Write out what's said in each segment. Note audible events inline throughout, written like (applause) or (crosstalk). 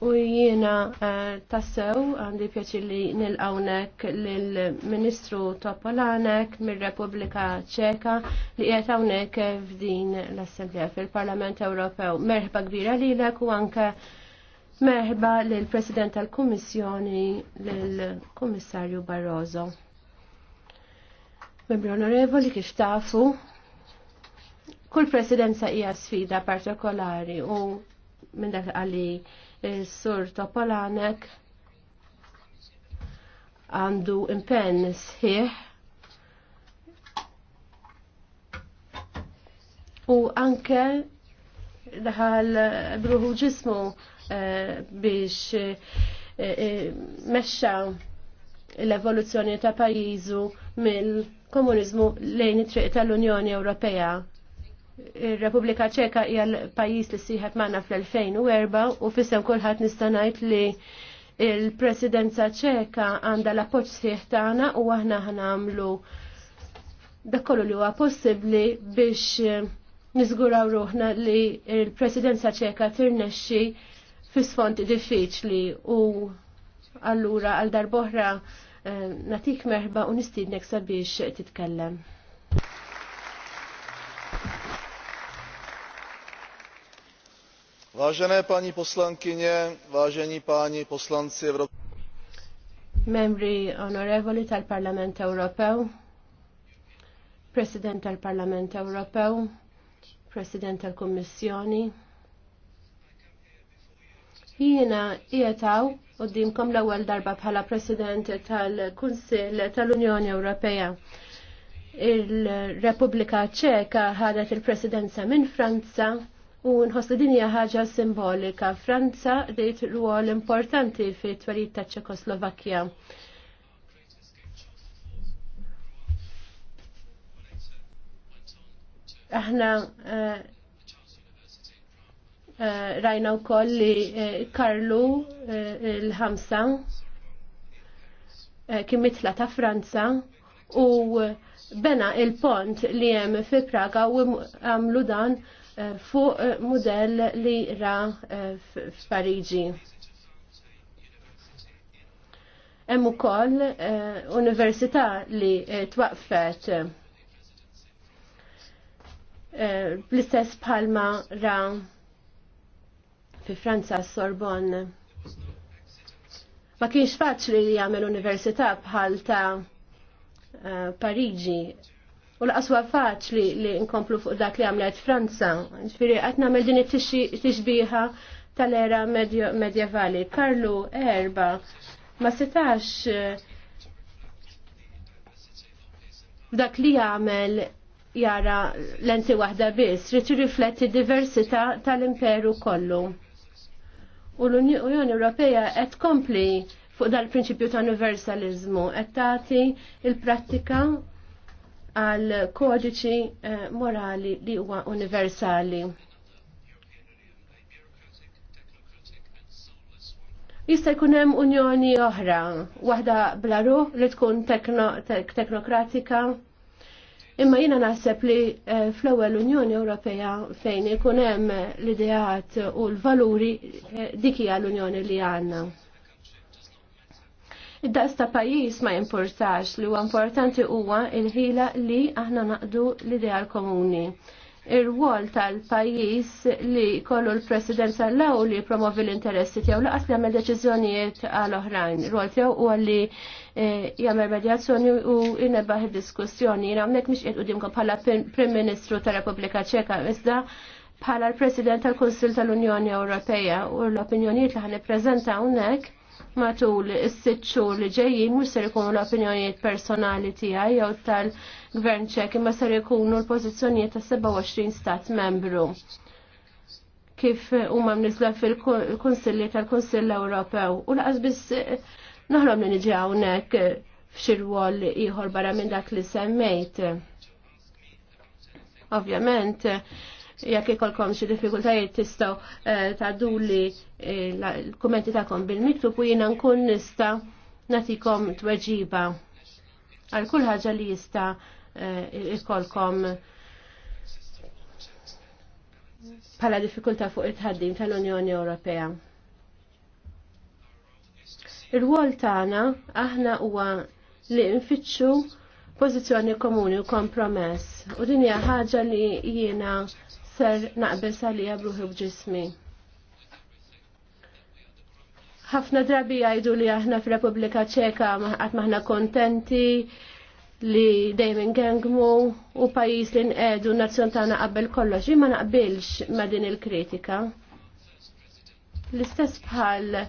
u jiena eh, tassew għandi pjaċi li nil-għawnek lill-Ministru Topolanek mir-Repubblika Ċeka li qiegħed hawnhekk f'din l-Assemblea fil-Parlament Ewropew. Merħba kbira lilek u anke merħba lill-President tal-Kummissjoni lill-Kummissarju Barroso. Membri onorevoli kif tafu, kull presidenza hija sfida partikolari u minn dak għalli il-sur Topolanek għandu impenn sħiħ u anke daħal bruħu ġismu eh, biex eh, eh, mexxa l-evoluzzjoni ta' pajizu mill-komunizmu lejn it-triq tal-Unjoni Ewropea Ir-Repubblika Ċeka hija l-pajjiż li sieħed magħna fl-2004 u fissem kulħadd nista' ngħid li il-Presidenza Ċeka għandha l-appoġġ sieħ tagħna u aħna ħnamlu dak kollu li huwa possibbli biex eh, niżguraw ruħna li il-Presidenza Ċeka tirnexxi fi sfond diffiċli u allura għal darboħra eh, natik merħba u nistidnek sabiex titkellem. Vážené paní poslankyně, vážení páni poslanci Evropské Membri onorevoli tal-Parlament Ewropew, President tal-Parlament Ewropew, President tal-Kommissjoni. Jiena jietaw għoddimkom l-ewwel darba bħala President tal-Kunsill tal-Unjoni Ewropea. Il-Repubblika Ċeka ħadet il-Presidenza minn Franza u nħossu din hija ħaġa simbolika. Franza dejt rwol importanti fi twelid ta' Ċekoslovakkja. Aħna eh, eh, rajna wkoll li eh, Karlu il-ħamsa kien mitla ta' Franza u bena il-pont li hemm fi Praga u għamlu dan Eh, fuq eh, modell li ra eh, f'Pariġi. Hemm ukoll università li twaqfet bl-istess palma ra fi Franza Sorbonne. Ma kienx faċli li jagħmel università bħal ta' Pariġi U l-qaswa faċli li nkomplu fuq dak li għamlet Franza. Ġifiri, għatna namel din it-tixbiħa tal-era medjevali. Karlu erba ma setax eh, dak li għamel jara l-enti waħda biss, rritu rifletti diversità tal-imperu kollu. U l-Unjoni Ewropea qed kompli fuq dal-prinċipju ta' universalizmu, qed tagħti il-prattika għal kodiċi eh, morali li huwa universali. Jista' jkun hemm unjoni oħra, waħda bla ruħ li tkun teknokratika. Imma jiena naħseb li eh, fl-ewwel Unjoni Ewropea fejn ikun hemm l-ideat u l-valuri eh, dik hija l-Unjoni li għandna. Id-daqs ta' pajis ma jimpurtax li huwa importanti huwa il-ħila li aħna naqdu l-ideal komuni. Ir-wol tal-pajis li kollu l-presidenza l-law li promovi l-interessi tiegħu laqas li għamil deċiżjonijiet għal oħrajn. Ir-wol tiegħu huwa li eh, jagħmel medjazzjoni u jnebaħ id-diskussjoni. Jien hawnhekk mhix qed qudiemkom bħala Prim Ministru tar-Repubblika Ċeka iżda bħala l-President tal-Kunsil tal-Unjoni Ewropea u l-opinjonijiet li ħan ippreżenta hawnhekk matul is-sitt xhur li ġejjin mhux ser ikunu l-opinjonijiet personali tiegħi jew tal-Gvern Ċek imma ser ikunu l-pożizzjonijiet ta' 27 stat membru kif huma mnisla fil-Kunsilli tal-Kunsill Ewropew u laqas biss eh, naħrom li niġi hawnhekk eh, rwol ieħor barra minn dak li semmejt. Ovvjament, jekk ikolkom xi diffikultajiet tistgħu eh, tgħadduli eh, l-kummenti tagħkom bil-miktub u jiena nkun nista' nagħtikom tweġiba għal kull ħaġa li jista' eh, ikolkom bħala diffikultà fuq it-ħaddim tal-Unjoni Ewropea. ir wol tagħna aħna huwa li nfittxu pożizzjoni komuni u kompromess. U din hija ħaġa li jiena ser naqbel salija bruħi bġismi. ħafna drabi jgħidu li aħna fil repubblika Ċeka maħat maħna kontenti li dejjem gengmu u pajis li nqedu n-nazzjon tagħna qabel kollox, ma naqbilx ma' din il-kritika. L-istess bħal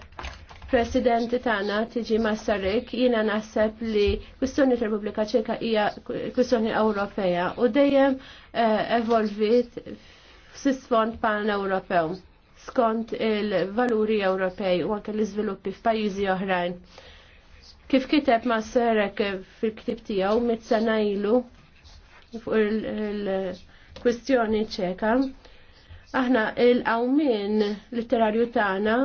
presidenti tagħna tiġi Massarek jiena naħseb li kwistjoni Repubblika Ċeka hija kwistjoni Ewropea u dejjem eh, evolvit F's-sfond pan-Ewropew skont il-valuri Ewropej u anke l-iżviluppi f'pajjiżi oħrajn. Kif kiteb ma' serek fil-ktib tiegħu mit-sena ilu fuq il-kwistjoni ċeka, aħna il għawmin literarju tagħna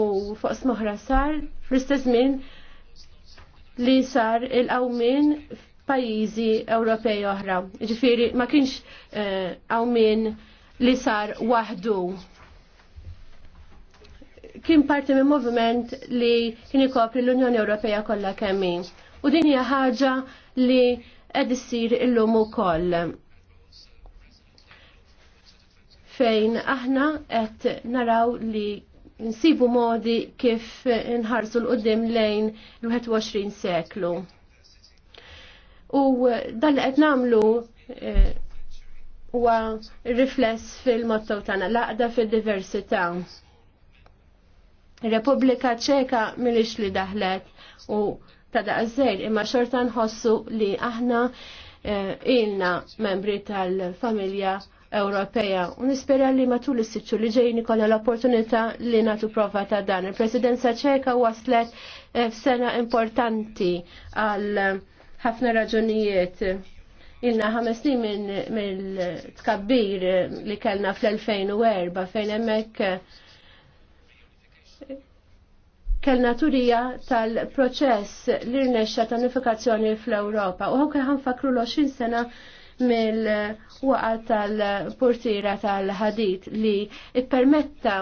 u fuq smoħra sar fl-istess li sar il għawmin pajjiżi Ewropej oħra. Ġifieri ma kienx eh, hawn uh, min li sar waħdu. Kien parti minn moviment li kien ikopri l-Unjoni Ewropea kollha kemm U din hija ħaġa li qed issir illum ukoll. Fejn aħna qed naraw li nsibu modi kif nħarsu l qudiem lejn l-21 seklu. U dan li qed nagħmlu eh, huwa rifless fil-motto tagħna laqda fid-diversità. Repubblika Ċeka milix li daħlet u ta' daqżejr imma xorta nħossu li aħna eh, ilna membri tal-familja Ewropeja u nispera li matul is sittu li ġejni kollha l-opportunità li natu prova ta' dan. Il-Presidenza ċeka waslet eh, f'sena importanti għal ħafna raġunijiet. Ilna ħames snin mill-tkabbir li kellna fl-2004 fejn hemmhekk kellna turija tal-proċess li rnexxa ta' unifikazzjoni fl-Ewropa u ħan fakru l sena mill-waqa tal-portira tal-ħadit li ippermetta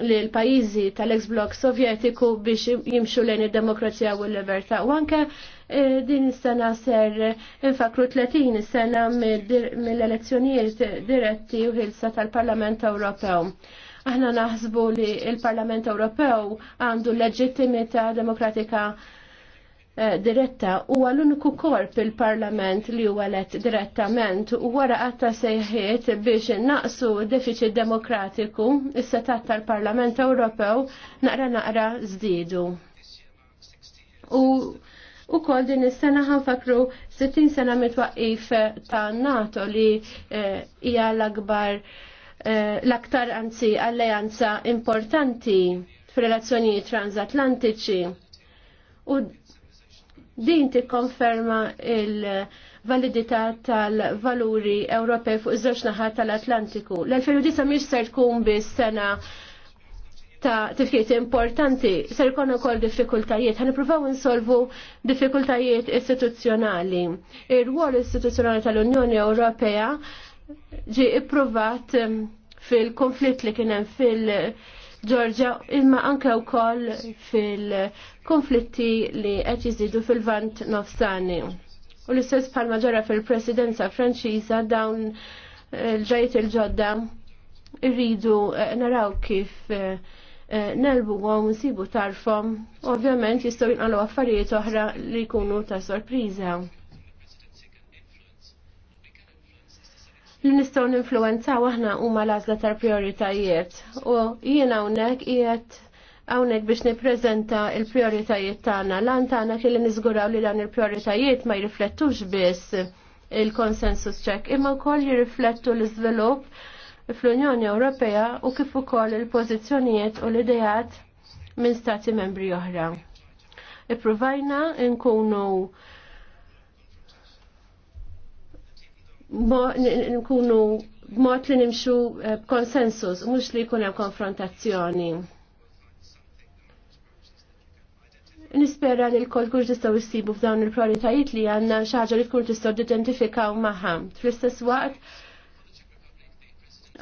li l-pajizi tal-ex-blok sovjetiku biex jimxu lejn id-demokrazija u l-libertà. U anke E, din is-sena ser infakru 30 is-sena mill-elezzjonijiet diretti u ħilsa tal-Parlament Ewropew. Aħna naħsbu li l parlament Ewropew għandu leġittimità demokratika e, diretta u għal-uniku korp il-parlament li huwa għalet direttament u għara għatta sejħiet biex naqsu deficit demokratiku is-setat tal-Parlament Ewropew naqra naqra zdidu. U U kol din is-sena ħanfakru 60 sena mitwaqif ta' NATO li eh, hija e, l-akbar e, l-aktar anzi alleanza importanti f'relazzjoni transatlantiċi. U din tikkonferma il- validità tal-valuri Ewropej fuq iż-żewġ naħat tal-Atlantiku. l 2019 mhix se tkun biss sena ta' tifkiet importanti ser ikonu kol diffikultajiet. Għan provaw insolvu diffikultajiet istituzzjonali. Ir-ruol istituzzjonali tal-Unjoni Ewropea ġi ipprovat ehm, fil-konflitt li kienem fil-Ġorġa imma anke wkoll fil-konflitti li qed jiżidu fil-Vant nofsani. U l-istess palma ġara fil-presidenza franċiża dawn il eh, ġajt il-ġodda irridu eh, naraw kif uh, Eh, nelbu għom nsibu tarfom, ovvjament jistaw jinqalu affarijiet oħra li jkunu ta' sorpriża. Li nistaw ninfluenza aħna huma l-għażla tal-prioritajiet u jiena hawnhekk jiet hawnhekk biex nippreżenta l-prioritajiet tagħna. Lan tagħna kelli niżguraw li dan il-prioritajiet ma jiriflettux biss il-konsensus ċek imma wkoll jirriflettu l-iżvilupp fl-Unjoni Ewropea u kif ukoll il-pożizzjonijiet u l-idejat minn stati membri oħra. Ippruvajna nkunu nkunu b'mod li nimxu eh, konsensus, mhux li jkun hemm konfrontazzjoni. nispera li l-kol kux tistaw jissibu f'dawn il-prioritajiet li għanna xaġa li tkun tistaw identifikaw maħam. Fl-istess waqt,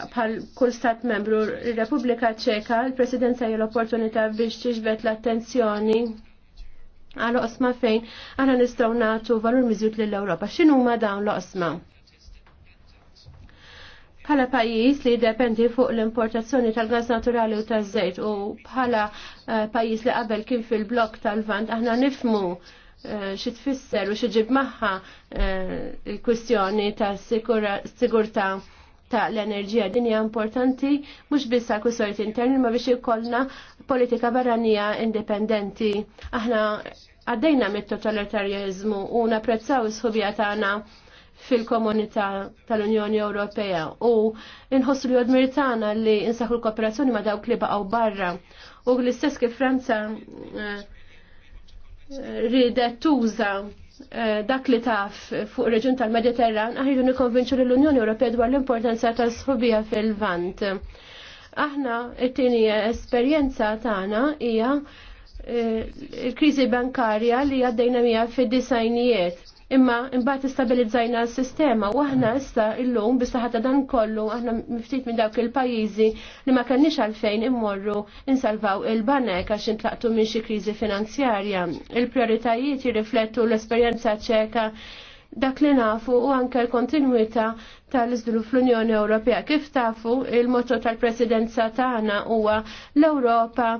bħal kull stat membru r-Repubblika Ċeka l-Presidenza hija l-opportunità biex tiġbed l-attenzjoni għal osma fejn aħna nistgħu nagħtu valur miżjut lill europa X'inhu ma dawn l-osma? Bħala pajjiż li jiddependi fuq l-importazzjoni tal-gas naturali u taż żejt u bħala eh, pajjiż li qabel kien fil-blok tal-vant aħna nifmu eh, xi tfisser u xi ġib magħha eh, l kwistjoni ta' sigurtà ta' l-enerġija din hija importanti mhux biss għal kusorti interni ma biex ikollna politika barranija indipendenti. Aħna għaddejna mit totalitarizmu u napprezzaw is-ħubija tagħna fil-komunità tal-Unjoni Ewropea u nħossu li għodmir tagħna li insaħu l-kooperazzjoni ma' dawk li baqgħu barra. U l-istess kif Franza eh, ridet tuża Eh, dak li taf fuq reġun tal-Mediterran, aħridu nikonvinċu l-Unjoni Ewropea dwar l-importanza ta' sħubija fil-Vant. Aħna it-tieni esperjenza tagħna hija eh, il-kriżi bankarja li għaddejna mija fid-disajnijiet imma imbagħad istabilizzajna s-sistema u aħna issa illum bisaħata dan kollu aħna miftit minn dawk il-pajjiżi li ma kenniex għalfejn immorru insalvaw il-banek għax intlaqtu minn xi kriżi finanzjarja. Il-prioritajiet jirriflettu l-esperjenza ċeka dak li nafu u anke l-kontinuità tal-iżvilupp fl-Unjoni Ewropea. Kif tafu il-motto tal-presidenza tagħna huwa l-Ewropa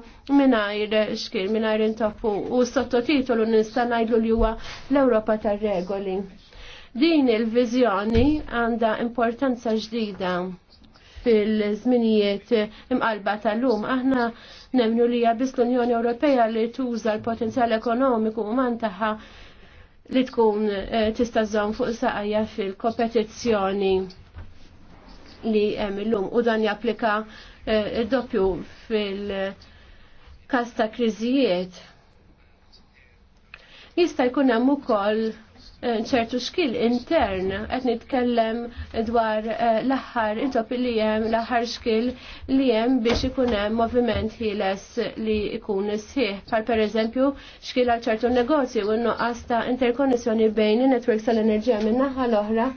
mingħajr xkir mingħajr intoppu u sottotitolu nista' ngħidlu li huwa l-Ewropa tar-regoli. Din il-viżjoni għandha importanza ġdida fil-żminijiet imqalba tal-lum. Aħna nemnu li biss l-Unjoni Ewropea li tuża l-potenzjal ekonomiku uman tagħha li tkun eh, tista' żżomm fuq saqajja fil-kompetizzjoni li hemm illum u dan japplika eh, doppju fil-każ ta' kriżijiet. Jista' jkun hemm ukoll Eh, ċertu xkil intern qed nitkellem dwar eh, l-aħħar intop li hemm l-aħħar skill li hemm biex ikun hemm moviment ħieles li jkun sħiħ. Par pereżempju skill għal ċertu negozju u għasta interkonnessjoni bejn in-netwerks tal-enerġija minn naħa l-oħra.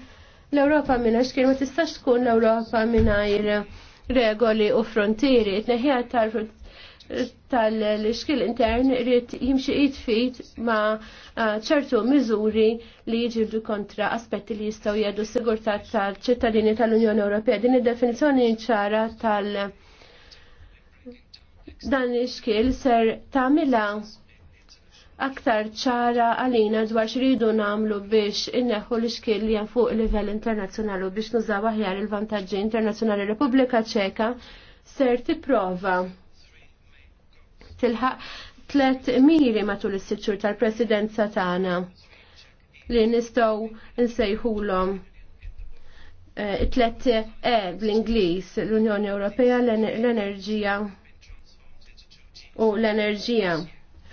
L-Ewropa minna xkien ma tistax tkun l-Ewropa mingħajr regoli u frontieri. Tneħħija tal tal iskil intern rrit jimxi jitfit ma eh, ċertu miżuri li jġibdu kontra aspetti li jistaw jgħadu sigurtà tal-ċittadini tal-Unjoni Ewropea. Din id-definizjoni ċara tal- dan l iskil ser tamila aktar ċara għalina dwar xridu namlu biex inneħu l iskil li fuq livell internazzjonali biex nużaw aħjar il-vantagġi internazzjonali Repubblika Ċeka ser tipprova tilħaq tlet miri matul is-sitxur tal-presidenza tagħna li nistgħu nsejħulhom e, tlet E bl-Ingliż l-Unjoni Ewropea l-enerġija u l-enerġija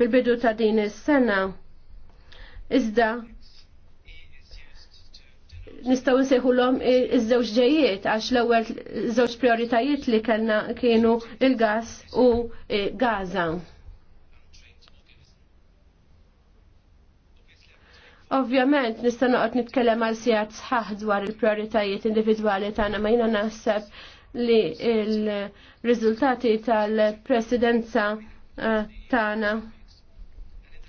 fil-bidu ta' din is-sena iżda nistaw nsejħu l-om iż-żewġ ġejiet, għax l-ewwel żewġ prioritajiet li kellna kienu il-gas u e, Gaza. Ovvjament, nista' noqgħod nitkellem għal sigħat sħaħ dwar il-prioritajiet individwali tagħna ma jina naħseb li l-riżultati tal-presidenza e, tagħna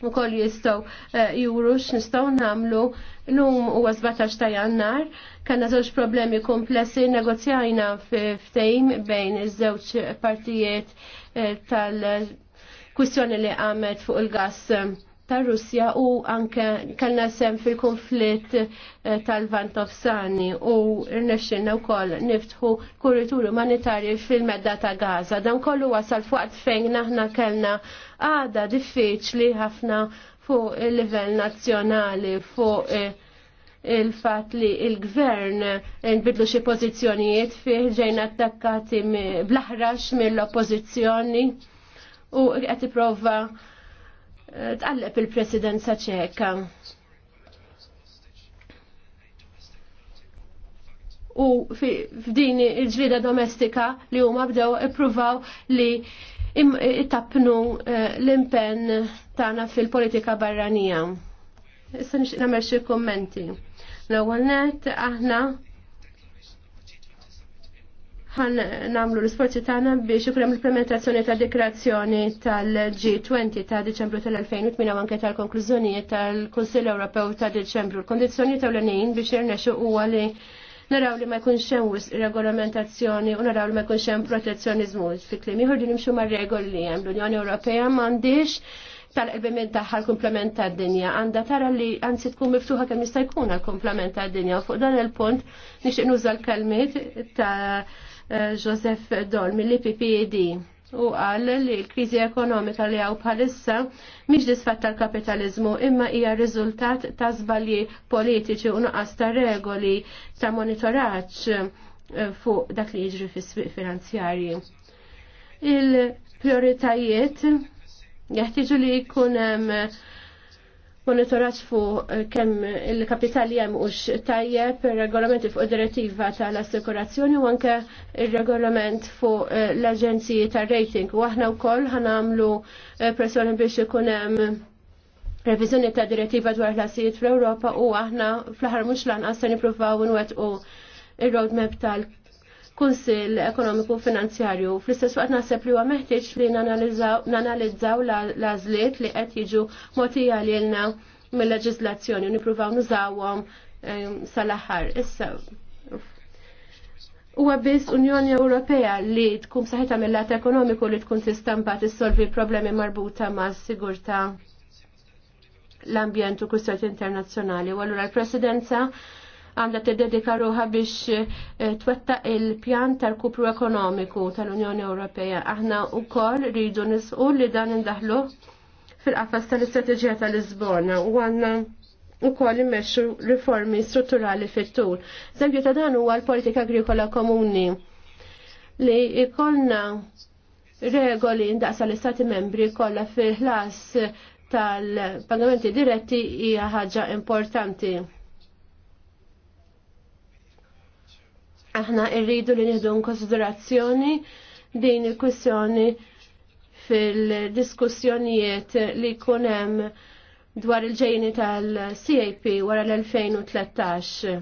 ukoll jistgħu e, juru x'nistgħu nagħmlu Num u 17 ta' jannar, kanna żewġ problemi komplessi negozjajna f'tejm bejn iż-żewġ partijiet eh, tal-kwistjoni li għamet fuq il-gas eh, ta' Russja u anke kellna sem fil-konflitt eh, tal-Vant u rnexxinna wkoll niftħu kurrituri umanitarji fil-medda ta' Gaza. Dan kollu wasal fuqat fejn naħna kellna għada diffiċli ħafna fuq il-livell nazzjonali, fuq eh, il-fat li il-gvern eh, nbidlu xi pożizzjonijiet fih ġejn attakkati blaħrax mill-oppożizzjoni u qed tipprova eh, tqalleb il-presidenza ċeka. u f'din il-ġlida domestika li huma bdew ippruvaw li itapnu eh, l-impenn tagħna fil-politika barranija. Issa nix nagħmel xi kummenti. L-ewwel net aħna ħan namlu l-sforzi tagħna biex ikun l-implementazzjoni ta' dekrazzjoni tal-G20 ta' Diċembru tal-2008 anke tal-konklużjonijiet tal konsil Ewropew ta' Deċembru L-kondizzjoni tal-għanin biex irnexxu huwa li naraw li ma jkunx hemm regolamentazzjoni u naraw li ma jkunx hemm protezzjoniżmu fi kliem ieħor li nimxu mar-regoli li hemm l-Unjoni Ewropea m'għandix tal-qbimin tagħha l-komplement tad-dinja għandha tara li anzi tkun miftuħa kemm jista' jkun għall-komplement tad-dinja u fuq dan il-punt nixtieq nuża l-kelmiet ta' eh, Joseph Dolmi mill-PPD u qal li l-kriżi ekonomika li għaw bħalissa miġ disfatta l-kapitalizmu imma hija riżultat ta' żbalji politiċi u nuqqas ta' regoli ta' monitoraġġ eh, fuq dak li jiġri fis-swieq finanzjarji. Il-prioritajiet jeħtiġu li jkun hemm monitoraġġ fuq eh, kemm il-kapitali hemm hux tajjeb, ir-regolamenti fuq direttiva tal-assikurazzjoni u anke ir-regolament fuq eh, l-aġenziji tar-rating. U aħna wkoll ħanamlu eh, pressjoni biex ikun hemm reviżjoni ta' direttiva dwar l-assijiet fl-Ewropa u aħna fl-aħħar mhux lanqas se nippruvaw nwettqu ir-roadmap tal kunsill ekonomiku finanzjarju. Fl-istess waqt naħseb li huwa meħtieġ li nanalizzaw l-għażliet li qed jiġu mogħtija lilna mill leġislazzjoni u nippruvaw nużawhom ehm, sal-aħħar. Issa Huwa biss Unjoni Ewropea li tkun saħita mill-lat ekonomiku li tkun tistampa tissolvi problemi marbuta ma' sigurta l-ambjent u kustjoni internazzjonali. U allura l-Presidenza għandha dedika ruħa biex eh, twetta il-pjan tal-kupru ekonomiku tal-Unjoni Ewropea. Aħna wkoll rridu nisqu li dan indaħlu fil-qafas tal-istrateġija tal-Lisbona u għandna wkoll immexxu riformi strutturali fit-tul. Eżempju ta' dan huwa l-politika agrikola komuni li jkollna regoli indaqsa l-Istati membri kollha fil-ħlas tal-pagamenti diretti hija ħaġa importanti. Aħna irridu li nieħdu konsiderazzjoni din il kwissjoni fil-diskussjonijiet li jkun hemm dwar il-ġejni tal-CAP wara l-2013.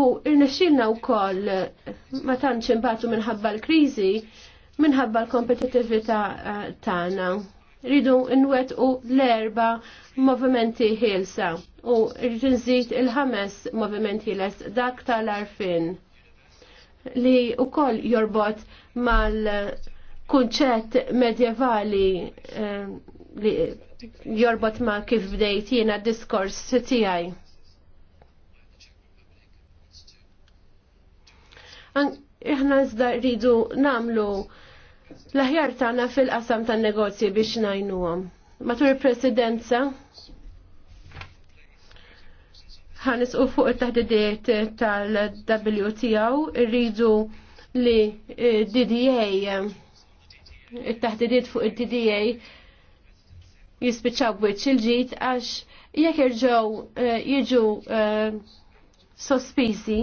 U irnexxilna wkoll ma tantx imbagħtu minħabba l-kriżi minħabba l-kompetittività eh, tagħna. Ta rridu n-wet u l-erba movimenti ħilsa u rridu nżid il-ħames movimenti ħiles dak tal-arfin li u koll jorbot mal-kunċett medjevali eh, li jorbot ma kif bdejt jiena diskors tiegħi. Aħna iżda rridu namlu L-aħjar tana fil-qasam tan-negozji biex għom. Matul il-presidenza u fuq it-taħdidiet tal-WTO irridu li DDA it-taħdidiet fuq il dda jispiċċaw b'wiċċ il-ġid għax jekk irġgħu eh, jiġu eh, sospiżi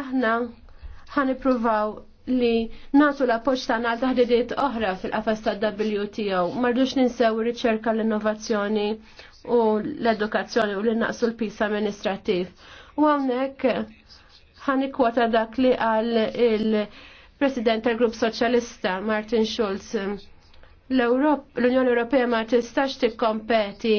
aħna ħanipruvaw li nasu la poċta għal taħdidiet oħra fil-qafas ta' WTO. Marduċ ninsew riċerka l-innovazzjoni u l-edukazzjoni u li naqsu l-pis amministrativ. U għawnek kwota dak li għal il-President tal-Grupp Soċjalista Martin Schulz l-Unjoni Ewropea ma tistax tikkompeti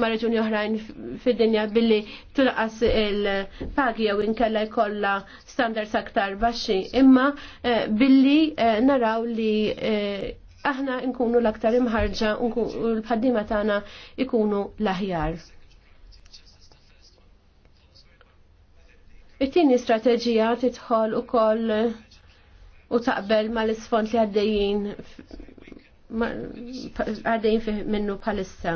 ma' reġuni oħrajn fid-dinja billi tulqas il-pagi jew inkella jkollha standards aktar baxxi, imma eh, billi eh, naraw li eh, aħna nkunu l-aktar imħarġa u l-ħaddima tagħna ikunu l-aħjar. It-tieni strateġija titħol ukoll u taqbel mal-isfond li għaddejjin għaddejn minnu bħalissa.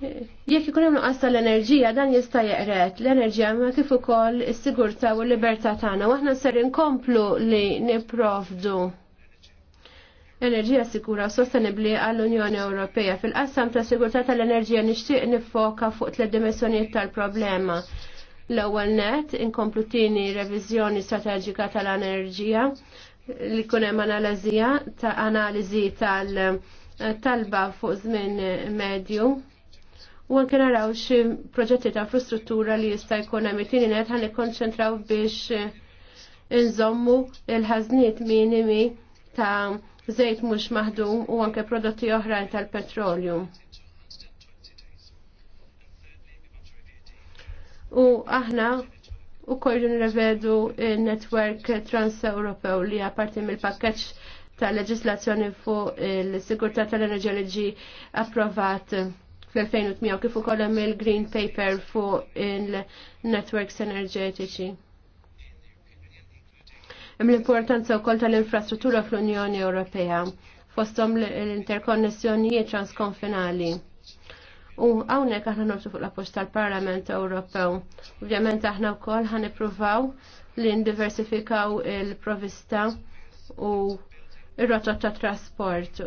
Jekk ikun hemm nuqqas l enerġija dan jista' jeqret l-enerġija ma kif ukoll is-sigurtà u l-libertà tagħna u aħna ser inkomplu li nipprovdu enerġija sikura u sostenibbli għall-Unjoni Ewropea. Fil-qassam ta' sigurtà tal-enerġija nixtieq nifoka fuq tliet dimensjonijiet tal-problema. L-ewwel net inkomplu tieni reviżjoni strateġika tal-enerġija li kun hemm analiżija ta' analiżi tal-talba fuq żmien medju. U anke naraw xi proġetti ta' infrastruttura li jista' jkun hemm it-tieni net ħan nikkonċentraw biex inżommu il-ħażniet minimi ta' żejt mhux maħdum u anke prodotti oħrajn tal-petrolju. u aħna u kollu nirvedu il-network trans europew li għaparti mill-pakkeċ ta' leġislazzjoni fuq il-sigurtà tal-enerġija li ġi approvat fl-2008 kif ukoll hemm il-Green Paper fuq il-networks enerġetiċi. Hemm l-importanza wkoll tal-infrastruttura fl-Unjoni Ewropea fosthom l-interkonnessjonijiet transkonfinali U hawnhekk aħna nomsu fuq l-appoġġ tal-Parlament Ewropew. Ovvjament aħna wkoll ħanippruvaw li ndiversifikaw il-provista u il rotot ta' trasport.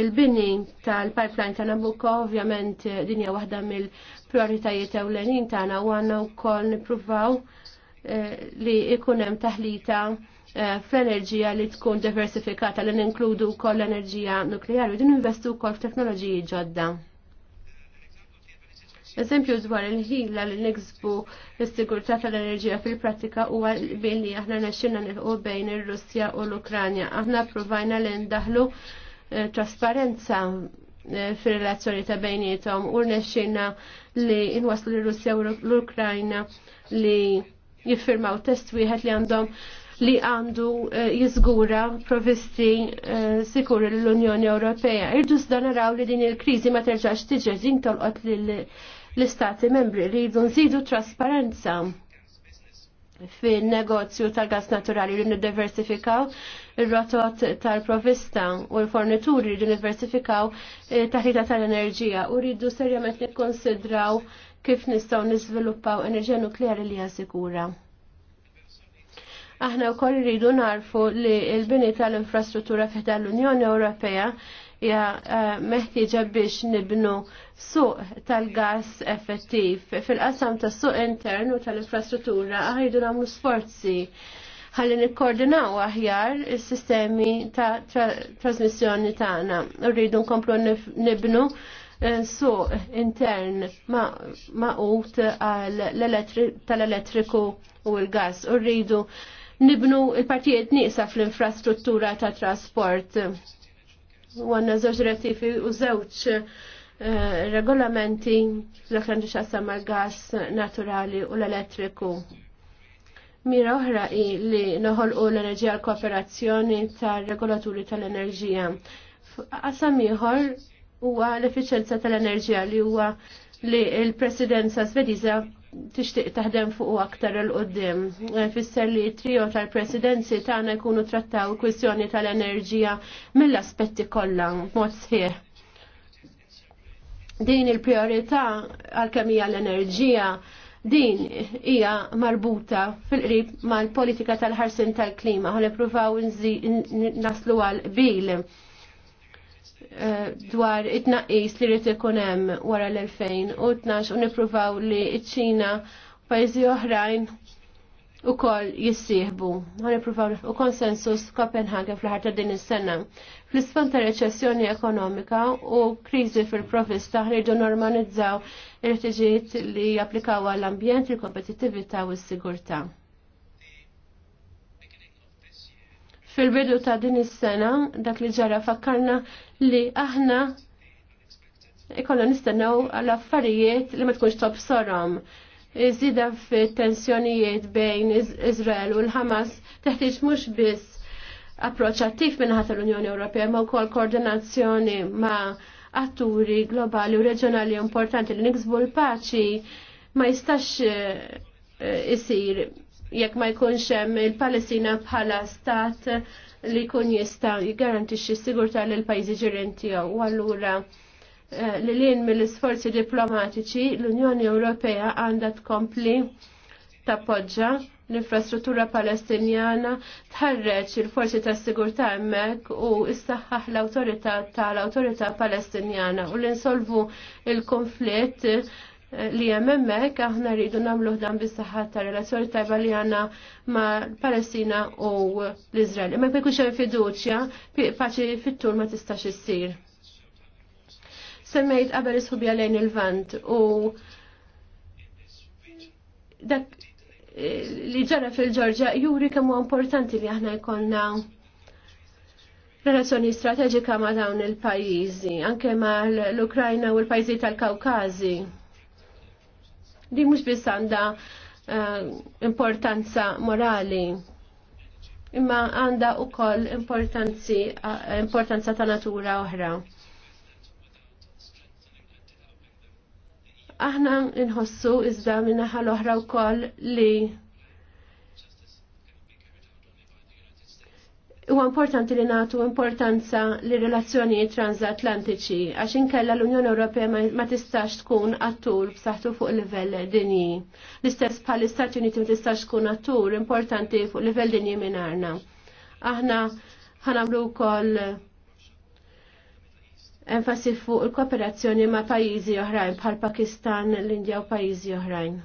Il-bini tal-pipeline ta' Nabucco ovvjament dinja waħda mill-prioritajiet ewlenin tagħna u għandna wkoll nippruvaw eh, li ikunem hemm taħlita eh, fl-enerġija li tkun diversifikata li ninkludu wkoll l-enerġija nukleari u din investu wkoll f'teknoloġiji ġodda. Eżempju dwar il-ħila li niksbu l-sigurtà tal-enerġija fil-pratika huwa billi aħna nexxinna nilqu bejn ir-Russja u l-Ukranja. Aħna provajna li ndaħlu eh, trasparenza eh, fil-relazzjoni ta' bejnietom u naċċina li inwaslu l-Russja u l-Ukrajna li jiffirmaw test wieħed li għandhom li għandu eh, jizgura provisti sikuri l-Unjoni Ewropea. Irdu s-dan li din il-krizi ma terġax tiġi din tolqot l-istati membri li jridu nżidu trasparenza fin negozju tal gas naturali li niddiversifikaw ir-rotot tal-provista u l-fornituri li n-diversifikaw eh, taħita tal-enerġija u rridu serjament nikkonsidraw kif nistgħu niżviluppaw enerġija nukleari li hija sikura. Aħna wkoll rridu narfu li l-bini tal-infrastruttura fiħda l-Unjoni Ewropea hija eh, meħtieġa biex nibnu suq tal-gas effettiv. Fil-qasam tas-suq intern u tal-infrastruttura għajdu nagħmlu sforzi ħalli nikkoordinaw aħjar is-sistemi ta' trasmissjoni tagħna. Rridu nkomplu nibnu eh, suq intern maqut tal-elettriku u l-gas. Rridu nibnu il-partijiet nieqsa fl-infrastruttura ta' trasport u għanna zewġ direttivi eh, u zewċ regolamenti l-ek għandu mal gas naturali u l-elettriku. Mira oħra i li u l-enerġija l-kooperazzjoni ta' regolaturi tal-enerġija. Qasam ieħor huwa l-efficienza tal-enerġija li huwa li l-presidenza svediża tixtieq taħdem fuq aktar il qoddim Fisser li trio tal-presidenzi tagħna jkunu trattaw kwistjoni tal-enerġija mill-aspetti kollha mod sħiħ. Din il-priorità għal hija l-enerġija din hija marbuta fil-qrib mal-politika tal-ħarsin tal-klima ħan ippruvaw naslu għal bil Eh, dwar it-naqis li rrit ikun hemm wara l-2012 u nippruvaw li ċ-Ċina u pajjiżi oħrajn ukoll jissieħbu. Ma nippruvaw u konsensus Kopenhagen fl-ħar ta' din is-sena. Fl-isfond ta' reċessjoni ekonomika u kriżi fil-provista rridu normalizzaw ir ħtiġijiet li japplikaw għall-ambjent, il-kompetittività u s-sigurtà. Fil-bidu ta' din is-sena, dak li ġara fakkarna li aħna ikollna nistennew għal affarijiet li ma tkunx tob sorom. Iżida fit-tensjonijiet bejn Iżrael u l-Ħamas teħtieġ mhux biss approċċ attiv minn ħadd l-Unjoni Ewropea ma wkoll koordinazzjoni ma' atturi globali u reġjonali importanti li niksbu l-paċi ma jistax eh, isir jekk ma jkunx hemm il-Palestina bħala stat li jkun jista' jgarantixxi s-sigurtà lil pajjiżi ġirien tiegħu. U allura eh, li lin mill-isforzi diplomatiċi l-Unjoni Ewropea għandha tkompli tappoġġa l-infrastruttura palestinjana tħarreġ il-forzi ta' sigurtà hemmhekk u issaħħaħ l-awtorità tal-awtorità palestinjana u l-insolvu il-konflitt li jemmemmek aħna rridu namlu dan bis-saħħa ta' relazzjoni tajba li għanna ma' Palestina u l-Izrael. Ma' jkunx hemm fiduċja, paċi fit-tul ma tistax issir. Semmejt qabel isħubja lejn il-vant u dak eh, li ġara fil-ġorġa juri kemm huwa importanti li aħna jkollna relazzjoni strateġika ma' dawn il-pajjiżi, anke ma' l-Ukrajna u l-pajjiżi tal-Kawkazi Di mhux biss għandha eh, importanza morali imma għandha wkoll eh, importanza ta' natura oħra. Aħna nħossu iżda minnaħa l-oħra wkoll li Huwa importanti li nagħtu importanza li relazzjonijiet transatlantiċi għax inkella l-Unjoni Ewropea ma tistax tkun attur b'saħħtu fuq livell dinji. L-istess bħal istati Uniti ma tistax tkun attur importanti fuq livell dinji minarna. Aħna ħanamlu wkoll enfasi fuq il-kooperazzjoni ma' pajjiżi oħrajn bħal Pakistan, l-Indja u pajjiżi oħrajn.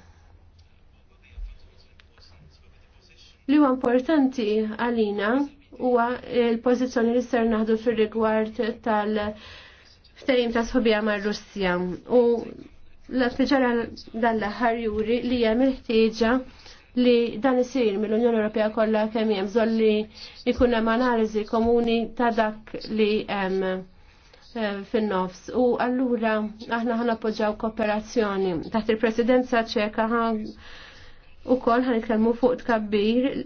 Li huwa importanti għalina huwa l-pożizzjoni li ser naħdu fir-rigward tal-ftehim ta' sħobija mar-Russja. U l-ftiġara dal-aħħar juri li hemm il-ħtieġa li dan isir mill-Unjoni Ewropea kollha kemm hemm bżonn li jkun hemm analiżi komuni ta' dak li hemm eh, fin-nofs. U allura aħna ħana poġġaw kooperazzjoni. Taħt il-presidenza ċeka u kol ħanitkellmu fuq tkabbir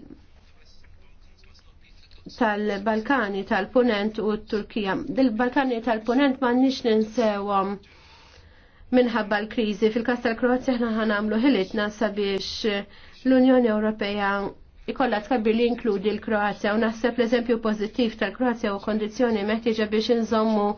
tal-Balkani tal-Punent u t-Turkija. Dil-Balkani tal-Punent ma nix ninsewom minħabba l-krizi. Fil-kas tal-Kroazja ħna ħanamlu ħilitna sabiex l-Unjoni Ewropea ikolla tkabbir li inkludi l-Kroazja u naħseb l-eżempju pozittiv tal-Kroazja u kondizjoni meħtieġa biex nżommu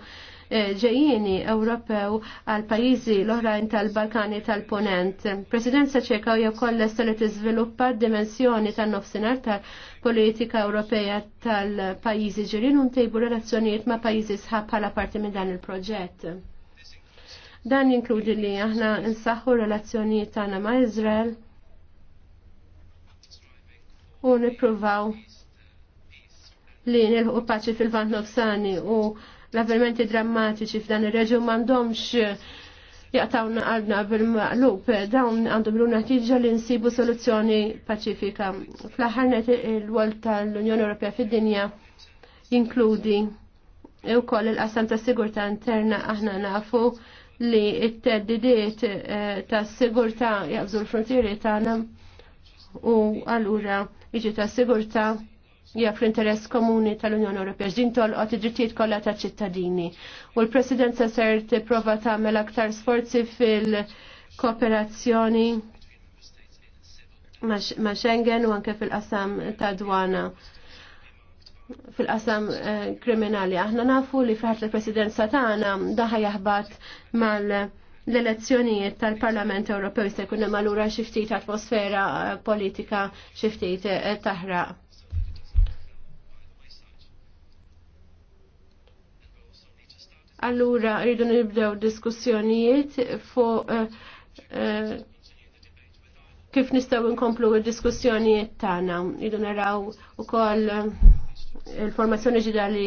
ġejjini Ewropew għal pajjiżi l-oħrajn tal-Balkani tal-Ponent. Presidenza ċeka jew kollest li tiżviluppa dimensjoni tan-nofsinhar tal-politika Ewropea tal-pajjiżi ġirien u ntejbu relazzjonijiet ma' pajjiżi sħab bħala parti minn dan il-proġett. Dan jinkludi li aħna nsaħħu relazzjonijiet tagħna ma' Iżrael u nippruvaw li nilħu paċi fil-vant nofsani u l avvermenti drammatiċi f'dan ir-reġun m'għandhomx eh, jaqtawna qalbna bil-maqlub, eh, dawn għandhom l tiġa li nsibu soluzzjoni paċifika. Fl-aħħar il-wol tal-Unjoni Ewropea fid-dinja jinkludi u koll il-qasam ta' sigurta interna aħna nafu li it-teddidiet eh, ta' sigurta jgħabżu l-frontieri tagħna u allura iġi ta' sigurta' hija fl-interess komuni tal-Unjoni Ewropea ġin tolqot id-drittijiet kollha taċ-ċittadini. U l-Presidenza ser tipprova tagħmel aktar sforzi fil-kooperazzjoni ma' Schengen u anke fil-qasam ta' dwana fil-qasam eh, kriminali. Aħna nafu li f'ħat l-presidenza tagħna daħa jaħbat mal l-elezzjonijiet tal-Parlament Ewropew se jkun hemm allura xi ftit atmosfera eh, politika xi ftit eh, taħraq Allura rridu nibdew diskussjonijiet fuq eh, eh, kif nistgħu nkomplu diskussjonijiet tagħna. Rridu naraw ukoll eh, il-formazzjoni ġidali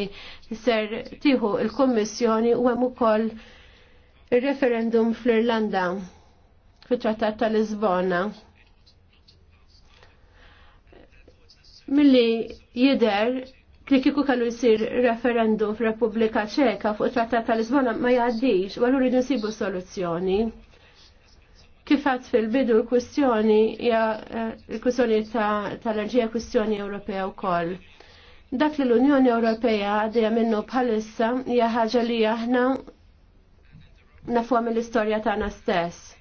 ser tieħu il-Kummissjoni u hemm ukoll il-referendum fl-Irlanda fit-Trattat tal-Lisbona. Milli jider li kiku kellu jisir referendum f'Repubblika Ċeka fuq it-Trattat tal-Lisbona ma jgħaddix, u għallu rridu nsibu soluzzjoni. Kifat fil-bidu l-kwistjoni eh, l-kwistjoni tal-enerġija kwistjoni Ewropea wkoll. Dak li l-Unjoni Ewropea għaddejja minnu bħalissa hija ħaġa li aħna nafuha mill-istorja tagħna stess.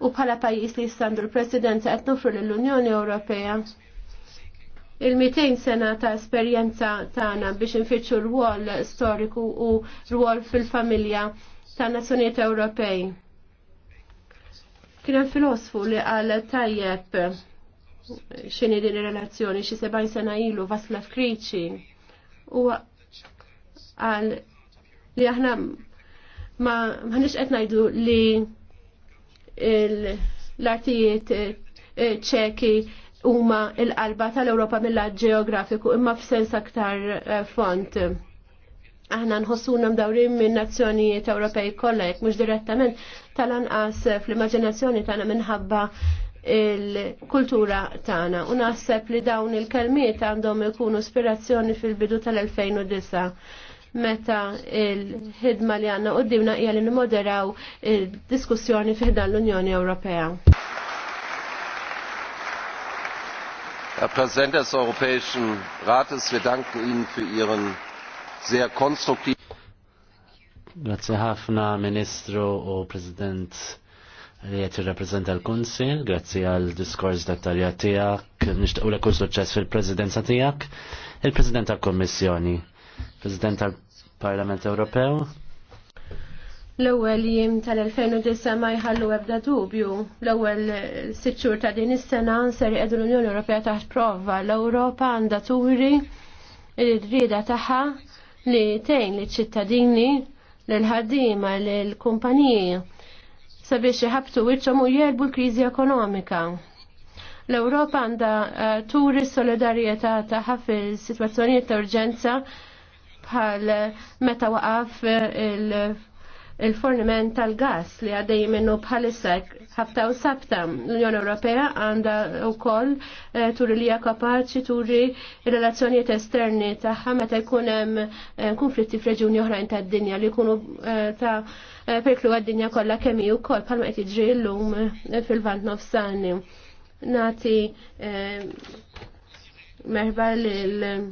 U bħala pajjiż li jistandu l-Presidenza qed l lill-Unjoni Ewropea il-200 sena ta' esperjenza tagħna biex infittxu rwol storiku u rwol fil-familja ta' nazzjonijiet Ewropej. Kien hemm filosfu li qal tajjeb x'inhi din ir-relazzjoni xi sebgħin sena ilu Vaslav Kriċi u għal li aħna ma ħanix qed ngħidu li l-artijiet ċeki huma l-qalba tal-Ewropa mill-lat ġeografiku imma f'sens aktar eh, font. Aħna nħossunhom mdawrin minn nazzjonijiet Ewropej kollha jekk mhux direttament tal-anqas eh, fl-immaġinazzjoni tagħna minħabba il-kultura tagħna u naħseb li dawn il-kelmiet għandhom ikunu ispirazzjoni fil-bidu tal-2009 meta il-ħidma li għanna qoddimna hija li nimoderaw il-diskussjoni eh, fiħdan l-Unjoni Ewropea. herr präsident des europäischen rates wir danken ihnen für ihren sehr konstruktiven Grazie ħafna Ministru u President li qed jirrappreżenta l-Kunsil, grazzi għal diskors dettaljat tiegħek, nixtiequ lek kull suċċess fil-Presidenza tiegħek, il-President tal-Kommissjoni, President tal kummissjoni president tal parlament Ewropew, L-ewwel jiem tal-2009 ma jħallu ebda dubju. L-ewwel sitt xhur ta' din is-sena ser qed l-Unjoni Ewropea taħt prova l-Ewropa għandha turi l tagħha li tgħin liċ-ċittadini l-ħaddiema l-kumpaniji sabiex iħabtu wiċċhom u jerbu l-kriżi ekonomika. L-Ewropa għandha eh, turi solidarjetà tagħha fil-sitwazzjonijiet ta' urġenza bħal meta waqaf il- il-forniment tal-gas li għaddej minnu bħalissa ħafta u sabta l-Unjoni Ewropea għandha wkoll eh, turi li kapaċi turi relazzjonijiet esterni tagħha meta jkun hemm eh, konflitti f'reġuni oħrajn tad-dinja li jkunu eh, ta' perklu għad-dinja kollha kemm hi wkoll bħalma qed jiġri llum fil-vant nofsani. Nati merba l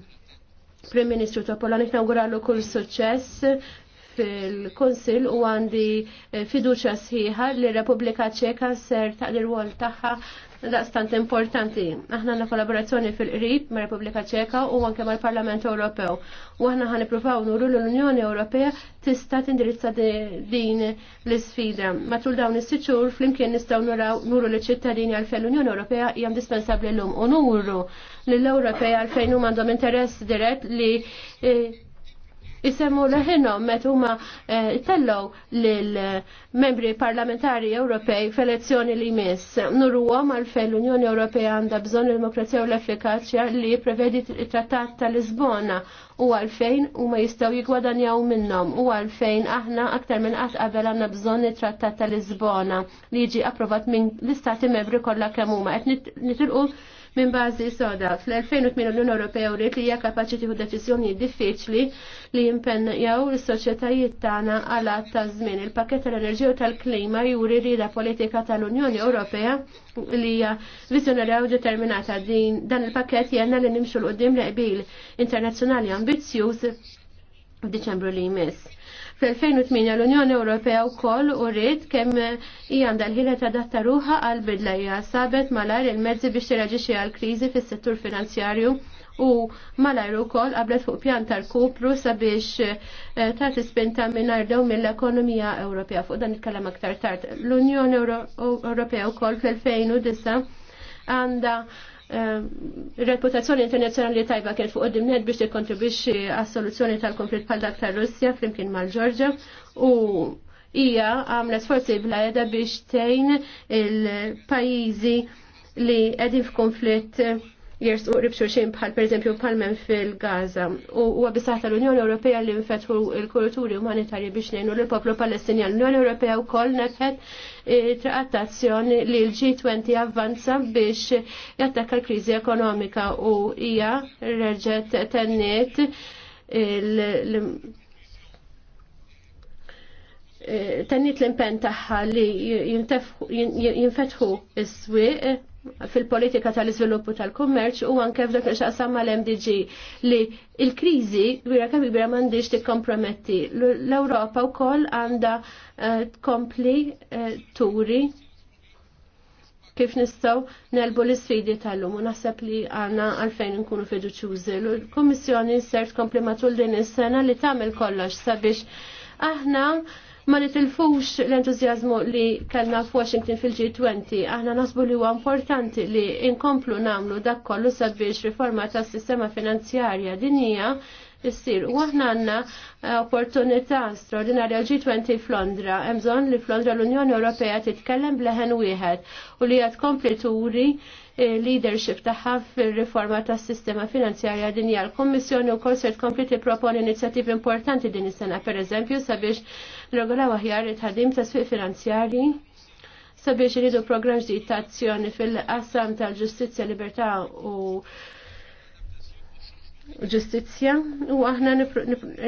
Prim Ministru Topolani nawguralu kull suċċess fil-Konsil u għandi eh, fiduċa sħiħa li Repubblika Ċeka ser ta' l-rwol tagħha daqstant importanti. Aħna għandna kollaborazzjoni fil-qrib ma' Republika Ċeka u anke mal parlament Ewropew. U aħna għan nippruvaw nuru l-Unjoni Ewropea tista' tindirizza din l-isfida. Matul dawn is-sitt flimkien nistgħu nuru l-ċittadini għalfejn l-Unjoni Ewropea hija indispensabbli llum u nuru lill-Ewropea għalfejn huma għandhom interess dirett li eh, jisemmu leħinom met huma eh, tellow lill-membri eh, parlamentari Ewropej f'elezzjoni li jmiss. Nurruhom għalfejn l-Unjoni Ewropej għandha bżonn il-demokrazija u l-effikaċja li prevedi it-Trattat tal Lisbona u għalfejn huma jistgħu jigwadanjaw minnhom u għalfejn aħna aktar minn qatt qabel għandna bżonn it-Trattat ta' Lisbona li jiġi approvat minn l-Istati membri kollha kemm huma qed nitilqu minn bazi soda. Fl-2008 l-Unjoni Ewropea uriet li hija kapaċi tieħu deċiżjoni diffiċli li jimpenjaw is soċjetajiet tagħna għal ta' żmien. Il-pakket tal-enerġija u tal-klima juri rida politika tal-Unjoni Ewropea li hija viżjonarja u determinata din dan il-pakket jenna li nimxu l-qudiem li qbil internazzjonali ambizzjuż f'Diċembru li jmiss Fl-2008 l-Unjoni Ewropea wkoll u rrid kemm hija għandha l-ħila tadatta ruħa għal hija sabet malar il-mezzi biex tirraġixxi għal kriżi fis-settur finanzjarju u malajr ukoll qablet fuq pjan tal-kupru sabiex eh, tat ispinta mingħajr dew mill-ekonomija Ewropea fuq dan il-kalam aktar tard. L-Unjoni Ewropea wkoll fl-2009 għandha Eh, reputazzjoni internazzjonali tajba kien fuq id biex tikkontribwixxi għas-soluzzjoni tal-konflitt bħal dak tar-Russja flimkien mal ġorġja u hija għamlet sforzi bla jeda biex tgħin il-pajjiżi li qegħdin f'konflitt jersu qrib xurxin bħal pereżempju palmen fil-Gaza. U huwa bisaħ tal-Unjoni Ewropea li nfetħu l-kulturi humanitarji biex ngħinu l poplu Palestinjan. L-Unjoni Ewropea wkoll nefet eh, trattazzjoni li l-G20 avvanza biex jattakka l-kriżi ekonomika u hija reġgħet tenniet il- eh, tennit l-impen taħħa li jinfetħu s-swiq fil-politika tal-iżviluppu tal-kummerċ u anke f'dak il-xaqsam mal-MDG li il-kriżi kbira kemm m'għandix tikkomprometti. L-Ewropa wkoll għandha eh, tkompli eh, turi kif nistgħu nelbu l-isfidi tal-lum u naħseb li għandna għalfejn nkunu fiduċjużi. L-Kummissjoni ser tkompli matul din is-sena li tagħmel kollox sabiex aħna ma nitilfux l-entużjażmu li kellna f'Washington fil-G20. Aħna nasbu li huwa importanti li inkomplu namlu dak kollu sabiex riforma tas-sistema finanzjarja dinija jissir. U aħna għanna eh, opportunità straordinarja G20 f'Londra. Hemm bżonn li f'Londra l-Unjoni Ewropea titkellem bleħen wieħed u li qed kompli turi leadership tagħha fir-riforma tas-sistema finanzjarja dinja. L-Kommissjoni u se Kompliti tipproponi inizjattivi importanti din is-sena, pereżempju sabiex nirregolaw aħjar it-ħadim tas sfiq finanzjarji sabiex iridu programm ġdid ta' azzjoni fil-qassam tal-ġustizzja, libertà u ġustizzja u aħna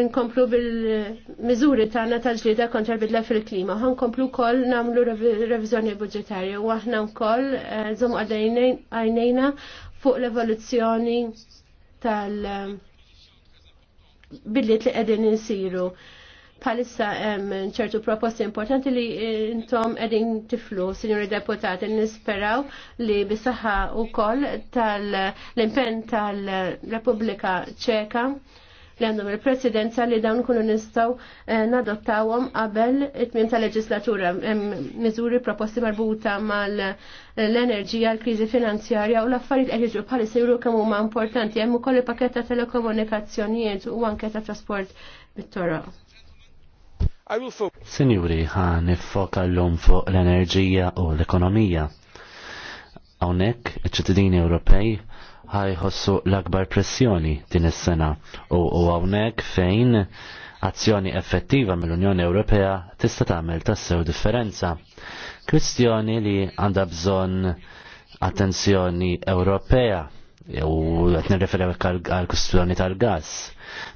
nkomplu bil-miżuri tagħna tal-ġlieda kontra bidla fil-klima. Ħan komplu wkoll nagħmlu reviżjoni budġetarja u aħna wkoll eh, żomm għajnejna fuq l-evoluzzjoni tal- eh, bidliet li qegħdin insiru palissa hemm ċertu proposti importanti li eh, intom edin tiflu, Signori deputati, nisperaw li bisaha u koll tal-impen tal-Repubblika ċeka li għandhom il-presidenza li dawn kunu nistaw eh, nadottawhom qabel it tmien tal-leġislatura miżuri proposti marbuta mal-enerġija, l-kriżi finanzjarja u l-affarijiet qed jiġu bħal isiru kemm huma importanti hemm ukoll il-pakett ta' telekomunikazzjonijiet u anke ta' trasport bit-toroq. Sinjuri, ha nifoka l-lum fuq l-enerġija u l-ekonomija. Hawnhekk iċ-ċittadini Ewropej ħajħossu l-akbar pressjoni din is-sena u hawnhekk fejn azzjoni effettiva mill-Unjoni Ewropea tista' tagħmel tassew differenza. Kwistjoni li għandha bżonn attenzjoni Ewropea u qed nirreferewek għal kwistjoni tal-gass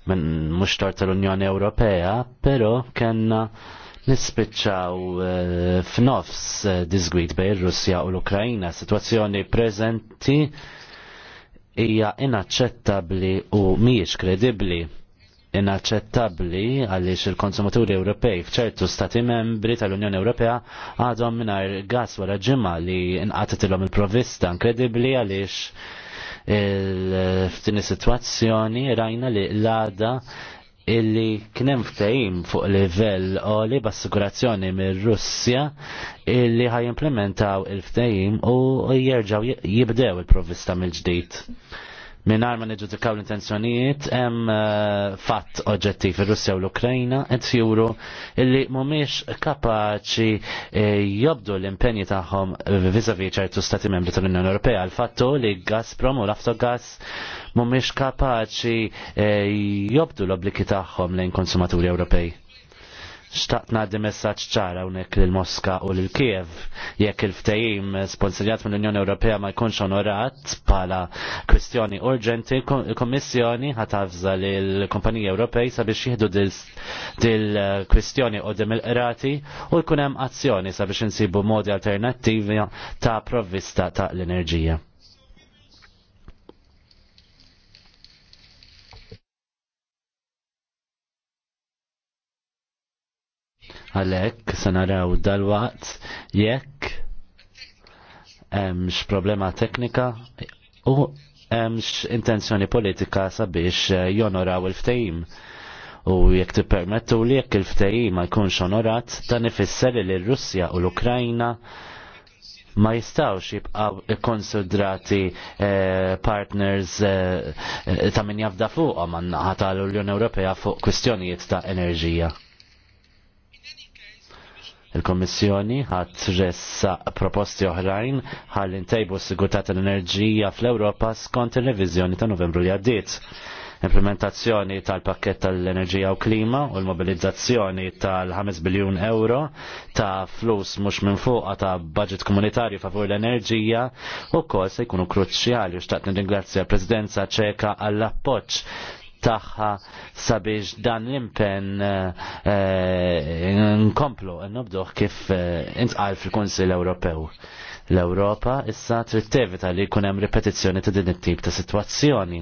minn mhux tort tal-Unjoni Ewropea, però kellna nispiċċaw eh, f'nofs eh, disgwit bej ir-Russja u l ukrajina situazzjoni prezenti hija inaċċettabbli u mhijiex kredibbli inaċċettabbli għaliex il-konsumaturi Ewropej f'ċertu stati membri tal-Unjoni Ewropea għadhom mingħajr gas wara ġimgħa li nqatet il-provvista inkredibbli għaliex f'din is-sitwazzjoni rajna li l-għada illi knem ftajim fuq livell oli b'assigurazzjoni mir russja illi ħaj implementaw il-ftajim u jirġaw jibdew il-provvista mill-ġdid. Minar ma nġudikaw l-intenzjonijiet, hemm eh, fatt oġġettiv ir-Russja u l-Ukrajna qed juru illi mhumiex kapaċi eh, jobdu l-impenji tagħhom vizavi ċertu stati membri tal-Unjoni Ewropea għal fattu li Gazprom u l-Aftogas mhumiex kapaċi eh, jobdu l-obbligi tagħhom lejn konsumaturi Ewropej. Xtaqt nadi messaġġ ċara hawnhekk lil Moska u lil Kiev jekk il-ftehim sponsorjat mill-Unjoni Ewropea ma jkunx onorat bħala kwestjoni urġenti, il-Kommissjoni li l kumpaniji Ewropej sabiex jieħdu dil-kwestjoni u il irati u jkun hemm azzjoni sabiex insibu modi alternattivi ta' provvista ta' l-enerġija. Għalek, sanaraw dal-waqt, jekk hemmx problema teknika u hemmx intenzjoni politika sabiex eh, jonoraw il-ftehim. U jekk tippermettu li jekk il-ftehim ma jkunx onorat, dan ifisser li l-Russja u l-Ukrajna ma jistawx jibqaw konsidrati eh, partners eh, ta' min jafda fuqhom għaman naħa tal-Unjoni Ewropea fuq kwistjonijiet ta' enerġija. Il-Kommissjoni ħadd ressa proposti oħrajn ħalli ntejbu s-sigurtà tal-enerġija fl-Ewropa skont ir-reviżjoni ta' Novembru li għaddiet. Implementazzjoni tal-pakket tal-enerġija u klima u l-mobilizzazzjoni tal-5 biljun euro ta' flus mhux minn fuqa ta' budget komunitarju favur l-enerġija u kol se jkunu kruċjali u xtaqt nirringrazzja l-Presidenza ċeka għall-appoġġ taħħa sabiex dan l-impen eh, eh, nkomplu nobduh kif eh, intqal fil-Kunsill Ewropew. L-Ewropa issa trid tevita li jkun hemm ripetizzjoni ta' din it-tip ta' sitwazzjoni.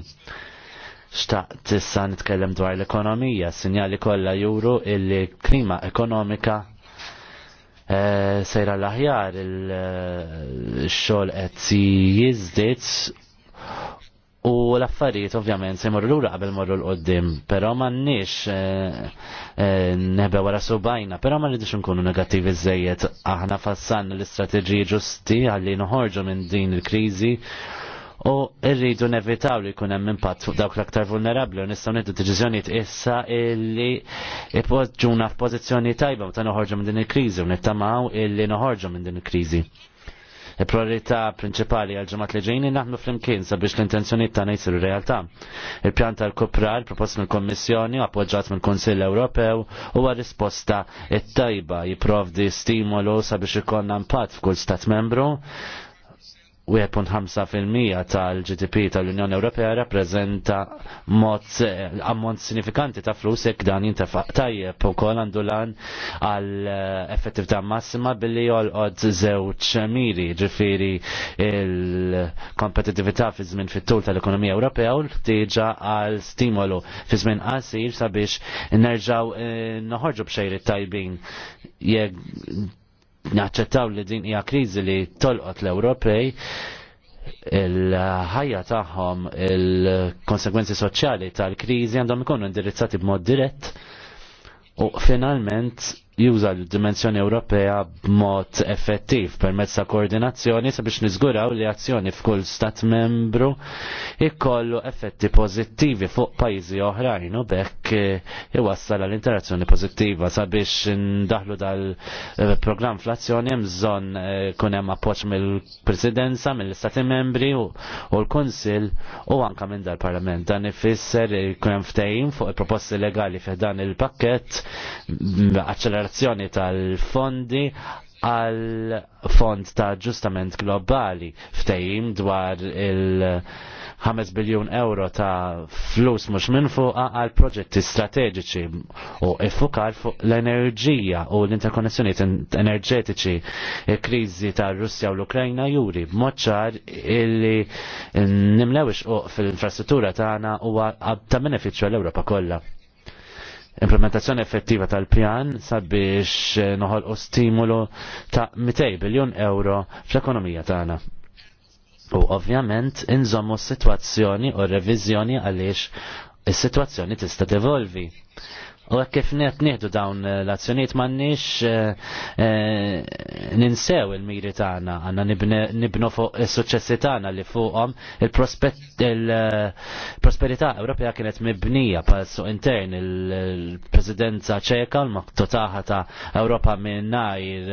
Xtaqt issa nitkellem dwar l-ekonomija, sinjali kollha juru illi klima ekonomika sejra l-aħjar il-xol qed jiżdied U l-affarijiet ovvjament se morru lura qabel morru l-qoddim, però m'għandniex eh, eh, nebe wara subajna, però ma rridux nkunu negattivi żejjed. Aħna fassan l-istrateġiji ġusti għalli noħorġu minn din il-kriżi u rridu nevitaw li jkun hemm impatt fuq dawk l-aktar vulnerabbli u nistgħu nieħdu deċizjoniet issa illi ipoġġuna f'pożizzjoni tajba u ta' noħorġu minn din il-kriżi u nittamaw illi noħorġu minn din il-kriżi priorità prinċipali għal ġemat li ġejni naħnu flimkien sabiex l-intenzjoni ta' nejsir realtà. Il-pjan tal-Kopra, il-propost mill kommissjoni appoġġat mill konsill Ewropew, huwa risposta it-tajba jiprovdi stimolu sabiex ikonna impatt f'kull stat membru 1.5% tal-GDP tal-Unjoni Ewropea rappreżenta mod ammont sinifikanti ta' flus jekk dan jintefaq tajjeb ukoll għandu lan għal eh, effettività massima billi jolqod żewġ miri ġifieri il-kompetittività fi żmien fit-tul tal-ekonomija Ewropea u l-ħtieġa għal stimolu fi żmien qasir sabiex nerġgħu eh, noħorġu b'xejri tajbin jekk naċċettaw li din hija kriżi li tolqot l-Ewropej il-ħajja tagħhom il-konsekwenzi soċjali tal-kriżi għandhom ikunu indirizzati b'mod dirett u finalment juża l-dimensjoni Ewropea b'mod effettiv permezz ta' koordinazzjoni sabiex niżguraw li azzjoni f'kull stat membru jkollu effetti pożittivi fuq pajjiżi oħrajn u bekk eh, iwassal għal interazzjoni pożittiva sabiex ndaħlu dal-programm fl-azzjoni hemm bżonn eh, kun hemm appoġġ mill-Presidenza, mill istati membri u l-Kunsill u anke minn dal-Parlament. Dan ifisser eh, kun hemm ftehim fuq il-proposti legali fih dan il-pakkett l-allokazzjoni tal-fondi għal fond ta' ġustament globali ftejim dwar il-5 biljun euro ta' flus mux minn fuqa għal proġetti strateġiċi u effukar fuq l-enerġija u l-interkonnessjoniet enerġetiċi krizi ta' Russja u l-Ukrajna juri b'moċċar illi nimlewix u fil-infrastruttura ta' għana u ta' beneficju l-Europa kollha implementazzjoni effettiva tal-pjan sabiex eh, noħolqu stimulu ta' 200 biljun euro fl-ekonomija tagħna. U ovvjament inżommu s-sitwazzjoni u r-reviżjoni għaliex is-sitwazzjoni tista' tevolvi. U għak kif net nieħdu dawn eh, l-azzjoniet mannix eh, eh, ninsew il-miri tagħna, għandna nibnu fuq is-suċċessi tagħna li fuqhom il-prosperità Ewropea kienet mibnija pal suq intern il-Presidenza Ċeka l-maktu taħħa ta' Ewropa mingħajr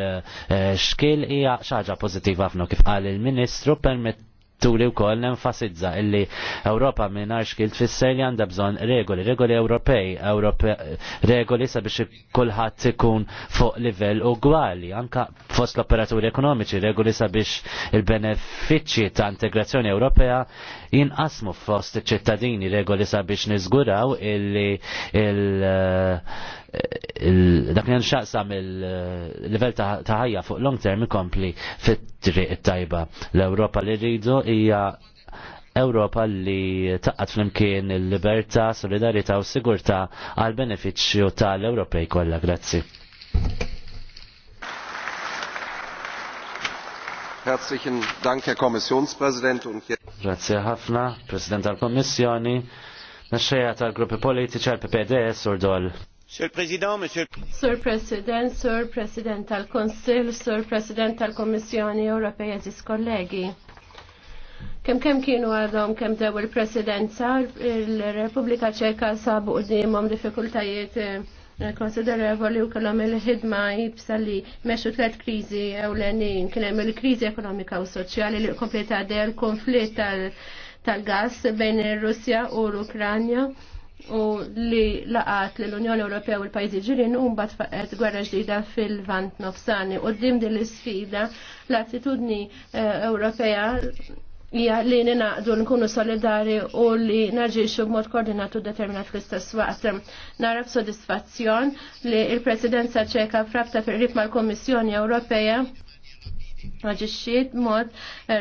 xkil hija xaġa pozitiva pożittiva ħafna kif qal il-Ministru permett tuli u koll nenfasizza illi Ewropa minnax xkil tfisser li għanda bżon regoli, regoli Ewropej, regoli sabiex kullħat ikun fuq livell ugwali, anka fost l-operaturi ekonomiċi, regoli sabiex il-benefiċċji ta' integrazzjoni Ewropea jinqasmu fost ċittadini regoli sabiex nizguraw illi eh, il dak li nxaqsam il-level eh, ta' ħajja fuq long term ikompli fit-triq tajba. L-Ewropa li rridu hija Ewropa li taqqat flimkien il-libertà, solidarietà u sigurtà għal benefiċċju tal-Ewropej kollha. Grazzi. Herzlichen Dank, Herr Kommissionspräsident. Grazie ħafna, President tal-Kommissjoni, Mexxejja tal-Gruppi Politiċi għal ppd Sur dol. Sir President, Monsieur... Sir President, Sir President tal-Konsil, Sir President tal-Kommissjoni Ewropea, Ziz kollegi. Kem kem kienu għadhom kem dew il-presidenza, il republika Ċeka sabu u dimom konsiderevoli u kellhom il-ħidma jibsa li meċu tlet kriżi ewlenin, kien hemm il-kriżi ekonomika u soċjali li kompleta del konflitt tal-gas bejn ir-Russja u l-Ukranja u li laqat li l-Unjoni Ewropea u l-pajjiżi ġirin u mbagħad faqet gwerra ġdida fil-vant nofsani. U din din l-isfida l-attitudni eh, Ewropea hija li ninaqdu nkunu solidari u li narġiexu b'mod koordinatu determinat fl-istess waqt. Nara b'sodisfazzjon li il-Presidenza ċeka frabta fil rib mal-Kommissjoni Ewropea Għagġiċiet mod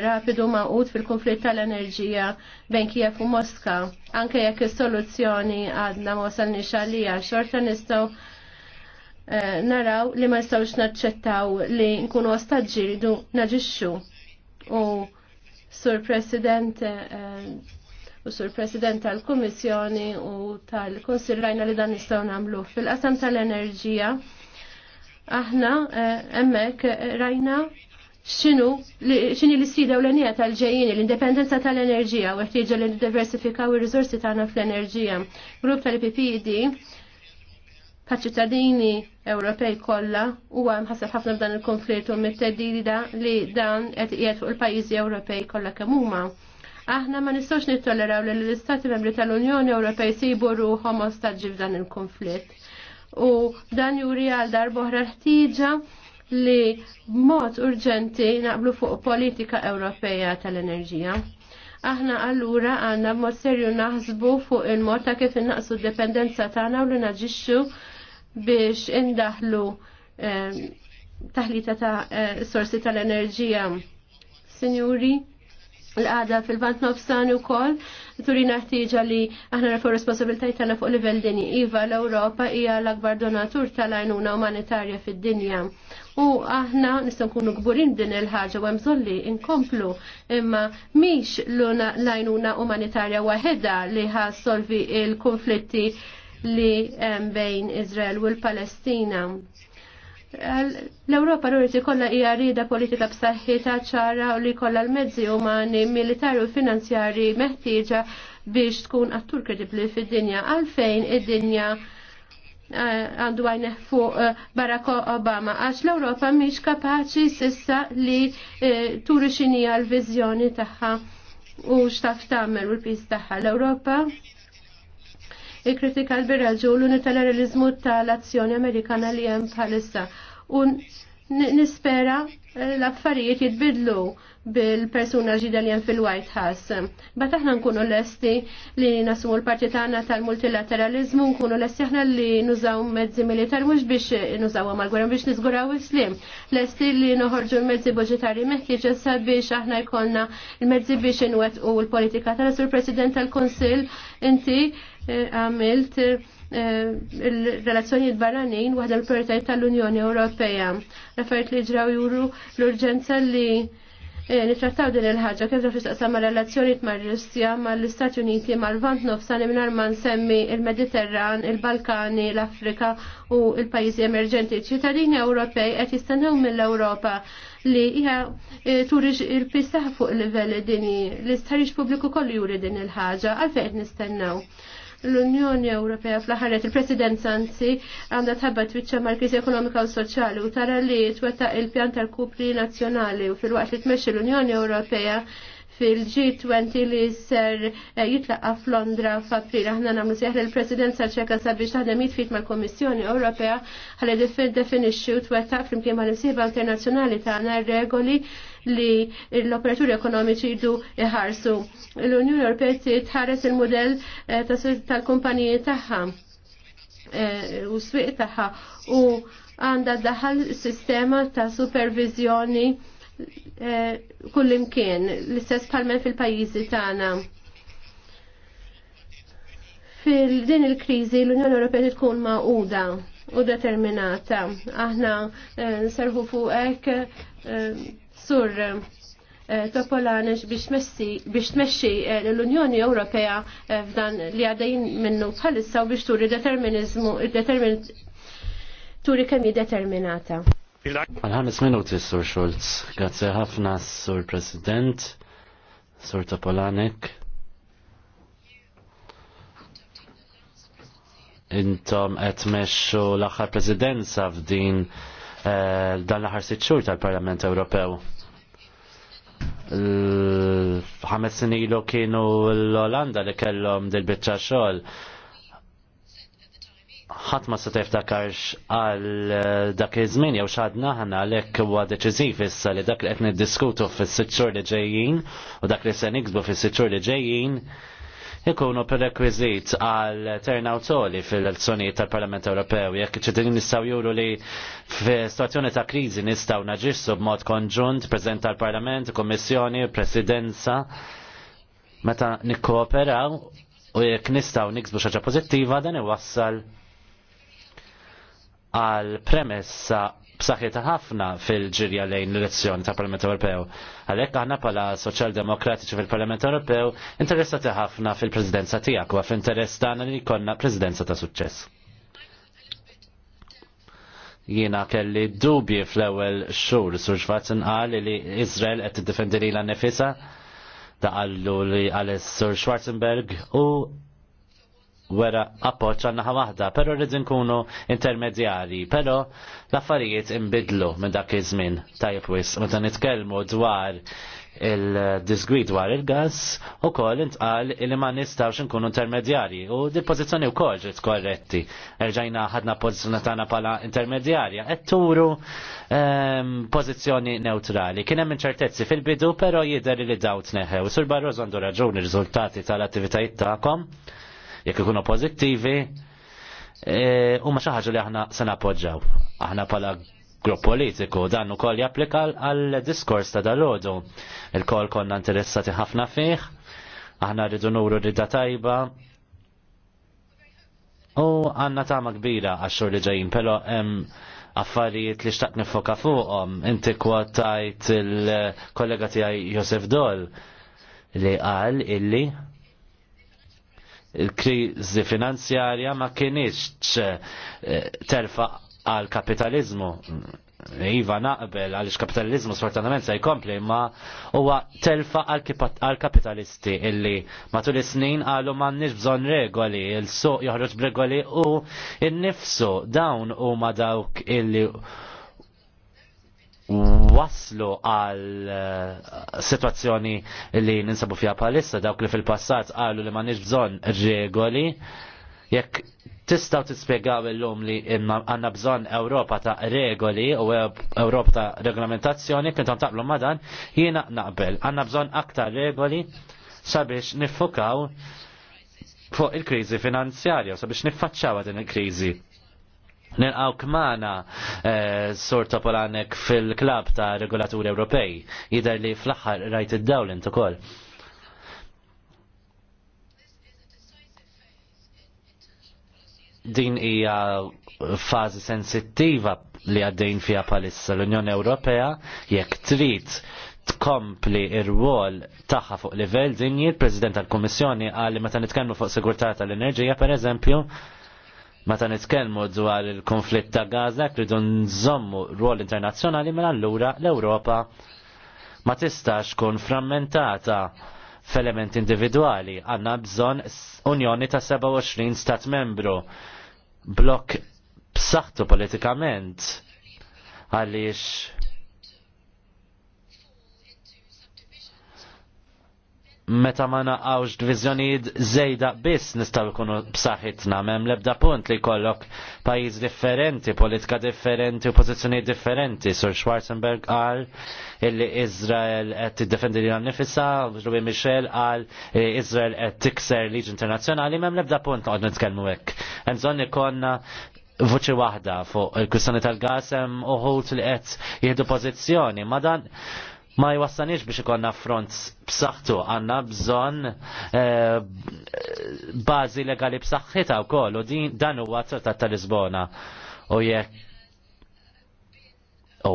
rapidu maqut fil-konflitt tal-enerġija bejn Kiev u Moska. Anke jekk is-soluzzjoni għadna wasalni xalija, xorta nistgħu eh, naraw li ma jistgħux naċċettaw li nkunu ostaġġi rridu naġixxu. U Sur President eh, eh, u Sur President tal-Kummissjoni u tal-Konsil rajna li dan nistgħu nagħmlu fil-qasam tal-enerġija. Aħna eh, hemmhekk rajna xinu xini l-istida u l-enija tal-ġejjini, l-indipendenza tal-enerġija u ħtieġa li diversifikaw ir-riżorsi tagħna fl-enerġija. Grupp tal-PPD e ċittadini Ewropej kollha huwa ħasab ħafna f'dan il-konflitt u mit-tedida li dan qed qiegħed fuq il-pajjiżi Ewropej kollha kemm huma. Aħna ma nistgħux nittolleraw li l-Istati Membri tal-Unjoni Ewropej sibu ruhom ostaġġi f'dan il-konflitt. U dan juri għal darbohra ħtieġa li b'mod urġenti naqblu fuq politika Ewropeja tal-enerġija aħna allura għanna mod serju naħsbu fuq il-mod ta' kif innaqsu d-dependenza tagħna u li naġixxu biex indaħlu taħlita ta' eh, sorsi tal-enerġija. Sinjuri, l-għada fil-vant nofsan u kol, turina ħtieġa li aħna nafu responsabiltajt tagħna fuq livell dini. Iva l-Ewropa hija l-akbar donatur tal-għajnuna umanitarja fid-dinja. U aħna nistgħu nkunu kburin din il-ħaġa u hemm inkomplu imma mhix l-għajnuna umanitarja waħedha li ħassolvi il-konflitti il il konflitti li hemm bejn Izrael u l-Palestina. L-Europa rriti kolla hija rida politika ta' ċara u li kolla l-mezzi umani, militari u finanzjari meħtieġa biex tkun attur kredibli fid-dinja. Għalfejn id-dinja eh, għandu għajne fuq eh, Barack Obama, għax l-Europa miex kapaċi sissa li eh, turi xinija l-vizjoni taħħa u xtaf tamer u l-pis taħħa l-Europa ikkritika l-biraġu l-unilateralizmu tal-azzjoni Amerikana li hemm bħalissa. U nispera eh, l-affarijiet jitbidlu bil-persuna ġida li fil-White House. Bat aħna nkunu lesti li nasumu l-parti tagħna tal-multilateralizmu, nkunu l-esti aħna li nużaw mezzi militar mhux biex nużaw mal-gwerra biex niżguraw is-slim. Lesti li noħorġu l-mezzi budġetarji meħtieġ issa biex aħna jkollna l-mezzi biex inwettqu l-politika tal-Sur President tal-Kunsill inti Eh, għamilt eh, il-relazzjoni barranin waħda l-prioritajiet tal-Unjoni Ewropea. Refert li ġraw juru l-urġenza li eh, nitrattaw din il-ħagġa kif nafx ma relazzjoni mal russja mal-Istati Uniti, mal-Vant Nofsan minar ma nsemmi il-Mediterran, il-Balkani, l-Afrika u il-pajjiżi emerġenti. ċittadini Ewropej qed jistennew mill-Ewropa li hija turiġ il-pista fuq il livelli dini l-istħarriġ pubbliku kollu juri din il-ħaġa, għalfejn qed nistennew. L-Unjoni Ewropea fl-ħarret il-Presidenza anzi għandha tħabba twiċċa mal-kriżi ekonomika u soċjali u tara li twetta il-pjan tal-kupri nazzjonali u fil-waqt li tmexxi l-Unjoni Ewropea fil-G20 li ser eh, jitlaqa f'Londra f'April. Aħna nagħmlu seħ il-Presidenza ċeka sabiex taħdem jitfit mal-Kommissjoni Ewropea ħalli definixxi u twettaq flimkien mal-imsieba internazzjonali tagħna regoli li l-operaturi ekonomiċi jdu iħarsu. L-Unjoni Ewropea tħares il-modell eh, tal-kumpaniji tagħha eh, u s-swiq tagħha u għandha daħal sistema ta' supervizjoni eh, kullimkien l-istess palmen fil-pajjiżi tagħna fil-din il-krizi l-Unjoni Ewropea tkun maquda u determinata. Aħna nserħu fuq hekk Sur eh, Topolanex biex tmexxi eh, l-Unjoni Ewropea eh, f'dan li għaddejjin minnu bħalissa u biex turi determinizmu, determin, turi kemm determinata. Għal ħames minuti, Sur Schulz. Grazie ħafna, Sur President, Sur Topolanek. intom qed meċu l-aħħar presidenza f'din dan l-aħħar sitt xhur tal-Parlament Ewropew ħames ilu kienu l-Olanda li kellhom dil-biċċa xogħol. Ħadd ma se tiftakarx għal dak iż-żmien jew xadna aħna għalhekk huwa deċiżiv issa li dak li qed niddiskutu fis-sitt li ġejjin u dak li se niksbu fis-sitt xhur li ġejjin ikunu prerequisit għal turnout soli fil-elezzjonijiet tal-Parlament Ewropew, jekk ċittadini nistgħu juru li f'sitwazzjoni ta' kriżi nistgħu naġixxu b'mod konġunt, preżent tal-Parlament, Kommissjoni, Presidenza, meta nikkooperaw u jekk nistgħu niksbu ħaġa pożittiva dan iwassal għal premessa b'saħħitha ħafna fil-ġirja lejn l-elezzjoni ta' Parlament Ewropew. Għalhekk aħna bħala soċjaldemokratiċi fil-Parlament Ewropew interessati ħafna fil-Presidenza tiegħek u f'interess tagħna li jkollna Presidenza ta' suċċess. Jiena kelli dubji fl-ewwel xhur sur Schwarzen qal li Iżrael qed tiddefendi lilha ta qallu li għal Sur Schwarzenberg u wera appoċ naħa waħda, pero rrid nkunu intermedjari, pero l-affarijiet imbidlu minn dak iż-żmien tajb wis, meta nitkellmu dwar il-disgwid dwar il-gas u koll intqal li ma nistawx nkunu intermedjari u di pożizzjoni u koll ġiet korretti. Erġajna ħadna pożizzjoni tagħna bħala intermedjarja qed turu ehm, pożizzjoni neutrali. Kien hemm inċertezzi fil-bidu però jidher li dawt neħew. Sur Barroż għandu raġuni r-riżultati tal-attivitajiet tagħkom jekk ikunu pożittivi, e, huma xi ħaġa li aħna se nappoġġaw. Aħna bħala grupp politiku dan ukoll japplika għal diskors ta' dalodu. Il-kol konna interessati ħafna fih, aħna rridu nuru rida tajba. U għanna tama kbira għaxxur li ġejjin, pero hemm affarijiet li xtaqt nifoka fuqhom. Inti kwotajt il-kollega tiegħi Josef Dol li qal illi il-krizi finanzjarja ma kienix eh, terfa għal kapitalizmu. Iva naqbel għalix kapitalizmu sfortunament se jkompli ma huwa telfa għal kapitalisti illi matul is-snin għalu m'għandniex bżonn regoli, il-suq joħroġ b'regoli u nnifsu nifsu dawn huma dawk illi waslu għal eh, situazzjoni li ninsabu fija palissa dawk li fil-passat għalu li ma nix bżon regoli jekk tistaw tispiegaw illum li għanna bżon Ewropa ta' regoli u Ewropa ta' reglamentazzjoni kien ta' taqblu madan jiena naqbel għanna bżon aktar regoli sabiex nifukaw fuq il-krizi finanzjarja sabiex niffaċċawa din il-krizi Nilqaw kmana e, eh, sorta polanek fil-klab ta' regolatur Ewropej. Jider li fl-axħar rajt id dawlint ukoll. kol. Din hija fażi sensittiva li għaddejn fija palissa l-Unjoni Ewropea jekk trid tkompli ir-rwol tagħha fuq livell dinji, il-President tal-Kummissjoni qal li meta nitkellmu fuq sigurtà tal-enerġija pereżempju, Meta nitkellmu dwar il-konflitt ta' Gaza, kridu nżommu rwol internazzjonali mela allura l-Ewropa ma tistax kun frammentata f'element individuali. Għanna bżon unjoni ta' 27 stat membru, blok b'saħħtu politikament għaliex meta ma naqawx divizjonijiet zejda biss nistgħu jkunu b'saħħitna m'hemm l-ebda punt li jkollok pajjiż differenti, politika differenti u pożizzjonijiet differenti. Sur Schwarzenberg qal illi Izrael qed tiddefendi lil nifisha, Louis Michel qal Izrael qed tikser liġi internazzjonali m'hemm l-ebda punt noqgħod nitkellmu hekk. Hemm bżonn ikollna voċi waħda fuq il-kwistjoni tal-gas hemm uħut li qed jieħdu pożizzjoni. Ma dan ma jwassanix biex ikonna front b'saħħtu għanna bżon eh, bażi legali b'saħħitha wkoll u din dan huwa trattat ta' Lisbona. U jekk u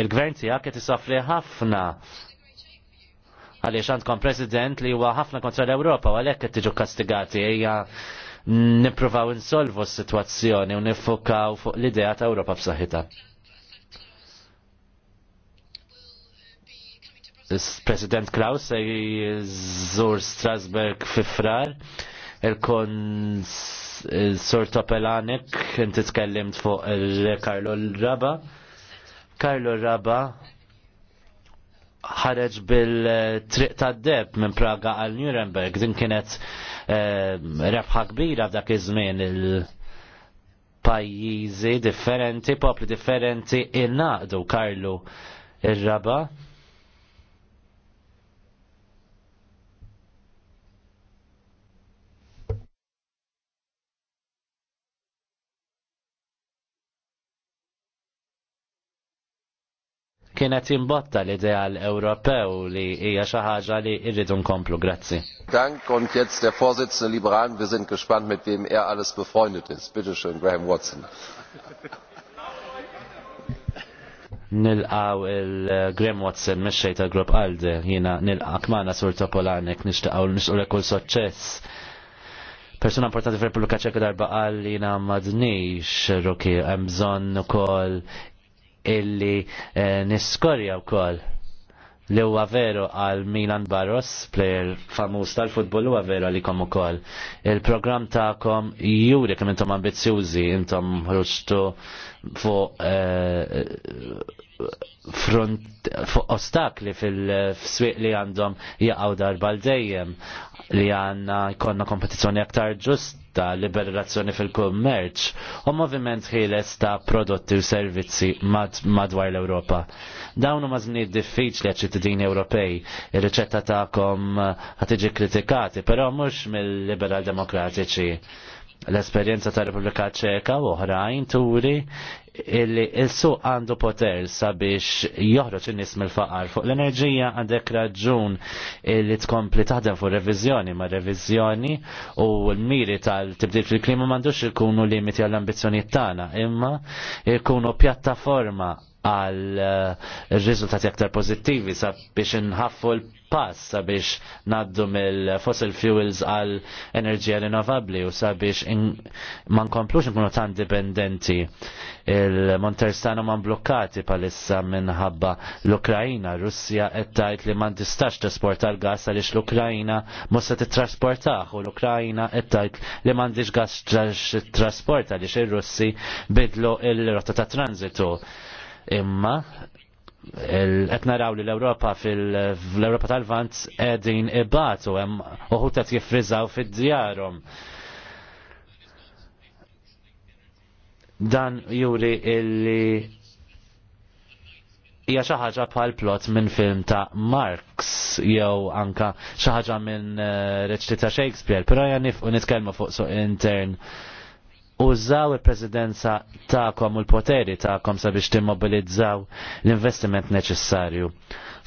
il-gvern tiegħek qed isofri ħafna għaliex għandkom president li huwa ħafna kontra l-Ewropa u għalhekk qed tiġu kastigati hija nippruvaw insolvu s-sitwazzjoni u nifukaw fuq l-idea ta' Ewropa b'saħħitha. President Klaus se jżur Strasberg fi frar il Sur Topelanek inti tkellimt fuq il-Karlo Raba. Karlo Raba ħareġ bil-triq ta' deb minn Praga għal Nuremberg. Din kienet eh, rebħa kbira f'dak iż-żmien il-pajjiżi differenti, popli differenti innaqdu Karlu ir-raba. kienet imbotta l-ideal Ewropew li hija xi ħaġa li rridu nkomplu. Grazzi. Dank und jetzt der Vorsitzende Liberalen, wir sind gespannt, mit wem er alles befreundet ist. Bitte schön, Graham Watson. nilqaw il eh, grim Watson mexxej ta' Grupp Alde, jiena nilqak magħna sur Topolanek nishtaqaw l l kull soċċess. Persona importanti fil republika Ċeka darba għal jina jiena m'għadniex emżon hemm bżonn illi eh, niskorja wkoll li huwa veru għal Milan Barros, plejer famuż tal-futbol huwa veru għalikom ukoll. Il-programm tagħkom juri kemm intom ambizzjużi, intom ħruġtu fuq eh, fuq ostakli fil-swieq li għandhom jaqgħu darba l dejjem li għandna jkollna kompetizzjoni aktar ġust ta' liberazzjoni fil-kummerċ u moviment ħieles ta' prodotti u servizzi mad madwar l-Ewropa. Dawn huma żmien diffiċli għaċ-ċittadini Ewropej. Ir-riċetta tagħkom ħatiġi kritikati, però mhux mill-liberal demokratiċi l-esperienza ta' Repubblika Ċeka u oħrajn turi il-suq għandu poter sabiex joħroġ in-nies mill-faqar fuq l-enerġija għandek raġun li tkompli taħdem fuq reviżjoni ma' reviżjoni u l-miri tal-tibdil fil-klima m'għandux ikunu limiti għall ambizzjonijiet tagħna, imma ikunu pjattaforma għal eh, riżultati aktar pozittivi sabiex nħaffu l pass sabiex naddu mill-fossil fuels għal enerġija rinnovabli u sabiex ma nkomplux nkunu tan dipendenti. il stanu man blokkati palissa minħabba l-Ukrajina. russija qed tgħid li ma tistax tesporta l-gas għaliex l-Ukrajina mhux se titrasportaħ u l-Ukrajina qed li li m'għandix gas trasporta għaliex ir-Russi bidlu il-rotta ta' transitu imma qed naraw li l-Ewropa fil europa tal-Vant qegħdin ibatu hemm uħut qed jiffriżaw fid-djarhom. Dan juri illi hija xi ħaġa bħal plot minn film ta' Marx jew anka xi ħaġa minn uh, eh, reċti ta' Shakespeare, però hija nifqu nitkellmu fuq suq intern użaw il-prezidenza ta'kom u l-poteri ta'kom sabiex timmobilizzaw l-investiment neċessarju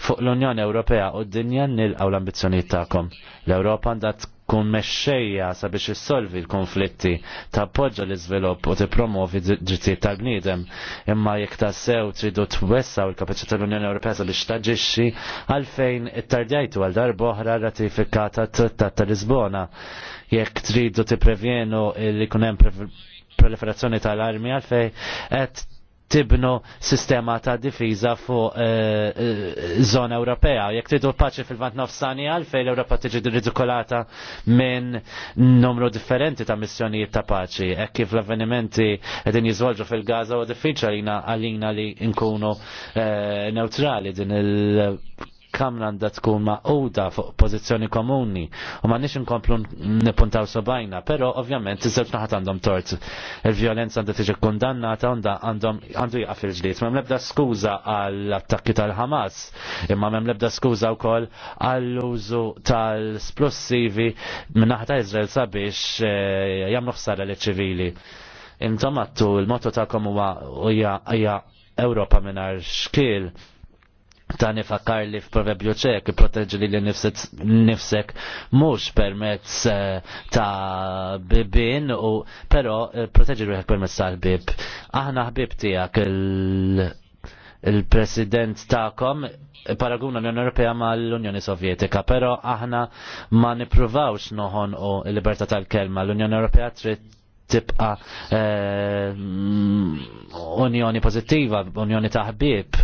fuq l-Unjoni Ewropea u d-dinja nilqaw l-ambizzjonijiet ta'kom. L-Ewropa għandha tkun mexxejja sabiex issolvi l-konflitti, tappoġġa l-iżvilupp u tippromovi ġittijiet tal-bniedem, imma jekk tassew tridu twessaw il-kapaċità l-Unjoni Ewropea sabiex taġixxi għalfejn it-tardjajtu għal darboħra oħra ratifikata t-Trattat ta' Lisbona jekk tridu tipprevjenu li kun hemm proliferazzjoni tal-armi għalfej qed tibnu sistema ta' difiża fuq eh, eh, zona Ewropea. Jekk tridu paċi fil-vant sani għalfej l-Ewropa tiġi ridikolata minn numru differenti ta' missjonijiet ta' paċi. Hekk kif l-avvenimenti qegħdin jiżvolġu fil-Gaza u diffiċli għalina li nkunu eh, neutrali din il kamra għandha tkun maquda fuq pożizzjoni komuni u ma nix nkomplu nipuntaw sobajna, però ovvjament iż-żewġ naħat għandhom tort. Il-vjolenza għandha tiġi kundannata għandhom għandu jaqaf il-ġlied. Mem lebda skuża għall attakki tal-Ħamas, imma mem lebda skuża wkoll għall-użu tal-splussivi minn naħta Iżrael sabiex eh, jagħmlu ħsara liċ-ċivili. Intom għattu l-motto tagħkom huwa hija Ewropa mingħajr xkiel Eh, ta' fakar li f'proverbju ċek proteġi li l-nifsek mux permezz ta' bibin u pero eh, proteġi ruħek permezz ta' bib Aħna ħbib tijak il-president ta'kom paraguna l-Unjoni Ewropea ma l-Unjoni Sovjetika, pero aħna ma nipruvawx noħon u l-libertà tal-kelma. L-Unjoni Ewropea trid tibqa eh, mm, unjoni pozittiva, unjoni ħbib.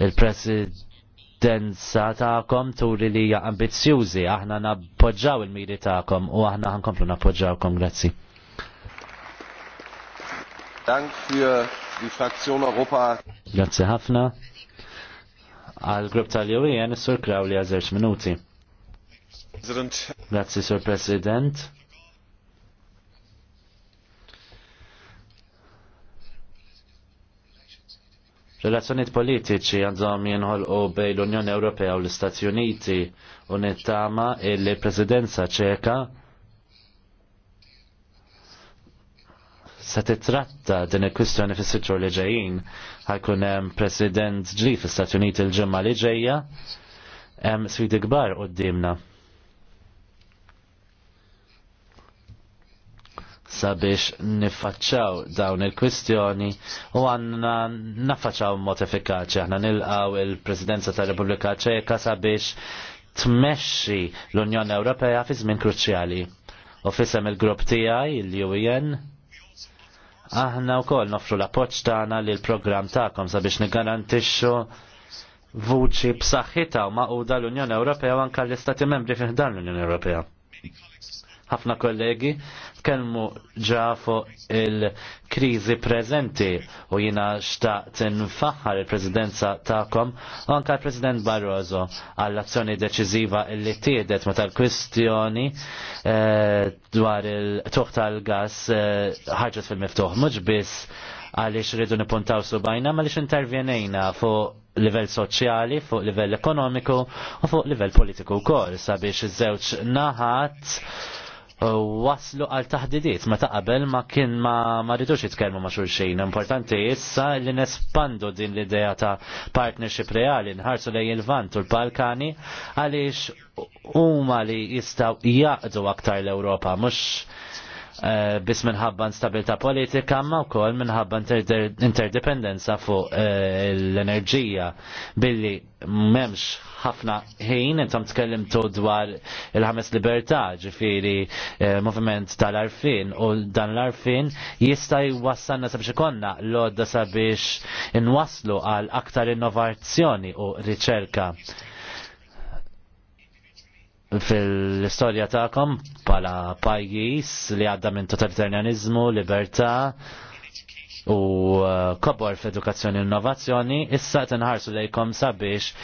Il-presidenza ta'kom turi li hija ambizzjużi, aħna nappoġġaw il-miri ta'kom u aħna ħankomplu nappoġġawkom, grazzi. Dank für die Fraktion Europa. Grazzi ħafna. Għal grupp tal-jowien, e Sur Kraw li għazerċ minuti. Grazzi, Sur President. Relazzjoniet politiċi għandhom jinħolqu bej l-Unjoni Ewropea u l-Istati Uniti u nittama il-Presidenza ċeka se titratta din il-kwistjoni fis-sitru li ġejjin ħajkun hemm President ġri fl-Istati Uniti l-ġimgħa li ġejja hemm sfidi kbar qudiemna. sabiex nifacċaw dawn il-kwistjoni u għanna nafacċaw mod effikaċi. Aħna nilqaw il-Presidenza ta' Repubblika Ċeka sabiex tmexxi l-Unjoni Ewropea fi żmien kruċjali. U fisem il-grupp tiegħi il-UN aħna wkoll nofru l-appoġġ tagħna lil programm tagħkom sabiex nigarantixxu vuċi b'saħħitha u maquda l-Unjoni Ewropea u anke l-Istati Membri fih dan l-Unjoni Ewropea ħafna kollegi kelmu ġafu il-krizi prezenti u jina xtaqt nfaħħar il-prezidenza ta'kom u anka il-president Barroso għall-azzjoni deċiziva illi tiedet ma tal-kwistjoni eh, dwar il-tuħ tal-gas eh, ħarġet fil-miftuħ mhux biss għaliex rridu nipuntaw subajna ma lix intervjenejna fuq livell soċjali, fuq livell ekonomiku u fuq livell politiku wkoll sabiex iż-żewġ naħat waslu għal taħdidiet meta qabel ma kien ma ma rridux jitkellmu ma' xulxin. Importanti issa li nespandu din l-idea ta' partnership reali nħarsu lejn il-Vant u l-Balkani għaliex huma li jistgħu jaqdu aktar l-Ewropa mhux Eh, biss minħabba instabilta politika ma wkoll minħabba interdependenza fuq eh, l-enerġija billi m'hemmx ħafna ħin intom tkellimtu dwar il-ħames libertà ġifieri eh, moviment tal-arfin u dan l-arfin jista' jwassalna sabiex ikonna l-għodda sabiex inwaslu għal aktar innovazzjoni u riċerka fil-istorja ta'kom pala pajjiż li għadda minn totalitarianizmu, libertà u uh, kobor f'edukazzjoni u innovazzjoni, issa tinħarsu lejkom sabiex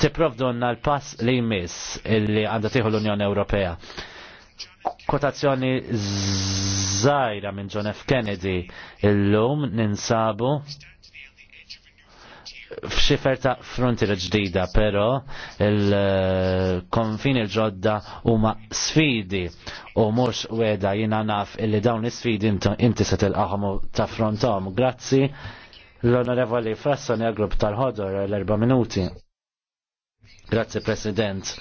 tipprovdunna l-pass li jmiss illi għandha tieħu l-Unjoni Ewropea. Kotazzjoni żgħira minn John F. Kennedy illum ninsabu f'xifer ta' frontiera ġdida, però il-konfini l-ġodda huma sfidi u mhux weda jina naf illi dawn is-sfidi inti se tilqahom ta' frontom. Grazzi l-Onorevoli Frasson, għal-grupp tal-ħodor l-erba' minuti. Grazzi President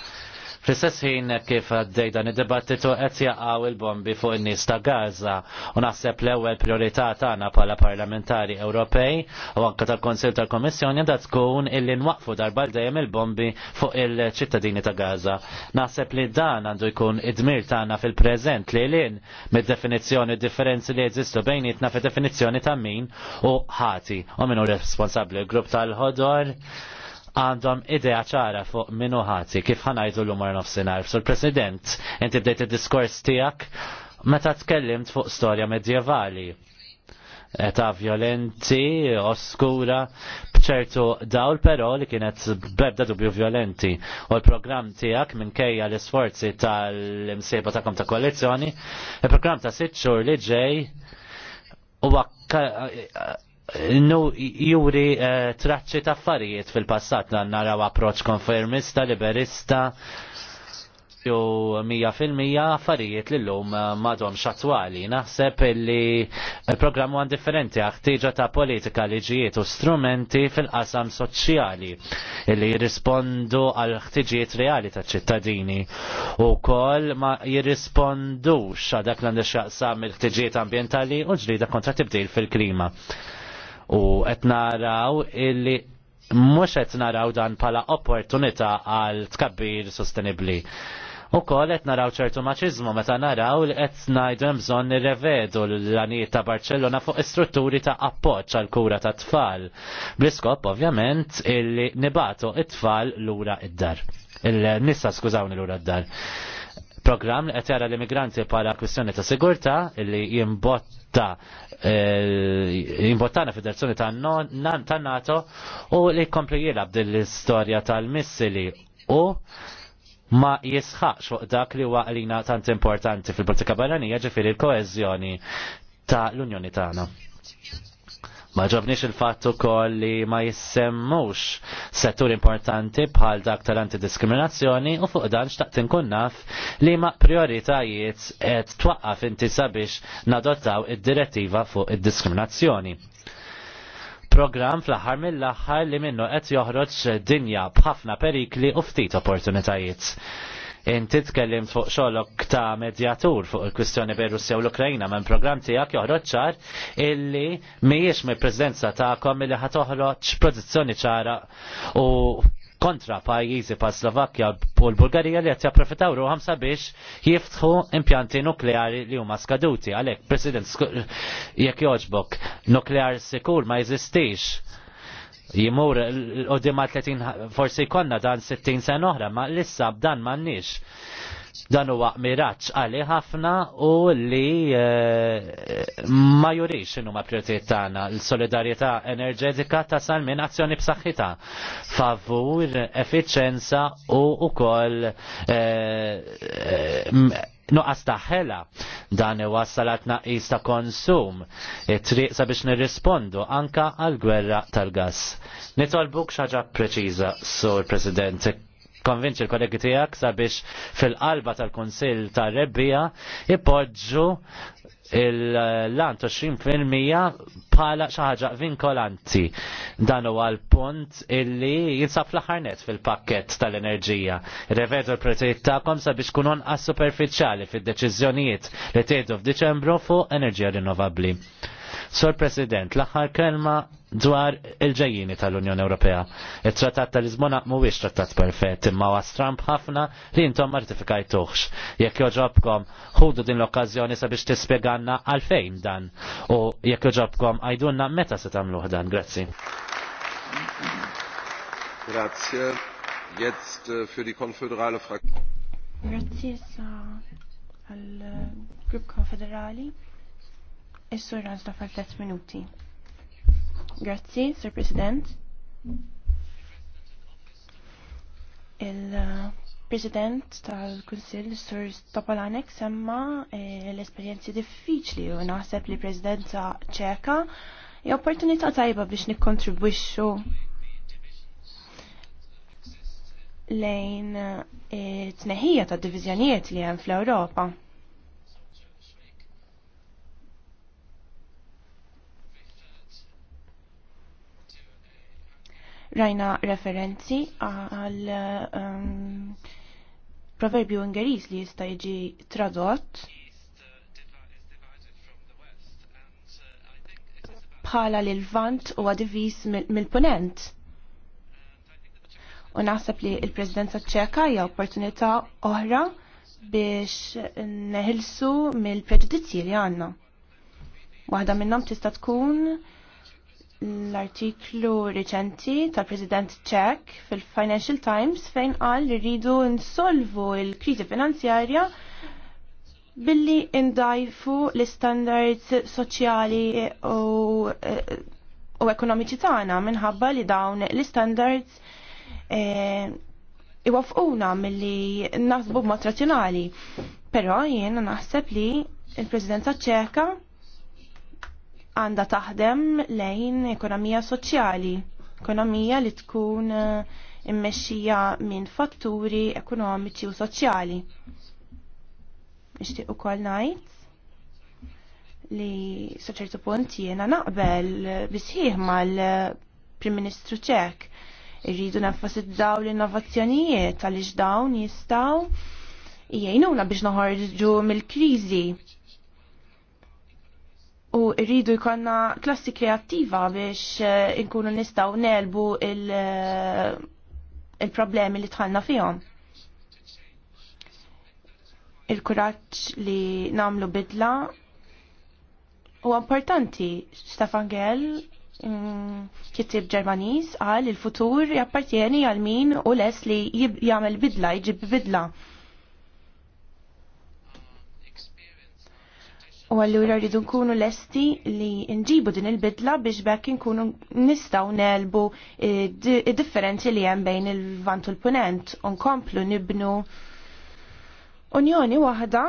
Fl-istess ħin kif għaddej dan id-dibattitu qed jaqgħu il-bombi fuq in-nies ta' Gaza u naħseb l-ewwel priorità tagħna bħala parlamentari Ewropej u anke tal-Konsil tal-Kommissjoni da tkun illi nwaqfu darba dejjem il-bombi fuq il-ċittadini ta' Gaza. Naħseb li dan għandu jkun id-dmir tagħna fil-preżent li lin mid-definizzjoni differenzi li jeżistu bejnietna fi definizzjoni ta' min u ħati u minu responsabbli l-grupp tal-ħodor għandhom idea ċara fuq minu ħati kif ħanajdu l-umar nofsinar. Sur President, inti bdejt il-diskors tijak meta tkellimt fuq storja medjevali Eta' violenti, oskura, bċertu dawl però li kienet bebda dubju violenti. U l-program tijak minkejja l-isforzi tal-imsieba ta' kom ta' koalizjoni, il-program ta' sitxur li ġej u Nu, juri eh, traċċi ta' affarijiet fil-passat naraw approċ konfermista, liberista, ju mija fil-mija affarijiet li l-lum eh, madom xatwali. Naħseb li il-programm għan differenti għaktiġa ta' politika liġijiet u strumenti fil-qasam soċjali li jirrispondu għal ħtiġijiet reali ta' ċittadini u kol ma jirrispondux dak l-għandu xaqsam il-ħtiġijiet ambientali u ġlida kontra tibdil fil-klima U qed naraw illi mhux qed naraw dan bħala opportunità għal tkabbir sostenibbli. U kol qed naraw ċertu maċiżmu meta naraw li qed ngħidu hemm bżonn nirrevedu l anijiet ta' Barcellona fuq istrutturi ta' appoġġ għal kura ta' tfal. Bliskop ovvjament illi nibatu it-tfal lura id-dar. Il-nissa skużawni lura id-dar program li qed jara l-immigranti bħala kwistjoni ta' sigurta li jimbotta eh, jimbottana fid-direzzjoni ta' NATO u li jkompli jilab din l-istorja tal-missili u ma jisħaqx fuq dak li huwa għalina tant importanti fil-politika barranija ġifieri l-koeżjoni ta' l-Unjoni tagħna. Ma ġobniex il-fattu koll li ma jissemmux settur importanti bħal dak tal-antidiskriminazzjoni u fuq dan xtaqt inkun naf li ma prioritajiet qed twaqqaf inti sabiex nadottaw id-direttiva fuq id-diskriminazzjoni. Program fl-aħħar mill-aħħar li minnu qed joħroġ dinja b'ħafna perikli u ftit opportunitajiet Inti tkellim fuq xogħolok ta' medjatur fuq il-kwistjoni bejn Russja u l-Ukrajna minn programm tiegħek joħroġ ċar illi mhijiex mill-preżenza tagħkom illi ħad toħroġ pożizzjoni ċara u kontra pajjiżi pa' Slovakkja u l-Bulgarija li qed japprofitaw ruħam sabiex jiftħu impjanti nukleari li huma skaduti. Għalhekk, President, jekk jogħġbok, nukleari sikur ma jeżistix jimur l dima 30 forsi konna dan 60 sen oħra, ma lissa b'dan ma nix. Dan huwa miraċ għali ħafna u li eh, ma jurix inu ma prioritetana tagħna l-solidarjetà enerġetika ta' sal minn azzjoni b'saħħitha favur effiċenza u wkoll eh, eh, nuqqas taħħela dan iwassal għat naqis ta' konsum it-triq sabiex nirrispondu anka għal-gwerra tal-gas. Nitolbuk xaġa preċiża, Sur President, konvinċi l-kollegi tijak sabiex fil-qalba tal-Konsil tal-Rebbija ipoġġu il-lant 20% bħala xaħġa vinkolanti. Dan huwa l-punt illi jinsab fl-ħarnet fil-pakket tal-enerġija. Revedu l-prezzijiet tagħkom sabiex kunon onqas superfiċjali fid-deċiżjonijiet li tgħidu f'Diċembru fuq enerġija rinnovabbli. Sor President, l-aħħar kelma dwar il-ġejjini tal-Unjoni Ewropea. Il-Trattat tal-Lisbona mhuwiex trattat perfett, imma was Trump ħafna li intom ma rtifikajtuhx. Jekk joġobkom ħudu din l-okkażjoni sabiex tispjeganna għalfejn dan u jekk joġobkom għajdunna meta se tagħmluh dan. Grazzi. Grazie. Jetzt äh, für die konföderale Fraktion. Grazie al äh, Grupp Konfederali. Is-sur Razla 3 minuti. Grazzi, Sir President. Il-President tal-Kunsill, Sir Topolanek, semma eh, l-esperjenzi diffiċli u naħseb li Presidenza ċeka hija opportunità tajba biex nikkontribwixxu lejn it eh, tneħija ta' divizjonijiet li hemm fl-Ewropa. Rajna referenzi għal um, proverbju Ungeris li jista' jiġi tradott bħala li l-vant u għadivis mill-ponent. U naħseb li il-Presidenza ċeka hija opportunità oħra biex neħilsu mill-preġudizzji li għanna. Waħda minnhom tista' tkun l-artiklu riċenti tal-President Czech fil-Financial Times fejn qal li rridu nsolvu l-kriżi finanzjarja billi indajfu l-standards soċjali u, eh, u ekonomiċi tagħna minħabba li dawn l-standards eh, iwafquna milli naħsbu b'mod razzjonali. Però jiena naħseb li il-Presidenza ċeka għanda taħdem lejn ekonomija soċjali, ekonomija li tkun eh, immexxija minn fatturi ekonomiċi u soċjali. Nixtieq ukoll ngħid li sa ċertu punt jiena naqbel bisħieħ mal-Prim Ministru Ċek irridu nenfasizzaw l-innovazzjonijiet għaliex dawn jistgħu jgħinuna biex noħorġu mill-kriżi u rridu jkollna klassi kreattiva biex eh, inkunu nistaw nelbu eh, il-problemi li tħallna fihom. Il-kuraġġ li namlu bidla u importanti Stefan Gell mm, kittib Ġermaniż għal il-futur jappartieni għal min u les li jagħmel bidla, jġib bidla. U għallura rridu nkunu lesti li nġibu din il-bidla biex bekk nkunu nistaw nelbu id-differenzi li hemm bejn il-vant u l-punent. Unkomplu nibnu unjoni waħda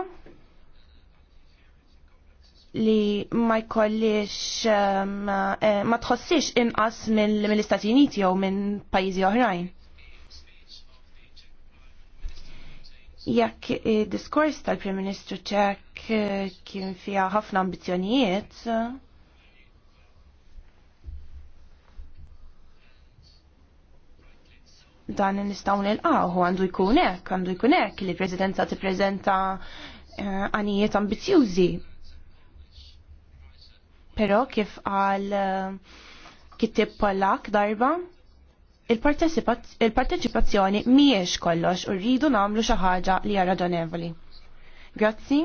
li ma jkollix um, eh, ma tħossix inqas mill-Istati Uniti jew minn pajjiżi oħrajn. jekk eh, diskors tal-Prim Ministru ċek eh, kien fija ħafna ambizjonijiet, eh, dan nistaw nilqaw għandu jkun hekk, għandu jkun hekk li l-Presidenza tippreżenta għanijiet ambizjużi. Però kif għal kittib Pollak darba, il-parteċipazzjoni il miex kollox u rridu namlu xi ħaġa li hija raġonevoli. Grazzi.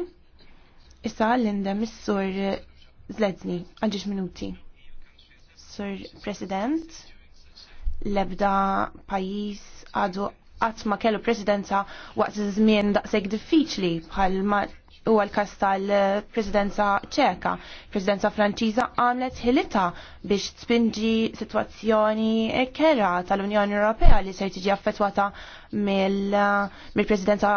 Issa l-indem is-sur Zledni għal minuti. Sur President, l-ebda pajis għadu għatma kellu presidenza waqt żmien daqshekk diffiċli bħal ma u għal-kas tal-presidenza ċeka. Presidenza franċiza għamlet ħilita biex tspinġi situazzjoni kera tal-Unjoni Ewropea li se tiġi affettwata mill-presidenza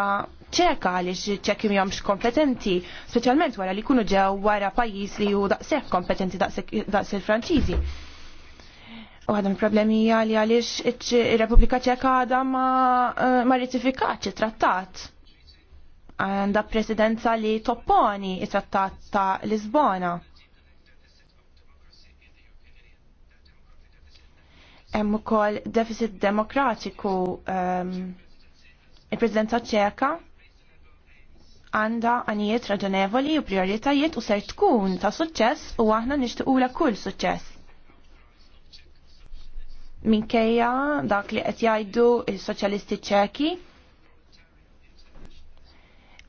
ċeka li ċekki miħomx kompetenti, specialment wara li kunu ġew wara pajis li ju daqseħ kompetenti daqseħ franċizi. franċiżi U għadam problemi għali għalix il-Repubblika ċeka għadha ma eh, ratifikaċ il-trattat għanda presidenza li topponi it-trattat ta' Lisbona. Hemm ukoll deficit demokratiku um, il-Presidenza ċeka għanda għanijiet raġonevoli u prioritajiet u ser tkun ta' suċċess u aħna nixtiqula kull suċċess. Minkejja dak li qed jgħidu il-soċjalisti ċeki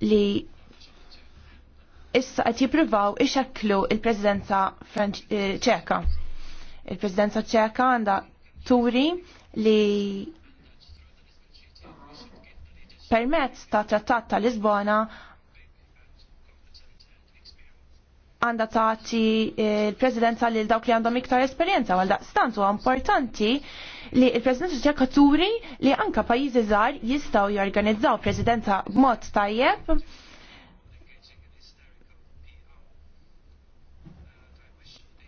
li issa qed jippruvaw ixekklu il-Presidenza eh, ċeka. Il-Presidenza ċeka għandha turi li permezz ta' trattat ta' Lisbona għanda tagħti eh, il-prezidenza li l-dawk li għandhom iktar esperienza għal daqstantu importanti li il-presidenza ċekka turi li anka pajizi żgħar jistgħu jorganizzaw presidenza b'mod tajjeb.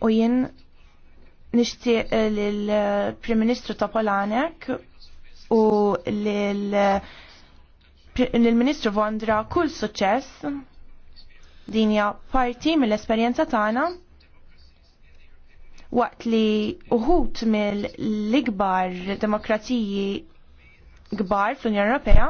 U jien nixtieq eh, lill-Prim eh, Ministru Topolanek u lill-Ministru eh, Vondra kull suċċess dinja parti mill-esperjenza tagħna waqt li uħut mill-ikbar demokraziji kbar fl-Unjoni Ewropea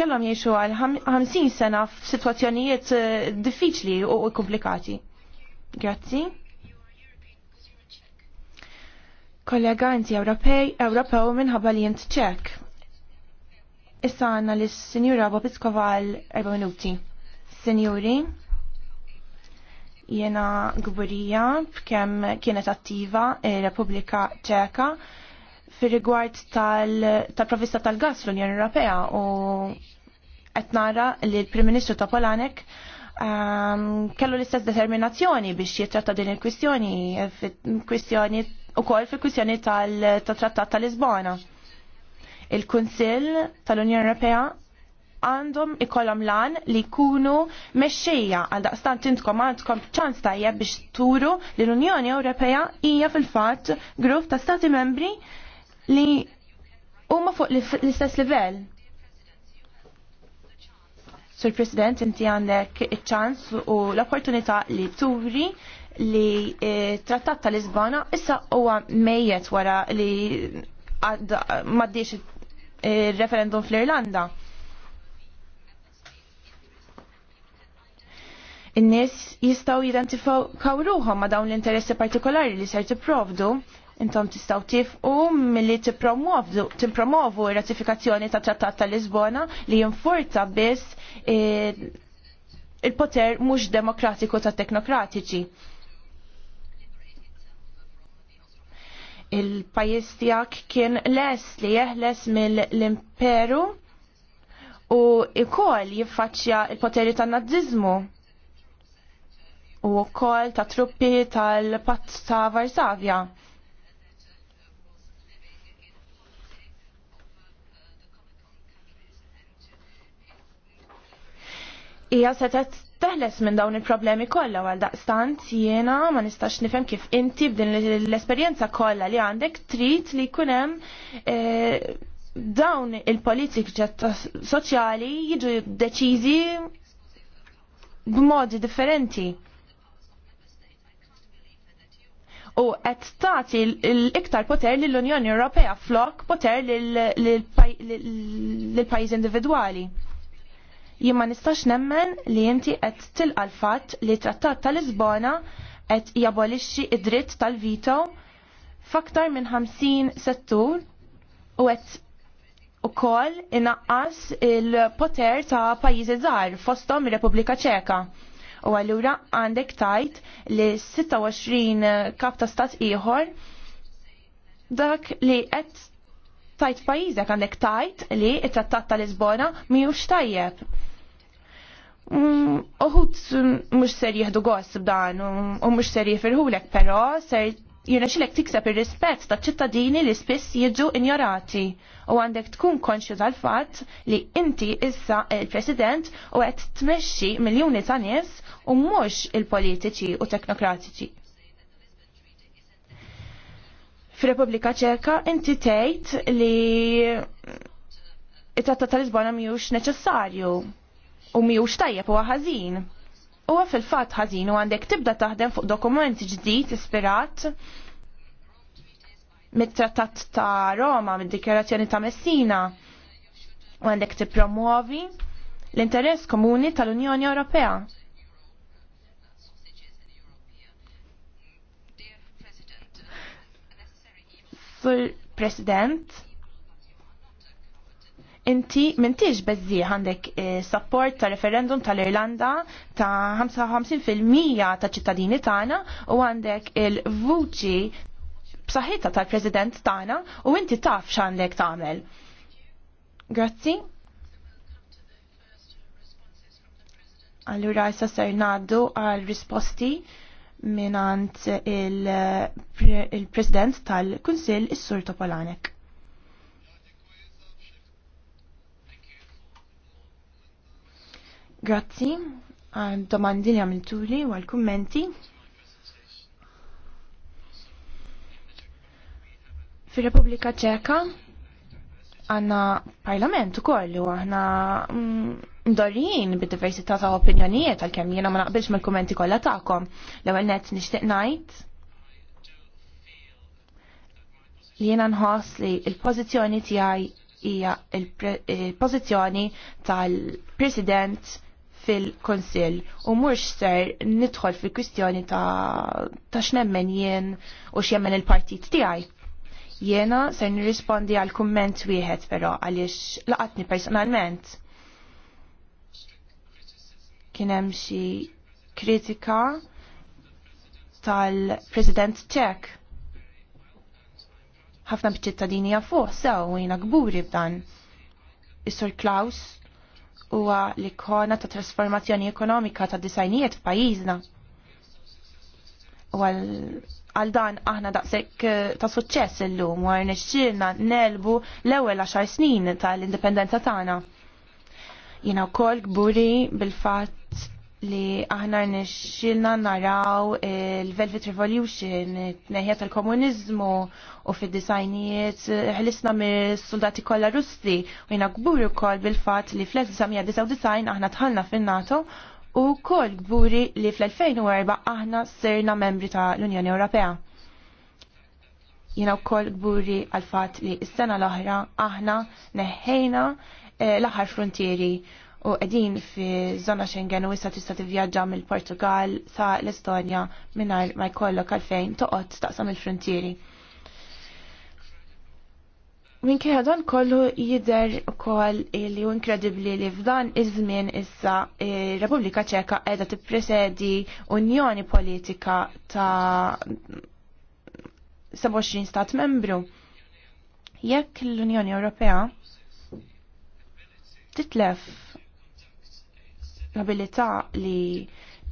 kellhom jgħixu għal 50 sena f'sitwazzjonijiet eh, diffiċli u komplikati. Grazzi. Kollega inti Ewropej, Ewropew minħabba li jint ċek. Issa għanna l-Sinjura Bobiskoval 4 minuti. Senjuri, jena gburija b'kemm kienet attiva Repubblika Ċeka fir rigward tal-provista tal tal-gas l-Unjoni Ewropea u etnara li l-Prim Ministru ta' Polanek um, ehm, kellu l-istess determinazzjoni biex jitratta din il-kwistjoni, u kol fil-kwistjoni tal-trattat tal-Lisbona. Il-Kunsill tal-Unjoni Ewropea għandhom ikollhom lan li jkunu mexxejja għal daqstant intkom għandkom ċans tajjeb biex turu li l-Unjoni Ewropea hija fil-fatt grupp ta' stati membri li huma fuq l-istess livell. Sur President, inti għandek iċ-ċans u l-opportunità li turi li eh, trattat tal-Lisbona issa huwa mejjet wara li maddiex eh, referendum fl-Irlanda in-nies jistgħu jidentifikaw ruhom ma' dawn l-interessi partikolari li ser tipprovdu intom tistgħu tifqu milli tippromovu r-ratifikazzjoni ta' Trattat ta' Lisbona li jinfurta biss il-poter mhux demokratiku ta' teknokratiċi. Il-pajis tiegħek kien les li jeħles mill-imperu u ikoll jiffaċċja il-poteri tan-nazzizmu u wkoll ta' truppi tal pazz ta' Varsavja. Ija setet teħles minn dawn il-problemi kollha għal daqstant jiena ma nistax nifhem kif inti b'din l-esperjenza kollha li għandek trid li jkun hemm e, dawn il-politiki soċjali jiġu deċiżi b'modi differenti u qed tagħti l-iktar poter lill unjoni Ewropea flok poter lill-pajjiż individwali. Jien ma nistax nemmen li inti qed tilqa l-fatt li trattat tal-Lisbona qed jabolixxi id-dritt tal-vito f'aktar minn 50 settur u qed ukoll inaqqas il-poter ta' pajjiżi żgħar fosthom ir-Repubblika Ċeka U għallura għandek tajt li 26 eh, kap ta' stat ieħor dak li qed tajt pajjiżek għandek tajt li it-trattat ta' Lisbona mhijiex tajjeb. Mm, Uħut mux ser jihdu għos b'dan, u mux ser jifirħulek, pero ser xilek tikseb ir-rispett ta' ċittadini li spiss jiġu injorati u għandek tkun konxju tal-fatt li inti issa il-President u qed tmexxi miljuni ta' nies u mhux il-politiċi u teknokratiċi. Fir-Repubblika Ċeka inti tgħid li it tatta tal-Lisbona mhijiex neċessarju u mhijiex tajjeb u ħażin huwa fil-fatt ħażin u għandek tibda taħdem fuq dokumenti ġdid ispirat mit-trattat ta' Roma, mid dikjarazzjoni ta' Messina u għandek tippromuovi l-interess komuni tal-Unjoni Ewropea. Sur President, inti mintix bezzi għandek eh, support ta' referendum tal-Irlanda ta' 55% ta' ċittadini tagħna u għandek il-vuċi b'saħħitha tal-President tagħna u inti taf x'għandek tagħmel. Grazzi. Allura issa ser ngħaddu għal risposti minant il-President il president tal kunsill is-Sur Topolanek. Grazzi għal domandi li għamiltuli u għal kummenti. Fi Repubblika Ċeka għanna parlament u koll u għahna mm, mdorrijin bid-diversità ta' opinjonijiet għal-kem jena ma naqbilx mal kummenti kollha ta'kom. L-ewwel nett nixtieq ngħid li jena nħoss li l-pożizzjoni tiegħi hija il-pożizzjoni tal-President fil-konsil u mux ser nidħol fil-kwistjoni ta', ta x'nemmen jien u x'jemmen il-partit tiegħi. Jiena ser nirrispondi għal kumment wieħed però għaliex laqatni personalment. Kien hemm xi kritika tal-President Czech. Ħafna bċittadini jafuh sew jiena gburi b'dan. Is-Sur Klaus huwa l-ikona ta' trasformazzjoni ekonomika ta' disajnijiet f'pajjiżna. U għal dan aħna daqshekk eh, ta' suċċess illum war nixxilna nelbu l-ewwel għaxar snin tal-indipendenza tagħna. Jiena wkoll gburi bil-fatt li aħna nixxilna naraw il-Velvet Revolution, t-neħja tal-komunizmu u fid disajnijiet ħlisna mis soldati kollha Russi u jina gburi wkoll bil-fatt li fl-1999 aħna tħalna fin-NATO u wkoll gburi li fl-2004 aħna serna membri ta' l-Unjoni Ewropea. Jina wkoll gburi għal fat li s-sena l-oħra aħna neħħejna eh, l-aħħar frontieri u qegħdin fi żona Schengen u issa tista' tivvjaġġa mill-Portugal sa l-Estonja mingħajr ma jkollok għalfejn toqgħod staqsam il-frontieri. Minkejja dan kollu jider ukoll li hu inkredibbli li f'dan iż-żmien issa ir-Repubblika Ċeka qiegħda tippresedi unjoni politika ta' 27 stat membru. Jekk l-Unjoni Ewropea titlef l-abilità li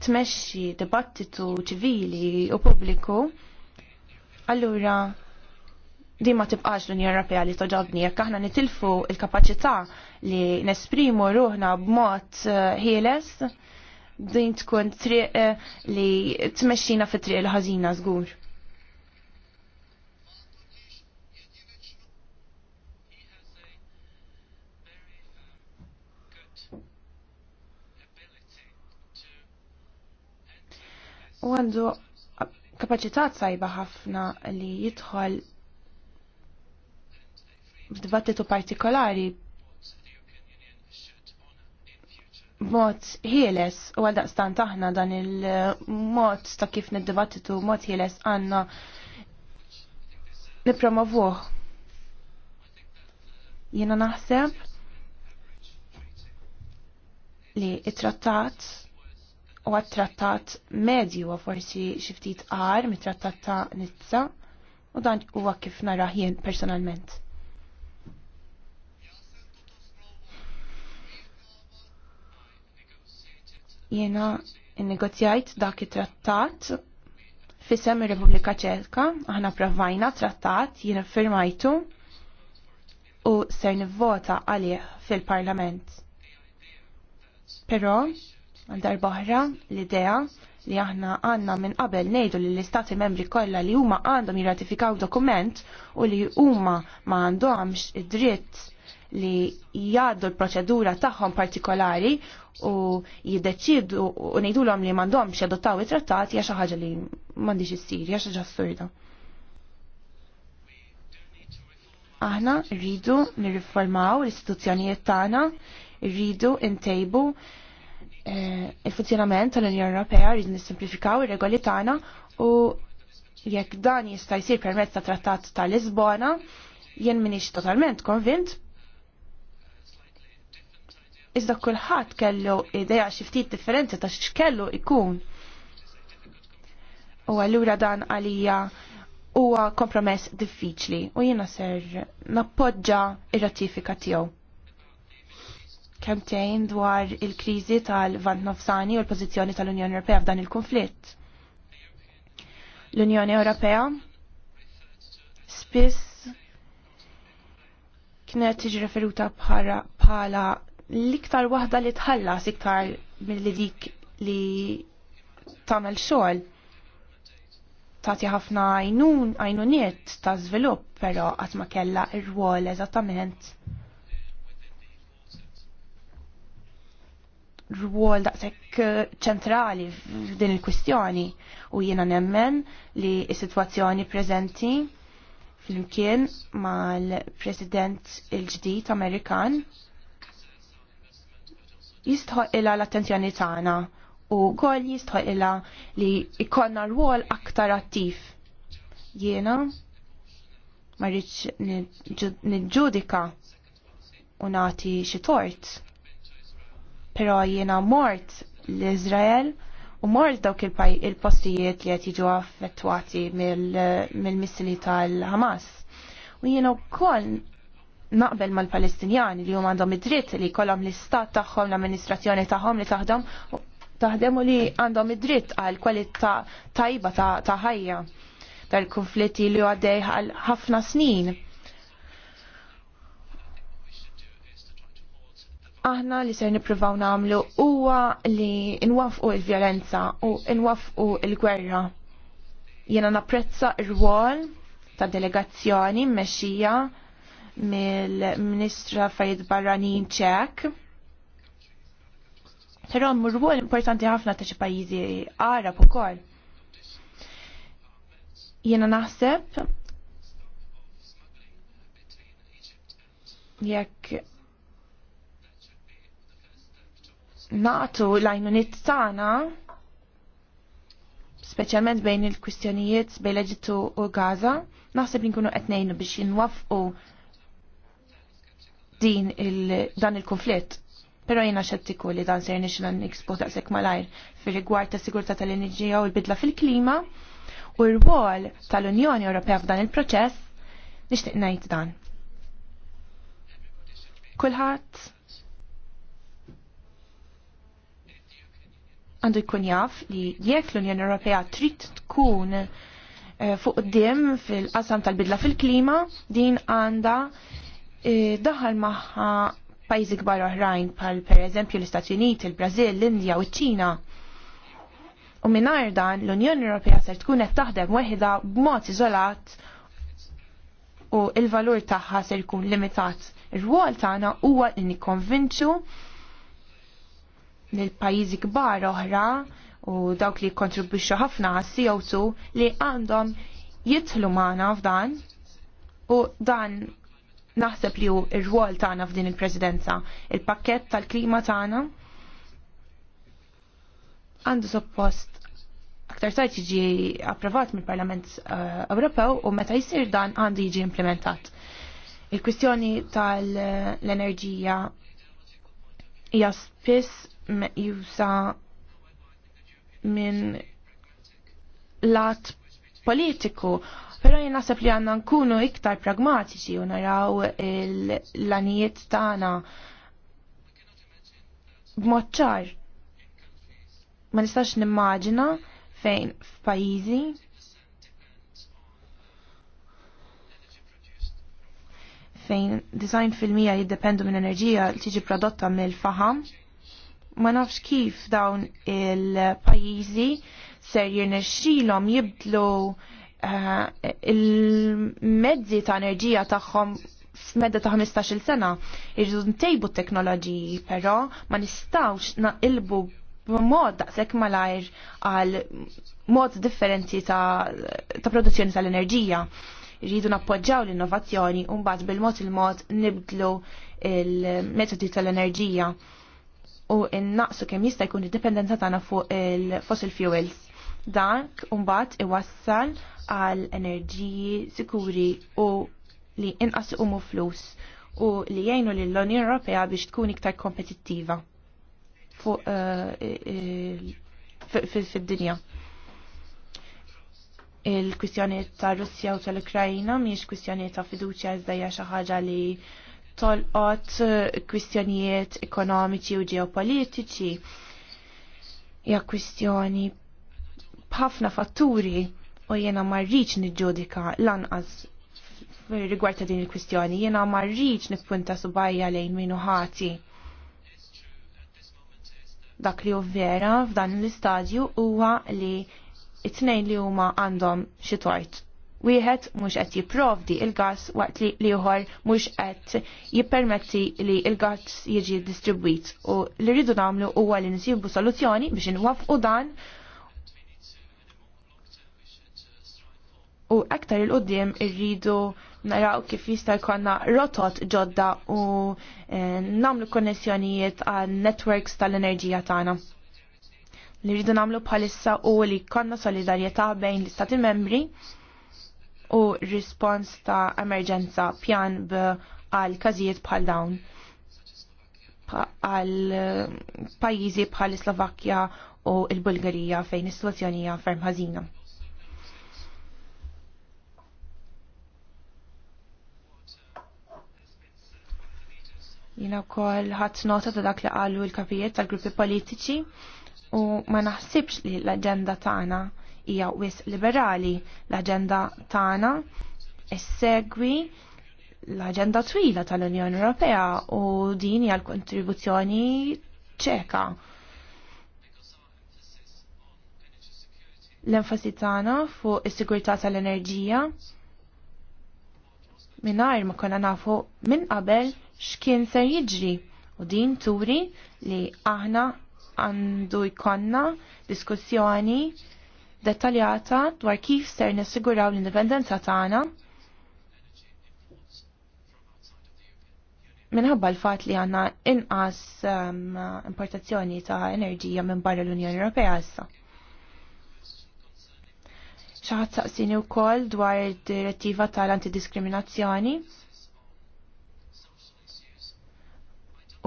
tmexxi dibattitu ċivili u pubbliku, allura di ma tibqax l-Unjoni Ewropea li toġobni jekk aħna nitilfu il-kapaċità li nesprimu ruħna b'mod eh, ħieles din tkun triq eh, li tmexxina fit triq il-ħażina żgur. u għandu kapacità sajba ħafna li jidħol f'dibattitu partikolari mod ħieles u għaldaqstan taħna dan il-mod ta' kif nid-dibattitu mod ħieles għanna nipromovuħ. Jena naħseb li it-trattat u għat-trattat medju u forsi xiftit għar mit-trattat ta' Nizza u dan huwa kif nara jien personalment. Jena negozjajt dak it-trattat fisem ir-Repubblika Ċelka, aħna pravajna trattat, jiena firmajtu u ser nivvota għalih fil-Parlament. Però, Darbaħra l-idea li aħna għanna minn qabel nejdu li l-istati membri kollha li huma għandhom jirratifikaw dokument u li huma ma għandhomx id-dritt li jgħaddu l-proċedura tagħhom partikolari u jiddeċidu u ngħidulhom li m'għandhomx jadottaw it-trattati hija xi ħaġa li m'għandix issir, hija xi ħaġa assurda. Aħna rridu nirriformaw l-istituzzjonijiet tagħna, rridu ntejbu Eh, il-funzjonament tal-Unjoni Ewropea rridu nissimplifikaw ir-regoli tagħna u jekk dan jista' jsir permezz ta' Trattat ta' Lisbona, jien m'iniex totalment konvint. Iżda kulħadd kellu idea xi ftit differenti ta' x'kellu jkun. U allura dan għalija huwa kompromess diffiċli u jiena ser nappoġġa ir-ratifika tiegħu campaign dwar il-kriżi tal-Vant Nofsani u l-pożizzjoni tal-Unjoni Ewropea f'dan il-konflitt. L-Unjoni Ewropea spiss kienet tiġi referuta bħala l-iktar waħda li tħallas iktar mill-li dik li tagħmel xogħol tagħti ħafna għajnun għajnuniet ta' żvilupp, però qatt ma kellha ir-rwol eżattament rwol daqshekk eh, ċentrali mm. f'din il-kwistjoni u jiena nemmen li s-sitwazzjoni preżenti flimkien mal-President il-ġdid Amerikan jistħoq ila l-attenzjoni tagħna u wkoll jistħoq ila li jkollna rwol aktar attiv. Jiena ma rridx niġġudika u nagħti xi tort Pero jiena mort l-Izrael u mort dawk il-postijiet li qed jiġu affettwati mill-missili tal-Hamas. U jiena wkoll naqbel mal-Palestinjani li huma għandhom id-dritt li kollhom l-istat tagħhom, l-amministrazzjoni tagħhom li taħdem taħdem u li għandhom id-dritt għal kwalità tajba ta' ħajja. tal konflitti li għaddej għal ħafna snin aħna li ser nippruvaw nagħmlu huwa li nwafqu l-vjolenza u nwafqu l-gwerra. Jiena napprezza r-rwol ta' delegazzjoni mmexxija mill-Ministra Fajid Barranin Ċek. Però rwol importanti ħafna ta' xi pajjiżi Arab ukoll. Jiena naħseb jekk natu l-għajnunit tagħna speċjalment bejn il-kwistjonijiet bejn l-Eġittu u Gaza, naħseb li nkunu qed ngħinu biex jinwafqu din il dan il-konflitt. Però jiena xettiku li dan ser nixla nixbu daqshekk malajr fir-rigward ta' sigurtà tal-enerġija u l-bidla fil-klima u r-wol tal-Unjoni Ewropea f'dan il-proċess nixtieq ngħid dan. Kulħadd għandu jkun jaf li jekk l-Unjoni Ewropea trid tkun eh, fuq dim fil-qasam tal-bidla fil-klima, din għanda eh, daħal maħħa pajzi kbar oħrajn pal per eżempju l-Istati Uniti, il-Brazil, l-Indja u ċ-Ċina. U mingħajr dan l-Unjoni Ewropea ser tkun qed taħdem weħda b'mod iżolat u il-valur tagħha ser jkun limitat. Ir-rwol tagħna huwa li nikkonvinċu mill-pajjiżi kbar oħra u dawk li kontribwixxu ħafna għas-CO2 li għandhom jitħlu magħna f'dan u dan naħseb li hu r-rwol tagħna f'din il-Presidenza. Il-pakkett tal-klima tagħna għandu suppost aktar tajt jiġi approvat mill-Parlament eh, Ewropew u meta jsir dan għandu jiġi implementat. Il-kwistjoni tal-enerġija hija spiss meqjusa minn lat politiku, pero jien naħseb li għanna nkunu iktar pragmatiċi u naraw l-anijiet tagħna b'moċċar. Ma nistax nimmaġina fejn f'pajjiżi fejn design fil-mija jiddependu minn enerġija li tiġi prodotta mill-faham ma nafx kif dawn il-pajjiżi ser jirnexxilhom jibdlu uh, il-mezzi ta' enerġija tagħhom f'medda ta' 15-il sena irridu ntejbu t-teknoloġiji, però ma nistawx naqilbu b'mod daqshekk malajr għal mod differenti ta', ta produzzjoni tal-enerġija. Irridu nappoġġaw l-innovazzjoni u mbagħad bil-mod il-mod nibdlu il-metodi tal-enerġija. il metodi tal enerġija u n-naqsu kemm jista' jkun id-dipendenza tagħna fuq il-fossil fuels. Dak imbagħad iwassal għal enerġiji sikuri u li inqas umu flus u li jgħinu lill l-Unjoni Ewropea biex tkun iktar kompetittiva fuq eh, eh, fid-dinja. Il-kwistjoni ta' Russja u tal-Ukrajna miex kwistjoni ta' fiduċja iżda hija xi ħaġa li tolqot eh, kwistjonijiet ekonomiċi u ġeopolitiċi. Ja kwistjoni b'ħafna fatturi u jena marriċ nġudika lanqas rigward ta' din il-kwistjoni, jena marriċ nippunta subajja lejn minu ħati. Dak li u vera f'dan l-istadju huwa li it-tnejn li huma għandhom xi tort wieħed mhux qed jipprovdi il-gass waqt li ieħor mhux qed jippermetti li il-gass jiġi distribwit u li rridu nagħmlu huwa li nsibu soluzzjoni biex inwaffqu dan u aktar il-qoddim irridu naraw kif jista' jkollna rotot ġodda u eh, nagħmlu konnessjonijiet għal networks tal-enerġija tagħna. Li rridu nagħmlu bħalissa u li konna solidarjetà bejn l-istati membri u rispons ta' emerġenza pjan għal każijiet bħal dawn għal eh, pajjiżi bħal Slovakkja u l-Bulgarija fejn is-sitwazzjoni hija ferm ħażina. Jina wkoll ħadd nota ta' dak li qalu l-kapijiet tal-gruppi politiċi u ma naħsibx li l-aġenda tagħna hija wis liberali. L-aġenda tagħna issegwi l-aġenda twila tal-Unjoni Ewropea u din hija l-kontribuzzjoni ċeka. L-enfasi tagħna fuq is-sigurtà tal-enerġija mingħajr ma konna nafu minn qabel x'kien ser jiġri u din turi li aħna għandu jkollna diskussjoni dettaljata dwar kif ser nissiguraw l-indipendenza tagħna minħabba l-fat li għanna inqas um, importazzjoni ta' enerġija minn barra l-Unjoni Ewropea issa. ċaħat saqsini u kol dwar direttiva tal-antidiskriminazzjoni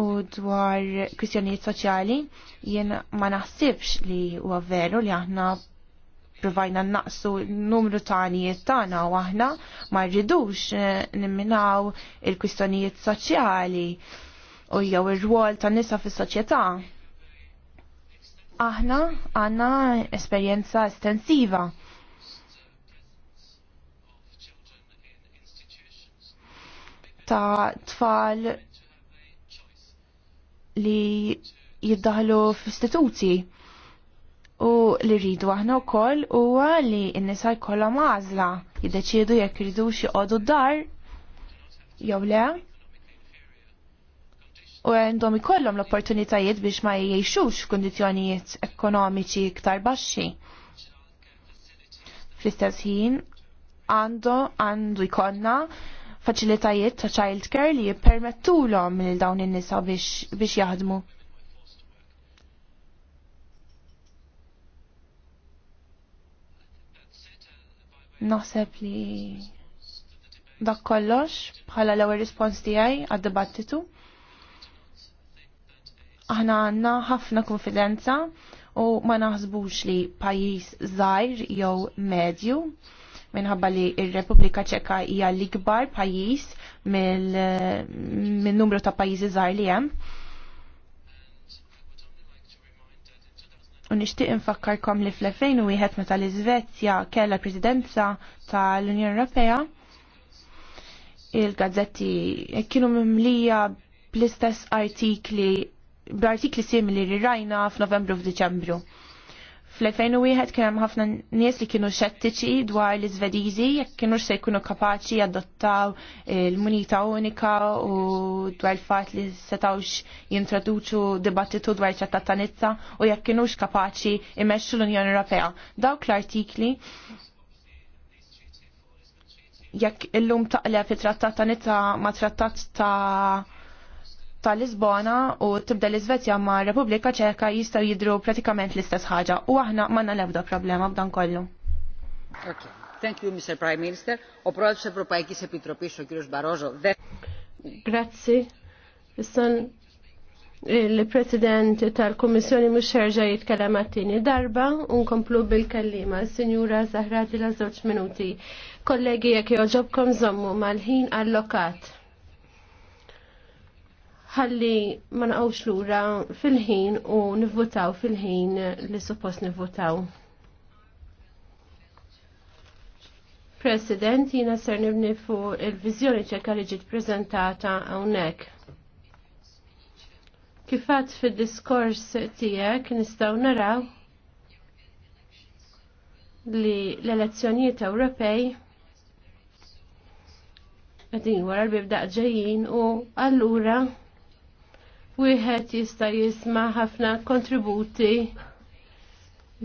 u dwar kwistjonijiet soċjali jien ma naħsibx li huwa veru li aħna provajna naqsu numru tanijiet tagħna u aħna ma rridux eh, nimminaw il-kwistjonijiet soċjali u jew ir-rwol tan-nisa fis-soċjetà. Aħna għandna esperjenza estensiva ta' tfal li jiddaħlu istituti u li rridu aħna wkoll huwa li n-nisa jkollhom għażla jiddeċiedu jekk iridu d dar jew le. U għandhom ikollhom l-opportunitajiet biex ma jgħixux kondizjonijiet ekonomiċi iktar baxxi. Fl-istess ħin għandu għandu jkollna faċilitajiet ta' childcare li jippermettulhom lil dawn in-nisa biex, biex jaħdmu. Naħseb li dak kollox bħala l-ewwel rispons tiegħi għad-dibattitu. Aħna għandna ħafna konfidenza u ma naħsbux li pajjiż żgħir jew medju minħabba li ir-Repubblika Ċeka hija l-ikbar pajjiż mill-numru ta' pajjiżi żgħar li hemm U nixtieq infakkarkom li fl-2001 meta l-Iżvezja kellha presidenza tal-Unjoni Ewropea il-gazzetti kienu mimlija bl-istess artikli bl-artikli simili li rajna f'Novembru f'Diċembru. Fl-2001 kien hemm ħafna nies li kienu xettiċi dwar l-Iżvediżi jekk kienu se jkunu kapaċi jadottaw il-munita eh, unika u dwar il-fatt li setawx jintroduċu dibattitu dwar ċattat ta' u jekk kienux kapaċi imexxu l-Unjoni Ewropea. Dawk l-artikli jekk illum taqleb it-trattat ta' Nizza ma' trattat ta' tal-Lisbona u tibda l-Iżvezja ma' Repubblika Ċeka jistgħu jidru pratikament l-istess ħaġa u aħna manna l-ebda problema b'dan kollu. Okay. Thank you, Mr. Prime Minister. U proħed Evrupajkis Epitropis u Kirus Barroso. Grazzi. Istan il-President tal-Komissjoni muxerġa xerġa jitkellem un darba bil-kallima. Signora Zahrati la zoċ minuti. Kollegi jek joġobkom zommu mal-ħin allokat ħalli ma naqgħux lura fil-ħin u nivvutaw fil-ħin li suppost nivvutaw. President, jina ser nibni fuq il-vizjoni ċekka li ġiet prezentata hawnhekk. Kifat fid-diskors tiegħek nistgħu naraw li l-elezzjonijiet Ewropej qegħdin wara l-bibda ġejjin u allura wieħed jista' jisma' ħafna kontributi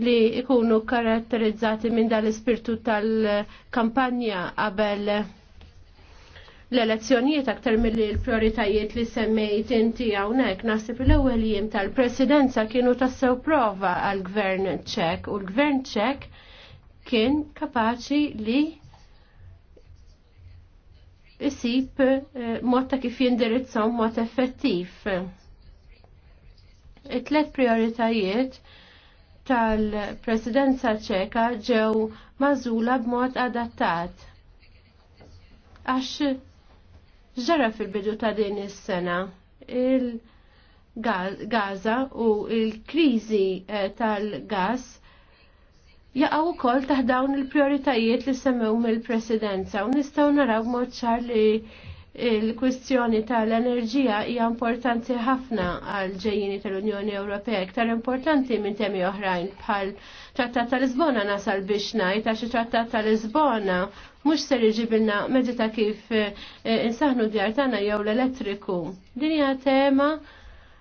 li ikunu karatterizzati minn dal-ispirtu tal-kampanja qabel l-elezzjonijiet aktar mill l-prioritajiet li semmejt inti hawnhekk naħseb l-ewwel jiem tal-presidenza kienu tassew prova għal gvern ċek u l-gvern ċek kien kapaċi li isib eh, mod ta' kif jindirizzaw mod effettiv it-tlet prioritajiet tal-presidenza ċeka ġew mażula b'mod adattat. Għax ġara fil-bidu ta' din is-sena il-Gaza u il-kriżi eh, tal-gas jaqgħu wkoll taħdawn il-prioritajiet li semmew mill-presidenza u nistgħu naraw mod ċar li il-kwistjoni tal-enerġija hija importanti ħafna għal ġejjini tal-Unjoni Ewropea, iktar importanti minn temi oħrajn bħal Trattat tal-Lisbona nasal biex ngħid għax it-Trattat tal-Lisbona mhux ser jiġibilna medita kif eh, insaħnu djar tagħna jew l-elettriku. Din hija tema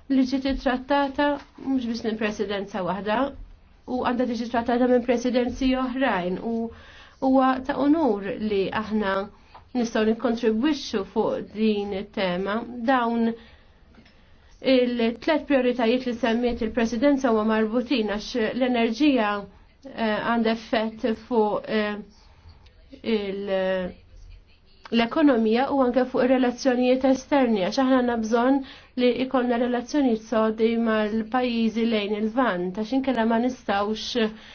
li ġiet trattata mhux biss minn presidenza waħda u għandha tiġi trattata minn presidenzi oħrajn u huwa ta' unur li aħna nistgħu nikkontribwixxu fuq din it-tema dawn il-tlet prioritajiet li semmiet il-presidenza huwa marbutin għax l-enerġija eh, għandha effett fuq eh, l-ekonomija u anke fuq relazzjonijiet esterni, għax aħna bżonn li jkollna relazzjonijiet sodi mal pajjiżi lejn il vant għax inkella ma nistawx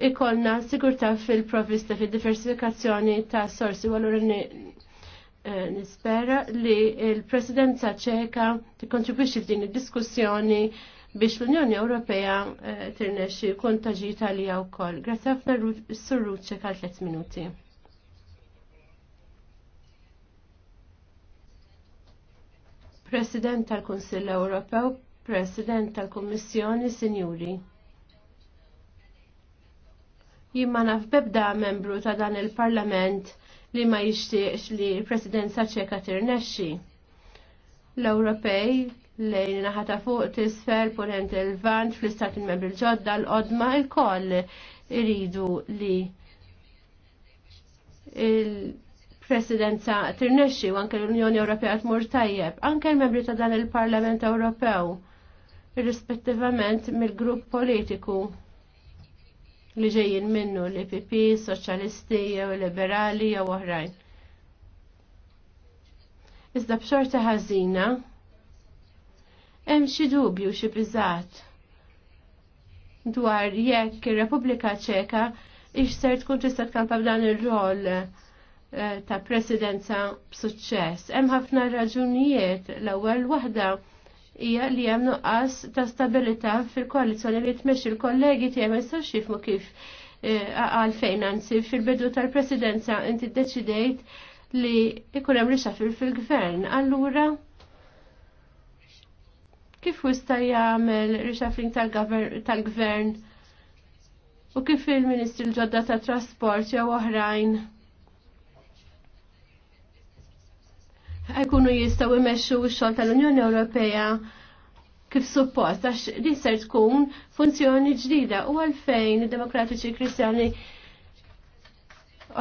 ikolna sigurta fil-provvista fil-diversifikazzjoni ta' sorsi għallura eh, nispera li il-presidenza ċeka t-kontribuċi f'din id-diskussjoni biex l-Unjoni Ewropea eh, tirnexxi kontaġi Italija wkoll. Grazie ħafna s ruċċe għal tliet minuti. President tal-Kunsill Ewropew, President tal-Kummissjoni, Sinjuri. Jimma naf bebda membru ta' dan il-Parlament li ma jixtieqx li l-Presidenza ċeka tirnexxi. L-Ewropej lejn naħata fuq tisfel ponent il-vant fl-istati membri ġodda l-qodma il-koll iridu li il-presidenza tirnexxi u anke l-Unjoni Ewropea tmur tajjeb, anke l-membri ta' dan il-Parlament Ewropew, irrispettivament mill-grupp politiku li ġejjin minnu l-IPP, soċjalisti jew liberali jew oħrajn. Iżda b'xorta ħażina hemm xi dubju xi biżgħat dwar jekk ir-Repubblika Ċeka ix ser tkun tista' tkampa b'dan ir-rol eh, ta' presidenza b'suċċess. Hemm ħafna raġunijiet l-ewwel waħda hija li hemm nuqqas ta' stabilità fil-koalizzjoni li tmexxi l-kollegi tiegħek ma jistax jifmu kif eh, għal anzi fil-bidu tal-presidenza inti ddeċidejt li ikun hemm rixafil fil-gvern. Allura kif jista' jagħmel rixafling tal-gvern u kif il-Ministri l-ġodda tat trasport jew oħrajn jkunu jistaw imexxu xol xogħol tal-Unjoni Ewropea kif suppost, għax li ser tkun funzjoni ġdida u għalfejn id-demokratiċi kristjani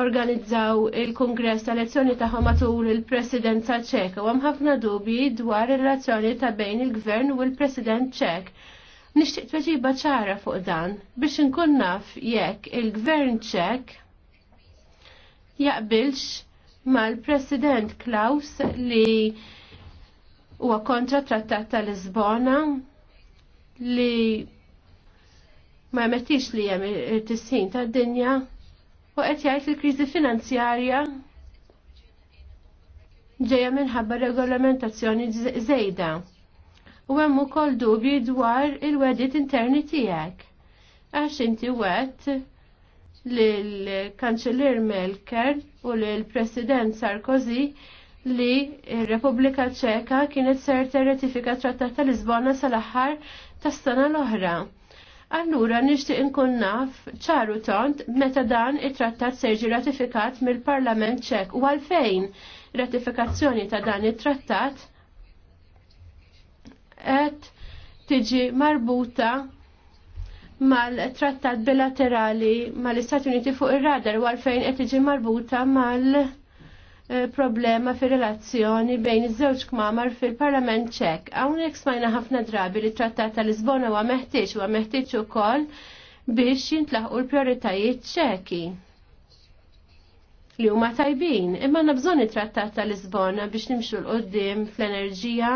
organizzaw il-kongress tal-elezzjoni ta' matul il-presidenza ċeka u hemm ħafna dubji dwar ir-relazzjoni ta' bejn il-gvern u l-president ċek. Nixtieq tweġiba ċara fuq dan biex inkun naf jekk il-gvern ċek jaqbilx mal-President Klaus li huwa kontra trattat tal-Lisbona li ma jmettix li jem il-tissin ta' dinja u qed jgħid il-kriżi finanzjarja ġejja minħabba regolamentazzjoni żejda. U hemm ukoll dubji dwar il-wedit interni tiegħek. Għax inti wet l kanċellier Melker u l-President Sarkozy li r-Repubblika Ċeka kienet ser terratifika trattat ta' Lisbona sal-aħħar tas-sena l-oħra. Allura nixtieq inkun naf ċaru tont meta dan it-trattat se jiġi ratifikat mill-Parlament Ċek u għalfejn ratifikazzjoni ta' dan it-trattat qed tiġi marbuta mal-trattat bilaterali mal-Istati Uniti fuq ir-radar għalfejn qed iġi marbuta mal-problema fir relazzjoni bejn iż-żewġ kmamar fil-Parlament Ċek. Hawnhekk smajna ħafna drabi li trattat ta' Lisbona huwa meħtieġ huwa meħtieġ ukoll biex jintlaħqu l-prioritajiet ċeki li huma tajbin. Imma għandna bżonn it-trattat ta' Lisbona biex nimxu l-qoddim fl-enerġija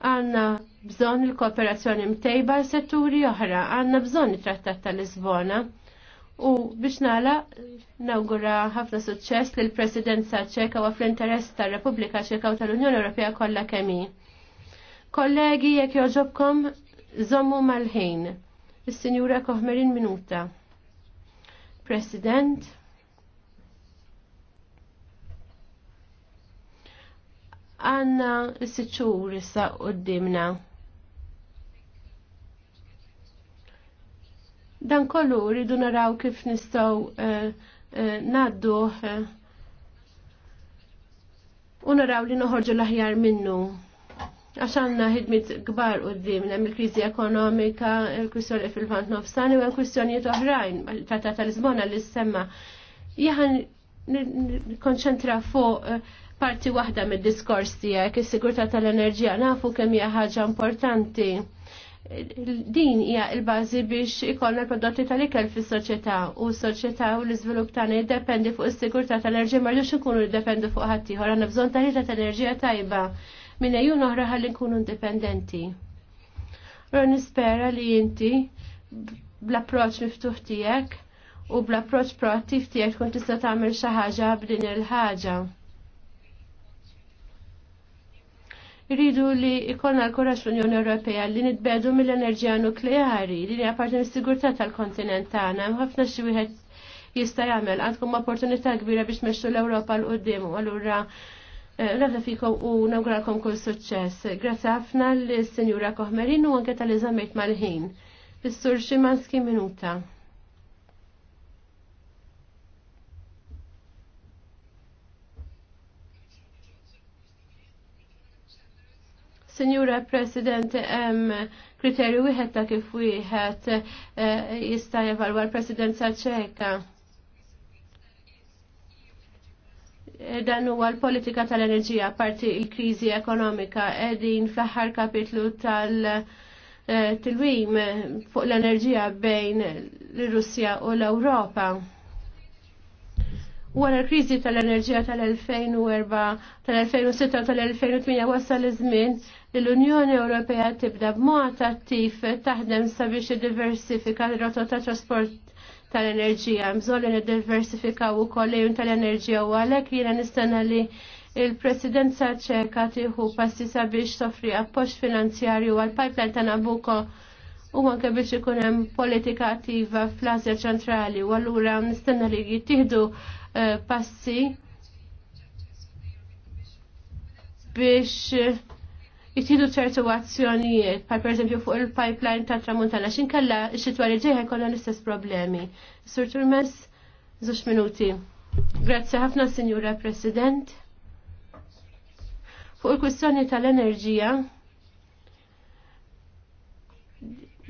għandna bżon il-kooperazzjoni mtejba setturi oħra, għanna bżon il-trattat tal-Lisbona. U biex nala, nawgura ħafna suċċess li l-Presidenza ċeka u fl-interess tal-Repubblika ċeka u tal-Unjoni Ewropea kollha kemmi. Kollegi, jekk joġobkom, zommu mal-ħin. Is-Sinjura Koħmerin Minuta. President, għanna s-sitxur issa qoddimna. Dan kollu rridu naraw kif nistgħu eh, eh naddu eh, u naraw li noħorġu l-aħjar minnu. għax għandna ħidmit kbar u d-dim, il kriżi ekonomika, il-kwistjoni fil-vant nofsani u hemm kwistjonijiet oħrajn, trattata tal-Lisbona li semma Jaħan konċentra fuq eh, parti waħda mid-diskors tiegħek is-sigurta tal-enerġija nafu kemm hija ħaġa importanti din hija l-bażi biex ikollna prodotti tal-ikel fis-soċjetà u s-soċjetà u l-iżvilupp tagħna jiddependi fuq is-sigurtà tal-enerġija ma rridux inkunu jiddependu fuq ħadd ieħor għandna bżonn taħita tal-enerġija tajba minn ejjun oħra ħalli nkunu indipendenti. Ron nispera li inti bl-approċċ miftuħ tiegħek u bl-approċċ proattiv tiegħek tkun tista' tagħmel xi ħaġa b'din il-ħaġa. Rridu li ikonna l-kuraġġ l-Unjoni Ewropea li nitbedu mill-enerġija nukleari li hija parti mis-sigurtà tal-kontinent tagħna hemm ħafna xi wieħed jista' jagħmel għandkom opportunità kbira biex mexxu l-Ewropa l qudiem allura Rabda eh, fikom u nawguralkom kull suċċess. Grazzi ħafna l-Sinjura Kohmerin u anke tal-eżamiet mal-ħin. Is-sur Ximanski minuta. Senjura President, hemm kriterju wieħed ta' kif wieħed eh, jista' jevalwar l-Presidenza ċeka. Eh, dan huwa l-politika tal-enerġija parti l-kriżi ekonomika qegħdin fl-aħħar kapitlu tal- eh, tilwim fuq l-enerġija bejn l-Russja u l-Ewropa wara l-kriżi tal-enerġija tal-2004, tal-2006, tal-2008 wasal iż-żmien li l-Unjoni Ewropea tibda b'mod attiv taħdem sabiex iddiversifika r-rotot ta' trasport tal-enerġija. Mżolli niddiversifikaw ukoll lejn tal-enerġija u għalhekk jiena nistenna li il-Presidenza ċeka tieħu passi sabiex soffri appoġġ finanzjarju għal pipeline ta' Nabucco u anke biex ikun hemm politika attiva fl-Asja ċentrali u allura nistenna li jittieħdu Eh, passi biex jittidu ċertu azzjonijiet, pa' per esempio fuq il-pipeline ta' tramuntana, xin kalla xitwari ġeħe kolla l-istess problemi. Sur Turmes, zux minuti. Grazie ħafna, Signora President. Fuq il-kwistjoni tal-enerġija,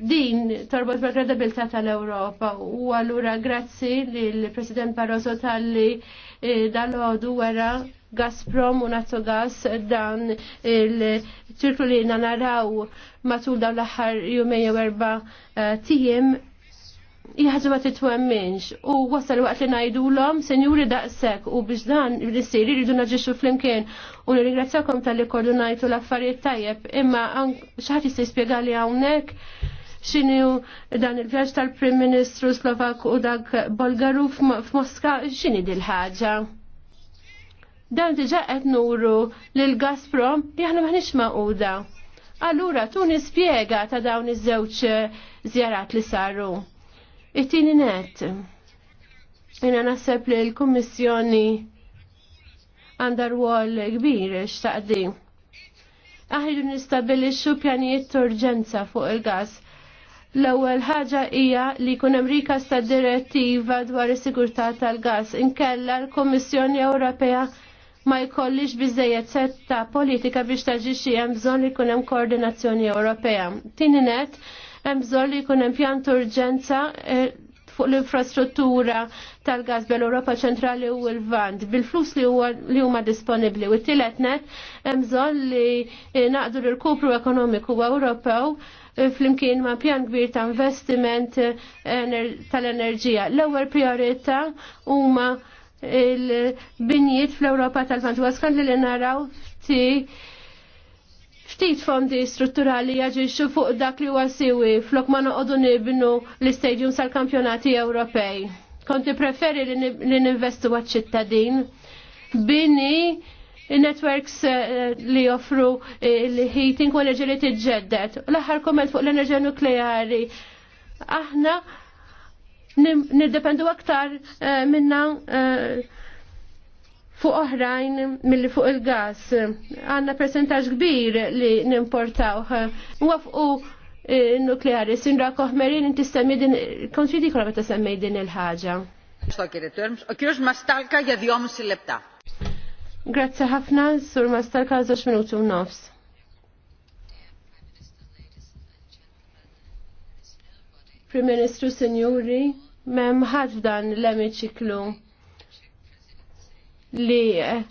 din torbot mal kredibilità tal-Ewropa u allura grazzi lill-President Barroso tal-li eh, dal-ħodu wara Gazprom u Nazogas dan il-ċirklu li naraw matul dawn l-aħħar jumej u erba eh, tijiem jħagġa ma titwemminx u wasal waqt li najdu l-om senjuri daqsek u biex dan l-siri rridu flimkien fl-imkien u nirringrazzakom tal-li kollu najtu l-affarijiet tajjeb imma xaħat jistaj spiega jispjegali għawnek xinju dan il-vjaġġ tal-Prim Ministru Slovak u dak Bolgaru f'Mosca xini dil-ħaġa. Dan diġa qed nuru lil Gazprom li aħna maħniex maquda. Allura tu nispjega ta' dawn iż-żewġ eh, zjarat li saru. It-tieni net. Jena naħseb li l-Kummissjoni għandha rwol kbir x'taqdi aħridu nistabilixxu pjanijiet urġenza fuq il-gas L-ewwel ħaġa hija li jkun hemm rikas ta' direttiva dwar is-sigurtà tal gass Inkella l-Kummissjoni Ewropea ma jkollix biżejjed setta politika biex taġixxi hemm bżonn li jkun hemm koordinazzjoni Ewropea. Tieni net hemm bżonn li jkun hemm pjan urġenza eh, fuq l-infrastruttura tal-gas bel-Europa ċentrali u l-Vand bil-flus li huma disponibbli u t-tielet net hemm bżonn li eh, naqdu l-kupru ekonomiku Ewropew flimkien ma' pjan kbir ta' investiment eh, tal-enerġija. L-ewwel priorità huma il-binjiet fl-Ewropa tal Waskan li naraw ti ftit fondi strutturali jaġiġu fuq dak li huwa flok ma noqogħdu nibnu l-istadium sal-kampjonati Ewropej. Konti preferi li ninvestu għat-ċittadin bini il-networks eh, eh, li joffru eh, il-heating u enerġi li t-ġeddet. L-aħħar komment fuq l-enerġija nukleari. Aħna niddependu aktar minna fuq oħrajn mill fuq il-gas. Għanna percentaġ kbir li nimportaw. Wafqu nukleari, Sindra koħmerin inti semmi din, kontri kolla meta semmej din il-ħagġa. Kirux mastalka jadjomu sil-lebta. Grazzi ħafna, sur Master Kazo minuti u nofs. Prim Ministru Sinjuri, mem ħadd dan l-emiċiklu li eh,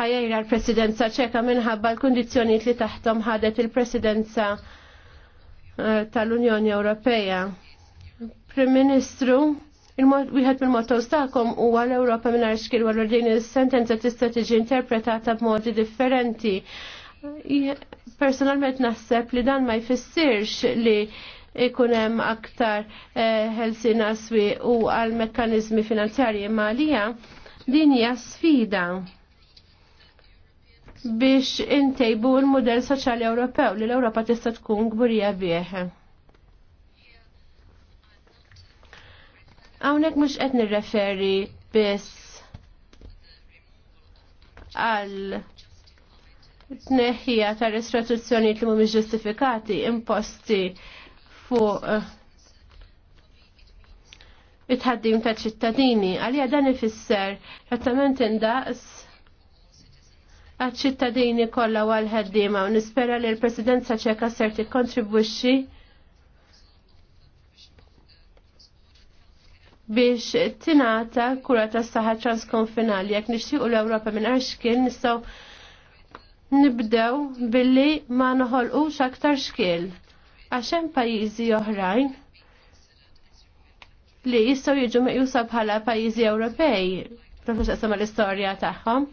ħajjajra l-presidenza ċeka minħabba l-kondizjoniet li taħtom ħadet il-presidenza eh, tal-Unjoni Ewropeja. Prim Ministru, Il-mod Wieħed mill-mottos tagħkom huwa l-Ewropa mingħajr xkil wara din is-sentenza tista' tiġi interpretata b'modi differenti. Personalment naħseb li dan ma jfissirx li ikun hemm aktar eh, ħelsin naswi u għal mekkaniżmi finanzjarji malija din hija sfida biex intejbu l-modell soċjali Ewropew li l-Ewropa tista' tkun gburija bieħ. Hawnhekk mhux qed nirreferi biss għal tneħħija ta' restrizzjonijiet li mhumiex ġustifikati imposti fuq eh, it-ħaddim ta' ċittadini għalija dan ifisser trattament indaqs għal ċittadini kollha għal ħaddiema u nispera li l-Presidenza ċeka ser tikkontribwixxi biex tinata kura ta' saħħa transkonfinali. Jekk nixtiequ l-Ewropa minn xkien nistaw nibdew billi ma noħolqux aktar xkiel. Għax hemm pajjiżi oħrajn li jistgħu jiġu meqjusa bħala pajjiżi Ewropej, professor sama l-istorja tagħhom.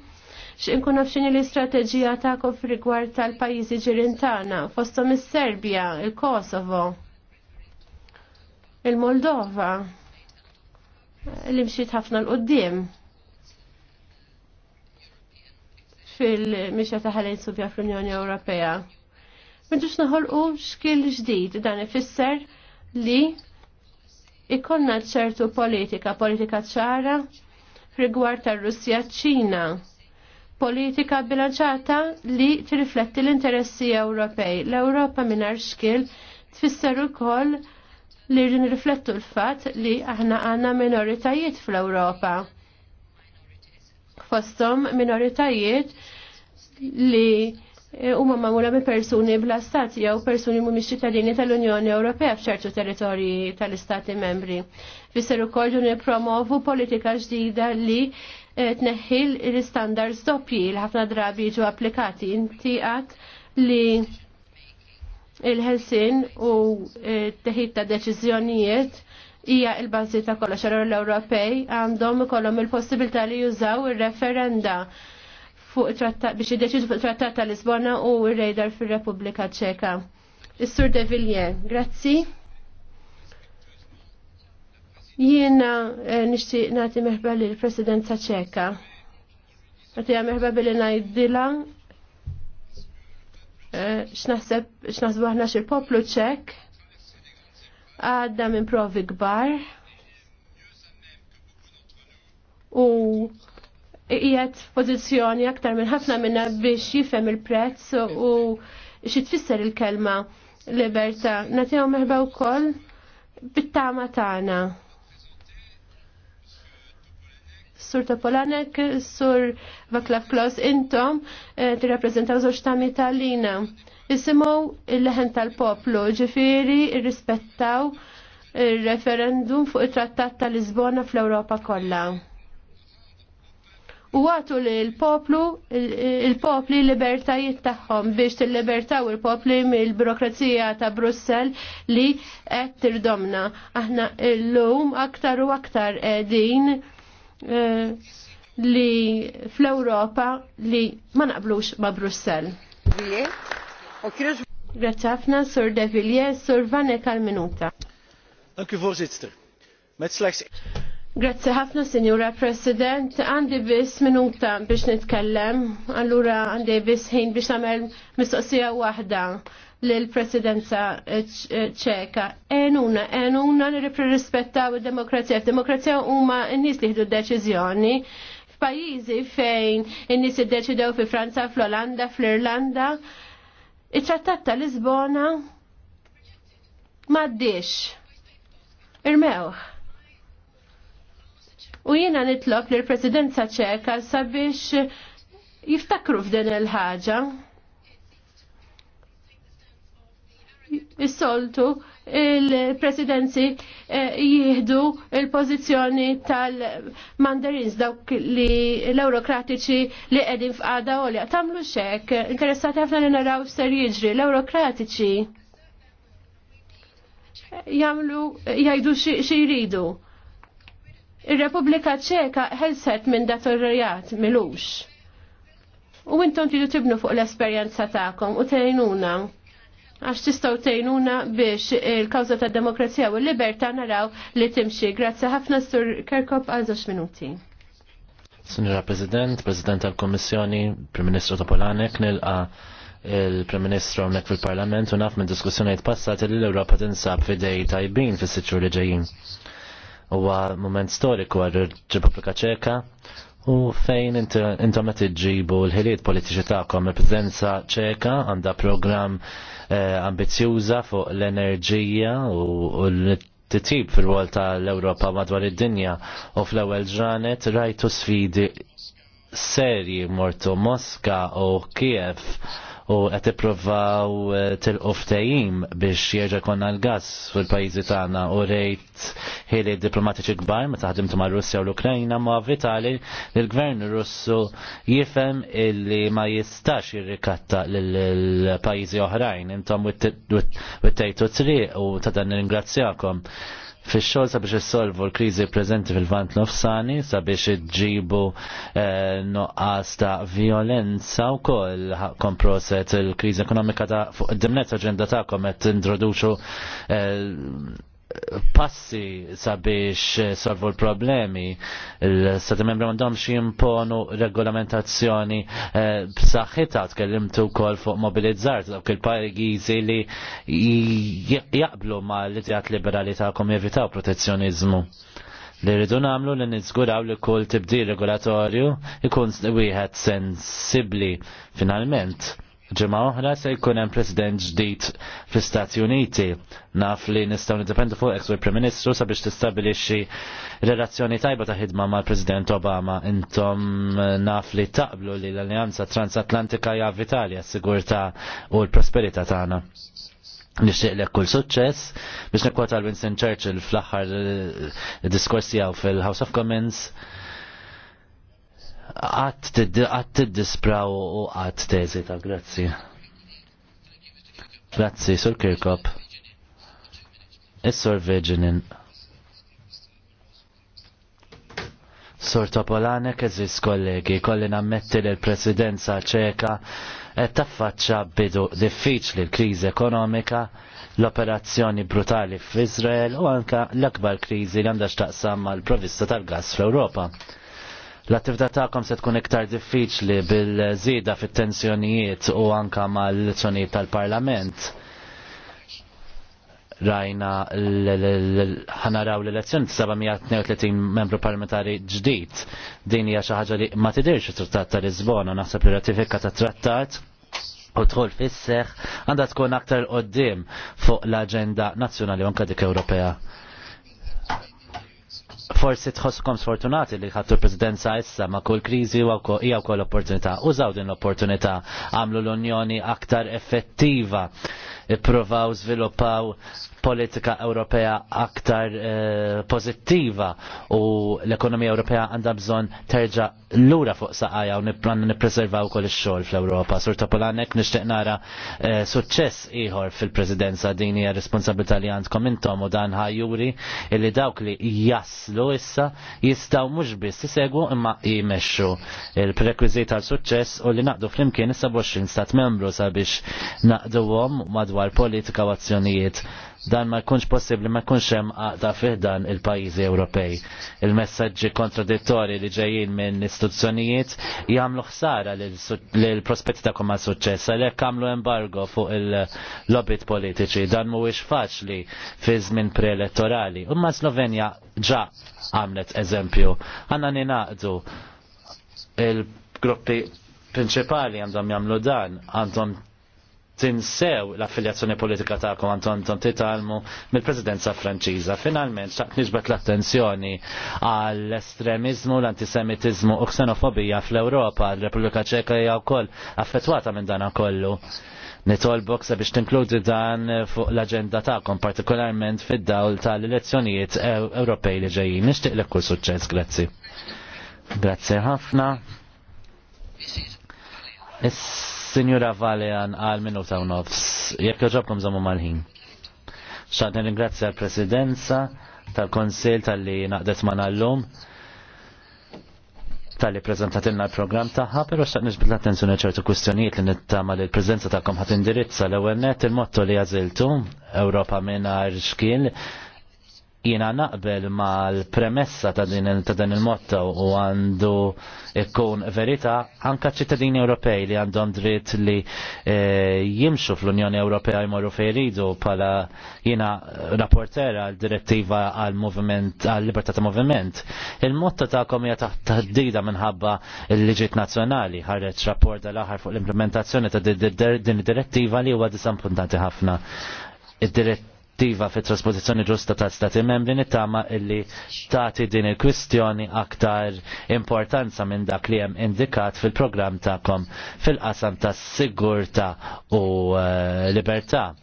X'inkun nafxini l-istrateġija tagħkom f'rigward tal-pajjiżi ġirintana, fosthom is-Serbja, il-Kosovo, il-Moldova. il kosovo il moldova li mxiet ħafna l-qoddim fil-mixja ta' ħalejn subja fl-Unjoni Ewropea. Mġux naħolqu xkil ġdid dan ifisser li ikonna ċertu politika, politika ċara rigward tar russja ċina. Politika bilanċata li tirrifletti l-interessi Ewropej. L-Ewropa mingħajr xkil tfisser ukoll li nirriflettu l-fat li aħna għanna minoritajiet fl-Ewropa. Fostom minoritajiet li huma magħmula minn persuni bla stat jew persuni mhumiex ċittadini tal-Unjoni Ewropea f'ċertu territorji tal-istati membri. Fisser ukoll nippromovu politika ġdida li eh, tneħħil l-istandards doppji li ħafna drabi ġu applikati intiqat li il-ħelsin u e, teħid ta' deċiżjonijiet hija l-bażi ta' kollox l-Ewropej għandhom ikollhom il-possibilità li jużaw ir-referenda fuq biex jiddeċidu fuq trattat ta' Lisbona u r rejder fir-Repubblika Ċeka. Is-Sur De Villiers, grazzi. Jiena e, nixtieq nagħti meħba lill-Presidenza Ċeka. Għatija meħba billi ngħidilha x'naħseb x'naħsbu aħna xil-poplu ċek għadda minn provi kbar u qiegħed f'pożizzjoni aktar minn ħafna minna biex jifhem il-prezz u xi tfisser il-kelma libertà. Natijaw meħba wkoll bit-tama tagħna. Sur Topolanek, Sur Vaklav Klaus, intom eh, tirrappreżentaw rappresentaw zoċ tal-lina. Isimgħu il-leħen tal-poplu, ġifieri rrispettaw il-referendum fuq it-Trattat tal-Lisbona fl-Ewropa kollha. U għatu li l-poplu, il-popli libertajiet tagħhom biex tillibertaw il-popli mill-birokrazija ta' Brussel li qed tirdomna. Aħna l-lum aktar u aktar qegħdin Eh, li fl-Europa li ma naqblux ma' Brussel. Grazie ħafna, Sur De Villiers, Sur Vanek minuta Dank u Grazie ħafna, Signora President. Għandi bis minuta biex nitkellem. Allura għandi bis ħin biex namel mistoqsija wahda l-presidenza ċeka. Enuna, enuna li rispettaw il-demokrazija. Demokrazija huma n-nis liħdu d deċizjoni. F'pajjiżi fejn in-nies iddeċidew fi Franza, fl-Olanda, fl-Irlanda, iċ-ċattat ta' Lisbona maddiex. Irmew. U jiena nitlok li l-presidenza ċeka sabiex jiftakru f'din il-ħaġa. is-soltu il-presidenzi eh, jihdu il-pozizjoni tal-mandarins dawk li l-eurokratiċi li edin f'għada u li għatamlu xek. Interessati għafna li naraw ser jiġri l-eurokratiċi jamlu jajdu jridu. Il-Repubblika ċeka ħelset minn datorrijat milux. U intom tridu tibnu fuq l-esperjenza ta'kom u tejnuna għax tistaw tejnuna biex il-kawza ta' demokrazija u l-liberta naraw li timxi. Grazie ħafna sur Kerkop għal żewġ minuti. Signora President, President tal komissjoni Prim-Ministru Topolanek, nilqa' il-Prem-Ministru għonek fil-Parlament u naf minn diskussjoniet passat li l-Europa tinsab fidej tajbin fis sitxur li ġejjin. Huwa moment storiku għar Repubblika Ċeka u fejn intom qed iġġibu l-ħiliet politiċi tagħkom il-Presidenza Ċeka għandha programm Eh, ambizjuża fuq l-enerġija u l-titib fil-wol tal-Ewropa madwar id-dinja u fl-ewwel ġranet rajtu sfidi serji mortu Moska u Kiev u qed ippruvaw eh, tilqu ftehim biex jerġa' konna l-gass fil-pajjiżi tagħna u rejt ħili diplomatiċi kbar meta ħadimtu mar-Russja u l-Ukrajna ma vitali li l-gvern Russu jifhem illi ma jistax jirrikatta lill pajjiżi oħrajn intom wit-tejtu triq u ta' dan ringrazzjakom fix-xogħol sabiex issolvu l-kriżi prezenti fil-vant nofsani sabiex iġġibu eh, nuqqas ta' violenza wkoll komproset il-kriżi ekonomika ta' fuq dimnet aġenda tagħkom qed introduċu eh, passi sabiex solvu l-problemi. L-Stati membri għandhom jimponu regolamentazzjoni eh, b'saħħitha tkellimtu wkoll fuq mobilizzar dawk il-pajjiżi li jaqblu ma l idjat liberali tagħkom jevitaw protezzjonizmu. Li rridu nagħmlu li niżguraw li kull tibdil regolatorju ikun wieħed sensibbli finalment ġemma oħra se jkun hemm president ġdid fl-Istati Uniti. Naf li nistgħu niddependu fuq ex prim Ministru sabiex tistabilixxi relazzjoni tajba ta' ħidma mal-President Obama. Intom eh, naf li taqblu li l-Alleanza Transatlantika hija vitali għas-sigurtà u l-prosperità tagħna. Nixtieqlek kull suċċess biex nekkwata l-Winston Churchill fl-aħħar eh, diskorsi tiegħu fil-House of Commons għat t-dispra u għat teżita, grazzi. Grazzi, sur Kirkop. Is-sur Virginin. Sur Topolane, keżis kollegi, kolli nammetti li l-presidenza ċeka qed taffaċċa bidu diffiċli l-kriżi ekonomika, l-operazzjoni brutali f'Izrael u anka l-akbar kriżi li għandha x'taqsam mal-provvista tal-gas fl-Ewropa L-attività tagħkom se tkun iktar diffiċli bil-żieda fit-tensjonijiet u anka mal-elezzjonijiet tal-Parlament. Rajna ħanaraw l-elezzjoni 732 membru parlamentari ġdid. Din hija xi ħaġa li ma tidirx it-Trattat ta' Lisbona naħseb li ratifika ta' trattat u tħol fis-seħħ għandha tkun aktar qoddim fuq l-aġenda nazzjonali u anke dik Ewropea forsi tħosskom sfortunati li ħattu l-presidenza issa ma' kull kriżi u hija wkoll opportunità. Użaw din l-opportunità għamlu l-Unjoni aktar effettiva, ippruvaw żviluppaw politika Ewropea aktar eh, pozittiva u l-ekonomija Ewropea għandha bżonn terġa lura fuq saqajja u nipplanna nippreservaw kol ix-xogħol fl-Ewropa. Sur Topolanek nixtieq nara eh, suċċess ieħor fil-Presidenza din hija responsabilità li għandkom intom u dan ħajjuri illi dawk li jaslu issa jistgħu mhux biss isegwu imma jmexxu il-prerekwiżit għal suċċess u li naqdu flimkien issa 20 stat membru sabiex naqduhom madwar politika u azzjonijiet dan ma jkunx possibbli ma jkunx hemm għaqda fiħdan il-pajjiżi Ewropej. Il-messaġġi kontradittorji li ġejjin minn istituzzjonijiet jagħmlu ħsara lil prospetti ta' kumma suċċess għalhekk għamlu embargo fuq il-lobbit politiċi dan mhuwiex faċli fi żmien preelettorali. Imma Slovenja ġa għamlet eżempju. Għandna ninaqdu il-gruppi prinċipali għandhom jagħmlu dan, għandhom tinsew l-affiljazzjoni politika ta'kom għanton ton titalmu mill-presidenza franċiża. Finalment, xaqt nġbet l-attenzjoni għall-estremizmu, l-antisemitizmu u xenofobija fl-Europa, l-Repubblika Ċeka hija wkoll affettwata minn dan kollu. Nitolbok sabiex tinkludi dan fuq l-agenda ta'kom, partikolarment fid-dawl tal-elezzjonijiet Ewropej li ġejjin. Nixtieq l kull suċċess, grazzi. Grazzi ħafna. Is Signora Valean għal minuta ta' nofs, jekk joġobkom zammu mal-ħin. Xadni ringrazzja l-Presidenza tal-Konsil tal-li naqdet ma nallum tal-li prezentatilna l-program taħħa, pero xtaq nixbid l-attenzjoni ċertu kwistjonijiet li nittama li l-prezenza taħkom ħat indirizza l ewwel net il-motto li għaziltu Ewropa minna xkil Jiena naqbel mal-premessa ta' din il-motto u għandu ikkun verita anka ċittadini Ewropej li għandhom dritt li e, jimxu fl-Unjoni Ewropea jmorru fej ridu pala jiena rapportera għal-direttiva għal movement għal-libertà ta' moviment. Il-motto ta' hija taħt taħdida minħabba l-liġit nazzjonali ħareġ rapport tal aħħar fuq l-implementazzjoni ta' din direttiva li huwa disampuntanti ħafna. Id-direttiva attiva fit trasposizzjoni ġusta ta' stati membri nittama illi tati din il-kwistjoni aktar importanza minn dak li hemm indikat fil-programm ta'kom fil-qasam ta' sigurta u eh, libertà.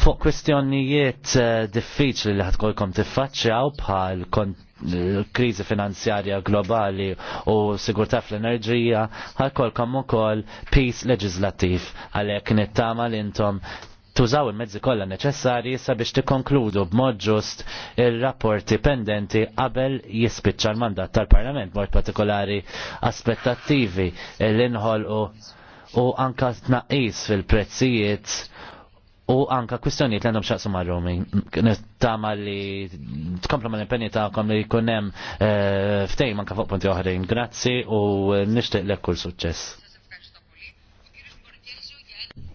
Fuq kwistjonijiet eh, diffiċli li ħatkolkom tiffaċċjaw bħal eh, krizi finanzjarja globali u sigurtà fl-enerġija ħalkolkom ukoll peace leġislattiv għalhekk nittama li intom tużaw il-mezzi kollha neċessarji sabiex tikkonkludu b'mod ġust il-rapporti pendenti qabel jispiċċa l-mandat tal-Parlament, mod partikolari aspettattivi l-inħolqu u anka tnaqqis fil-prezzijiet u anka kwistjoniet li għandhom xaqsu mar-Romi. Tama li tkomplu ma l-impenni kom li kunem eh, ftejm anka fuq punti oħrejn. Grazzi u nishtiq l kull suċċess.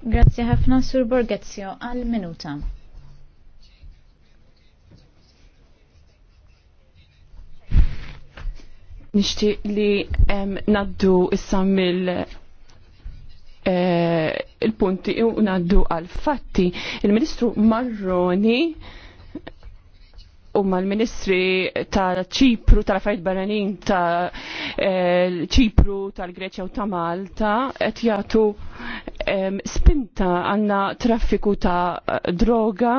Grazie ħafna Sur Borgezio għal minuta. Nishti li um, naddu issa mill eh, il-punti u naddu għal fatti. Il-Ministru Marroni u mal-ministri ta' ċipru, tal-affarijiet barranin ta' eh, ċipru, tal-Greċja u ta' Malta, qed jagħtu spinta għandna traffiku ta' droga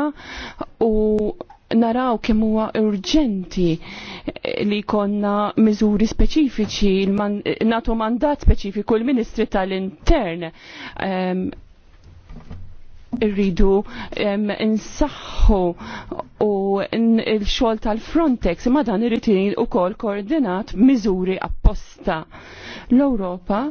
u naraw kemm huwa urġenti li konna miżuri speċifiċi, nagħtu mandat speċifiku l-Ministri tal-Intern irridu insaħħu u il-xogħol tal-Frontex imma dan irid ukoll koordinat miżuri apposta. L-Ewropa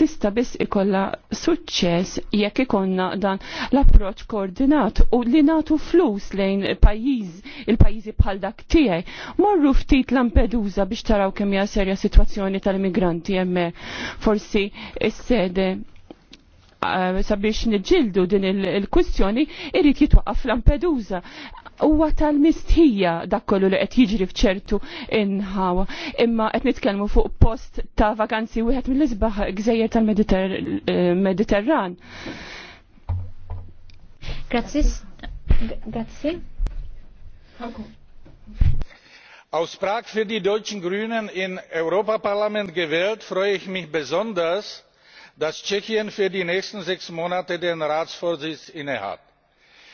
tista biss ikolla suċċess jekk ikonna dan l-approċ koordinat u li natu flus lejn pajjiż il-pajjiżi bħal dak tiegħi. Morru ftit Lampedusa biex taraw kemm hija serja sitwazzjoni tal-immigranti hemm forsi s-sede Eh, sabiex nġildu din il-kwistjoni irrit jitwaqqaf Lampedusa. Huwa tal-mistħija dak li qed jiġri f'ċertu inħawa. Imma qed nitkellmu fuq post ta' vakanzi wieħed mill-isbaħ gżejjer tal-Mediterran. Eh, Grazzi. Grazzi. Aus Prag für die deutschen Grünen in Europaparlament gewählt, freue ich mich besonders, dass tschechien für die nächsten sechs monate den ratsvorsitz innehat.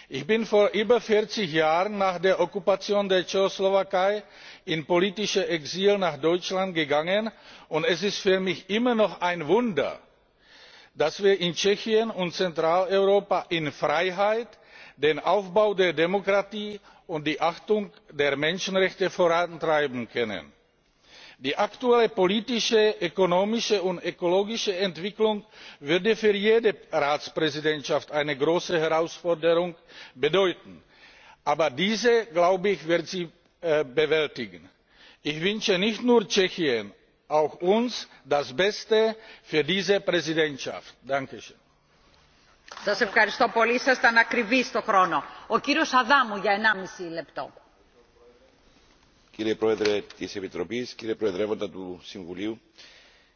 ich bin vor über vierzig jahren nach der okkupation der tschechoslowakei in politisches exil nach deutschland gegangen und es ist für mich immer noch ein wunder dass wir in tschechien und zentraleuropa in freiheit den aufbau der demokratie und die achtung der menschenrechte vorantreiben können die aktuelle politische ökonomische und ökologische entwicklung würde für jede ratspräsidentschaft eine große herausforderung bedeuten aber diese glaube ich wird sie eh, bewältigen. ich wünsche nicht nur tschechien auch uns das beste für diese präsidentschaft. danke schön! κύριε Πρόεδρε της Επιτροπής, κύριε Προεδρεύοντα του Συμβουλίου,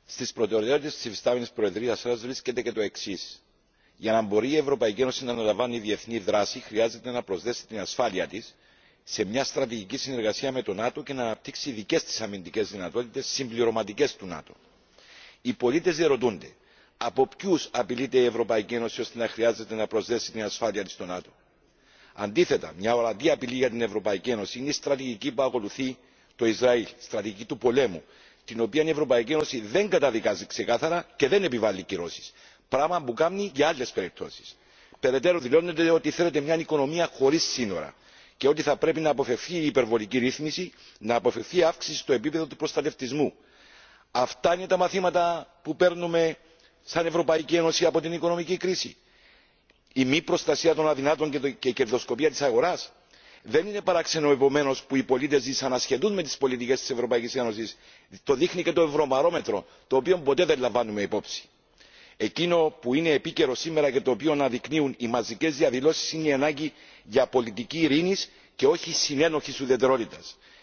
στις προτεραιότητες της υφιστάμενης Προεδρίας σας βρίσκεται και το εξής. Για να μπορεί η Ευρωπαϊκή Ένωση να αναλαμβάνει διεθνή δράση, χρειάζεται να προσδέσει την ασφάλεια της σε μια στρατηγική συνεργασία με το ΝΑΤΟ και να αναπτύξει δικέ τη αμυντικέ δυνατότητε συμπληρωματικέ του ΝΑΤΟ. Οι πολίτε διαρωτούνται από ποιου απειλείται η Ευρωπαϊκή Ένωση ώστε να χρειάζεται να προσδέσει την ασφάλεια τη στο ΝΑΤΟ. Αντίθετα, μια ορατή απειλή για την Ευρωπαϊκή Ένωση είναι η στρατηγική που ακολουθεί το Ισραήλ, στρατηγική του πολέμου, την οποία η Ευρωπαϊκή Ένωση δεν καταδικάζει ξεκάθαρα και δεν επιβάλλει κυρώσει. Πράγμα που κάνει για άλλε περιπτώσει. Περαιτέρω δηλώνεται ότι θέλετε μια οικονομία χωρί σύνορα και ότι θα πρέπει να αποφευθεί η υπερβολική ρύθμιση, να αποφευθεί η αύξηση στο επίπεδο του προστατευτισμού. Αυτά είναι τα μαθήματα που παίρνουμε σαν Ευρωπαϊκή Ένωση από την οικονομική κρίση η μη προστασία των αδυνάτων και η κερδοσκοπία τη αγορά Δεν είναι παράξενο επομένω που οι πολίτε δυσανασχετούν με τι πολιτικέ τη Ευρωπαϊκή Ένωση. Το δείχνει και το ευρωμαρόμετρο, το οποίο ποτέ δεν λαμβάνουμε υπόψη. Εκείνο που είναι επίκαιρο σήμερα και το οποίο αναδεικνύουν οι μαζικέ διαδηλώσει είναι η ανάγκη για πολιτική ειρήνη και όχι συνένοχη ουδετερότητα.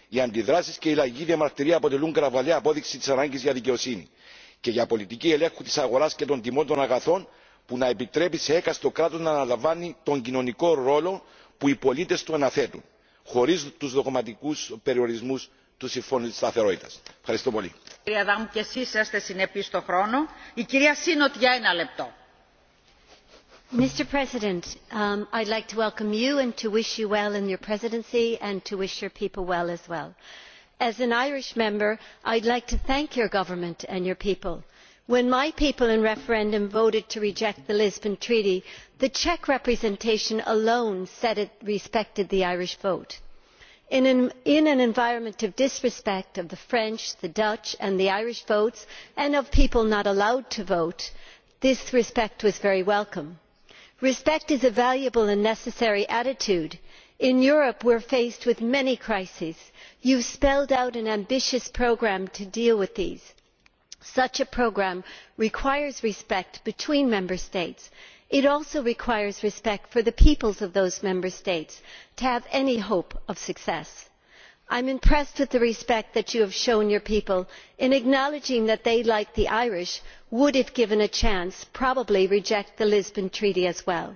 Οι αντιδράσει και η λαϊκή διαμαρτυρία αποτελούν κραυγαλαία απόδειξη τη ανάγκη για δικαιοσύνη και για πολιτική ελέγχου τη αγορά και των τιμών των αγαθών που να επιτρέπει σε έκαστο κράτο να αναλαμβάνει τον κοινωνικό ρόλο που οι πολίτε του αναθέτουν, χωρί του δογματικού περιορισμού του Συμφώνου τη Σταθερότητα. Ευχαριστώ πολύ. Κυρία Δάμου, και εσεί είστε συνεπεί στο χρόνο. Η κυρία Σίνοτ για ένα λεπτό. Mr President, um, I'd like to welcome you and to wish you well in your presidency and to wish your people well as well. As an Irish member, I'd like to thank your government and your people when my people in referendum voted to reject the lisbon treaty the czech representation alone said it respected the irish vote. In an, in an environment of disrespect of the french the dutch and the irish votes and of people not allowed to vote this respect was very welcome. respect is a valuable and necessary attitude. in europe we are faced with many crises. you have spelled out an ambitious programme to deal with these such a programme requires respect between member states. it also requires respect for the peoples of those member states to have any hope of success. i am impressed with the respect that you have shown your people in acknowledging that they like the irish would if given a chance probably reject the lisbon treaty as well.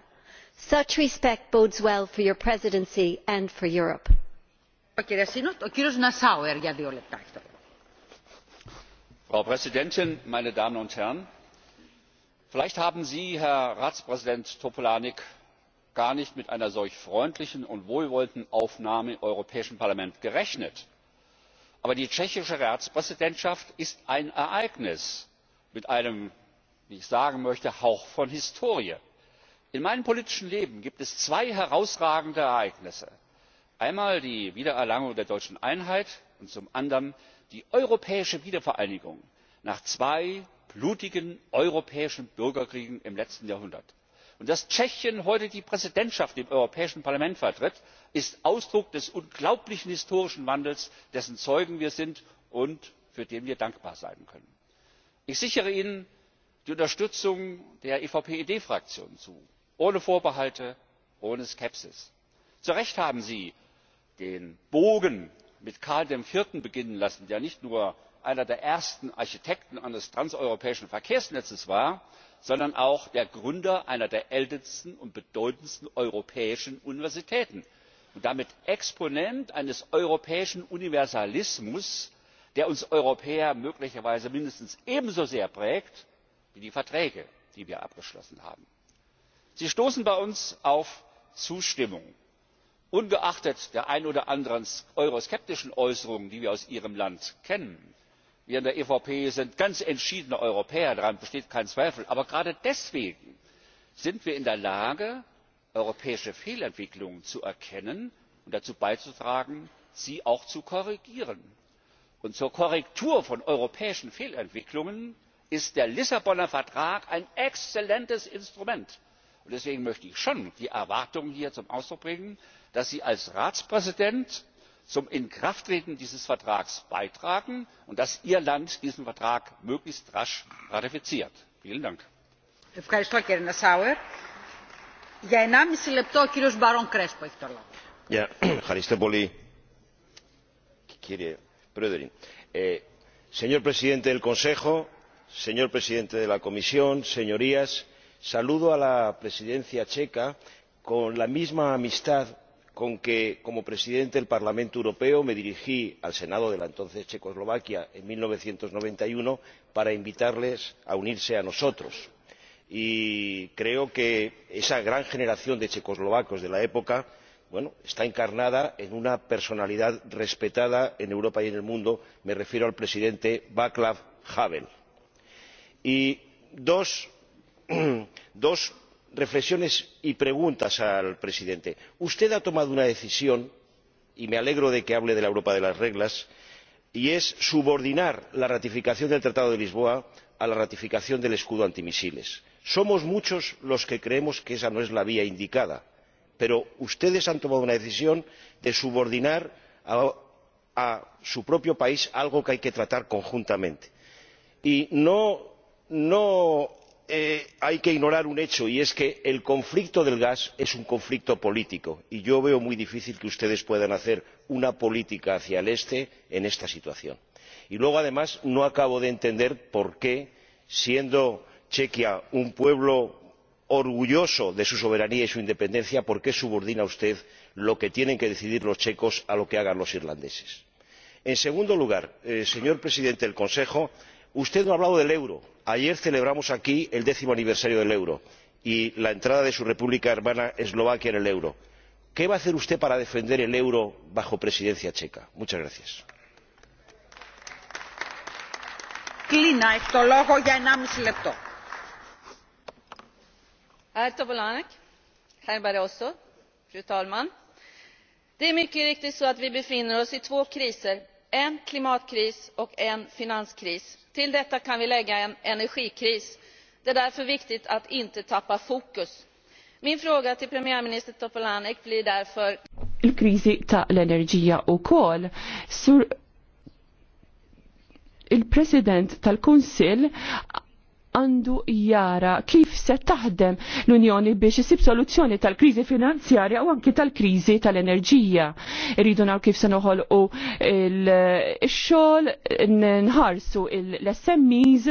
such respect bodes well for your presidency and for europe. Frau Präsidentin, meine Damen und Herren! Vielleicht haben Sie, Herr Ratspräsident topolnek gar nicht mit einer solch freundlichen und wohlwollenden Aufnahme im Europäischen Parlament gerechnet. Aber die tschechische Ratspräsidentschaft ist ein Ereignis mit einem, wie ich sagen möchte, Hauch von Historie. In meinem politischen Leben gibt es zwei herausragende Ereignisse. Einmal die Wiedererlangung der deutschen Einheit und zum anderen die europäische wiedervereinigung nach zwei blutigen europäischen bürgerkriegen im letzten jahrhundert. dass tschechien heute die präsidentschaft im europäischen parlament vertritt ist ausdruck des unglaublichen historischen wandels dessen zeugen wir sind und für den wir dankbar sein können. ich sichere ihnen die unterstützung der evp ed fraktion zu ohne vorbehalte ohne skepsis. zu recht haben sie den bogen mit karl iv. beginnen lassen der nicht nur einer der ersten architekten eines transeuropäischen verkehrsnetzes war sondern auch der gründer einer der ältesten und bedeutendsten europäischen universitäten und damit exponent eines europäischen universalismus der uns europäer möglicherweise mindestens ebenso sehr prägt wie die verträge die wir abgeschlossen haben. sie stoßen bei uns auf zustimmung ungeachtet der ein oder anderen euroskeptischen äußerungen die wir aus ihrem land kennen wir in der evp sind ganz entschiedene europäer daran besteht kein zweifel aber gerade deswegen sind wir in der lage europäische fehlentwicklungen zu erkennen und dazu beizutragen sie auch zu korrigieren. und zur korrektur von europäischen fehlentwicklungen ist der lissabonner vertrag ein exzellentes instrument. Und deswegen möchte ich schon die Erwartung hier zum Ausdruck bringen, dass Sie als Ratspräsident zum Inkrafttreten dieses Vertrags beitragen und dass Ihr Land diesen Vertrag möglichst rasch ratifiziert. Vielen Dank. señor presidente del Consejo, señor presidente de la Comisión, señorías, saludo a la presidencia checa con la misma amistad con que como presidente del parlamento europeo me dirigí al senado de la entonces checoslovaquia en mil novecientos noventa y uno para invitarles a unirse a nosotros y creo que esa gran generación de checoslovacos de la época está encarnada en una personalidad respetada en europa y en el mundo me refiero al presidente vclav havel. y dos (clears throat) dos reflexiones y preguntas al presidente usted ha tomado una decisión y me alegro de que hable de la europa de las reglas y es subordinar la ratificación del tratado de lisboa a la ratificación del escudo antimisiles. somos muchos los que creemos que esa no es la vía indicada pero ustedes han tomado una decisión de subordinar a, su propio país algo que hay que tratar conjuntamente. y no Eh, hay que ignorar un hecho y es que el conflicto del gas es un conflicto político y yo veo muy difícil que ustedes puedan hacer una política hacia el este en esta situación. y luego además no acabo de entender por qué siendo chequia un pueblo orgulloso de su soberanía y su independencia por qué subordina usted lo que tienen que decidir los checos a lo que hagan los irlandeses? en segundo lugar eh, señor presidente del consejo usted no ha hablado del euro ayer celebramos aquí el décimo aniversario del euro y la entrada de su república hermana eslovaquia en el euro. qué va a hacer usted para defender el euro bajo presidencia checa? muchas gracias en klimatkris och en finanskris. till detta kan vi lägga en energikris. det är därför viktigt att inte tappa fokus. min fråga till premiärminister topolnek blir därför il-kriżi ta' l-enerġija wkoll Sur il-President tal kunsill għandu jara kif se taħdem l-Unjoni biex isib soluzzjoni tal-kriżi finanzjarja u anki tal-kriżi tal-enerġija. Irridu naw kif se noħolqu il-xogħol nħarsu l-SMEs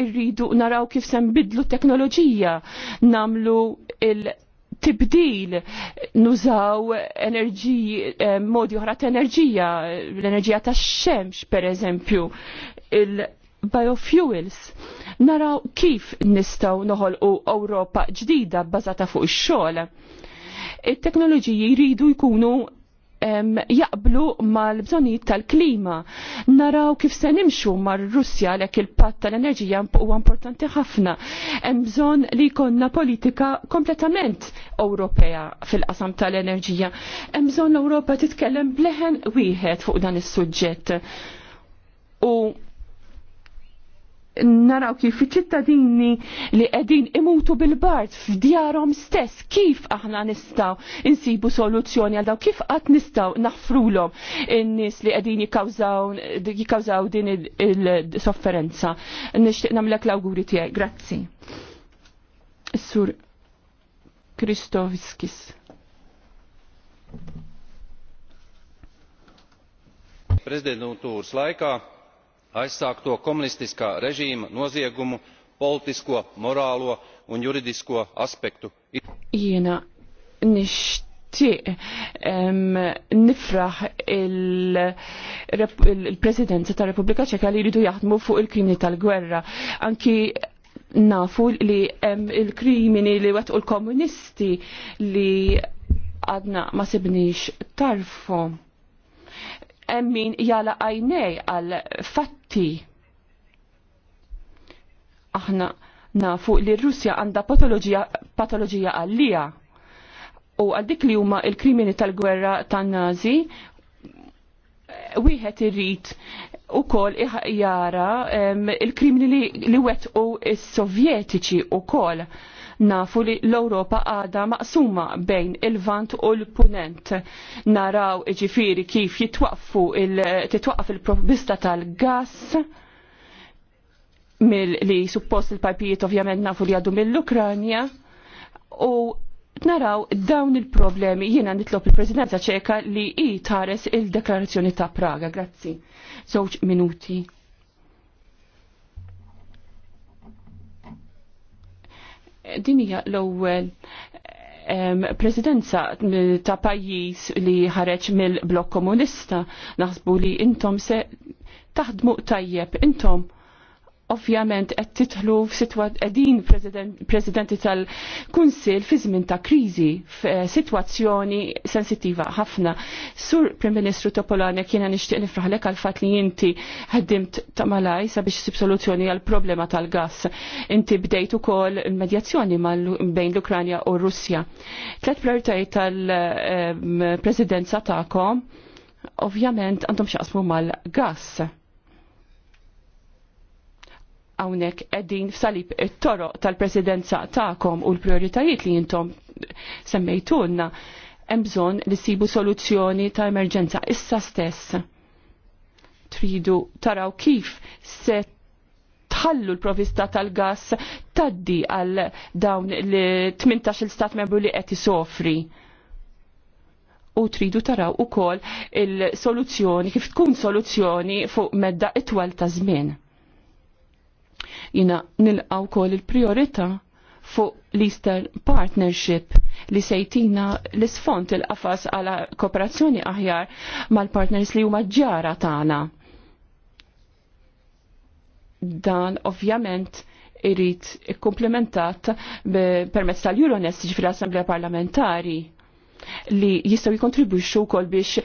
irridu naraw kif se nbidlu teknoloġija namlu il- tibdil nużaw enerġiji, eh, modi oħra ta' enerġija, l-enerġija ta' xemx per eżempju, il biofuels. Naraw kif nistaw noħolqu Ewropa ġdida bbażata fuq ix-xogħol. It-teknoloġiji jridu jkunu jaqblu mal-bżonijiet tal-klima. Naraw kif se nimxu mar-Russja lek il-patt tal-enerġija huwa importanti ħafna. Hemm bżonn li jkollna politika kompletament Ewropea fil-qasam tal-enerġija. Hemm bżonn l-Ewropa titkellem bleħen wieħed fuq dan is-suġġett. U naraw kif iċ-ċittadini li qegħdin imutu bil-bart f'djarhom stess kif aħna nistgħu insibu soluzzjoni għal daw kif qatt nistgħu naħfrulhom in-nies li qegħdin jikkawżaw din il-sofferenza. Nixtieq nagħmlek l-awguri tiegħek, Grazzi. Sur Kristoviskis. President Tuurs laikā aizsākto komunistiskā režīma noziegumu politisko morālo un juridisko aspektu. Jiena nixtieq nifraħ il-Presidenza il presidenza ta' Republika Ċeka li jridu jaħdmu fuq il-krimini tal-gwerra. Anki nafu li il-krimini li wet l-komunisti li għadna ma sibniex tarfu emmin min jala għajnej għal fatti. Aħna nafu li r-Russja għandha patoloġija għallija għalija. U għal dik li huma il-krimini tal-gwerra tan-Nazi wieħed irrid ukoll jara il-krimini li, wettqu wetqu is-sovjetiċi ukoll Nafu li l-Europa għada maqsuma bejn il-vant u l-punent. Naraw iġifiri kif jitwaqfu il-titwaqqaf il probista tal-gas mill-li suppost il-pajpijiet ovvjament nafu li għadu mill-Ukranja u naraw dawn il-problemi jiena nitlob il-Presidenza ċeka li i tares il-deklarazzjoni ta' Praga. Grazzi. Żewġ minuti. Din hija l-ewwel presidenza ta' pajjiż li ħareġ mill-blok komunista. Naħsbu li intom se taħdmu tajjeb intom ovvjament qed titħlu qegħdin President tal-Kunsill fi żmien ta' kriżi f'sitwazzjoni eh, sensittiva ħafna. Sur Prim Ministru Topolanek jiena nixtieq nifraħlek għal fatt li inti ħeddimt ta' malaj sabiex issib soluzzjoni għal problema tal-gass. Inti bdejt ukoll il-medjazzjoni bejn l-Ukranja u Russja. Tlet prioritajiet tal-presidenza eh, tagħkom ovvjament għandhom xaqsmu mal-gass hawnhekk qegħdin f'salib it-toroq tal-presidenza tagħkom u l-prioritajiet li intom semmejtunna hemm bżonn li sibu soluzzjoni ta' emerġenza issa stess. Tridu taraw kif se tħallu l-provista tal-gas taddi għal dawn l-18 stat membru li qed sofri. U tridu taraw ukoll il-soluzzjoni kif tkun soluzzjoni fuq medda itwal ta' żmien. Jina nilqaw kol il-priorita fuq l-Eastern Partnership li sejtina l-sfont il-qafas għala kooperazzjoni aħjar mal-partners li huma ġara tagħna. Dan ovvjament irrit komplementat permezz tal-Euronest ġifri l-Assemblea Parlamentari li jistaw jikontribuċu wkoll biex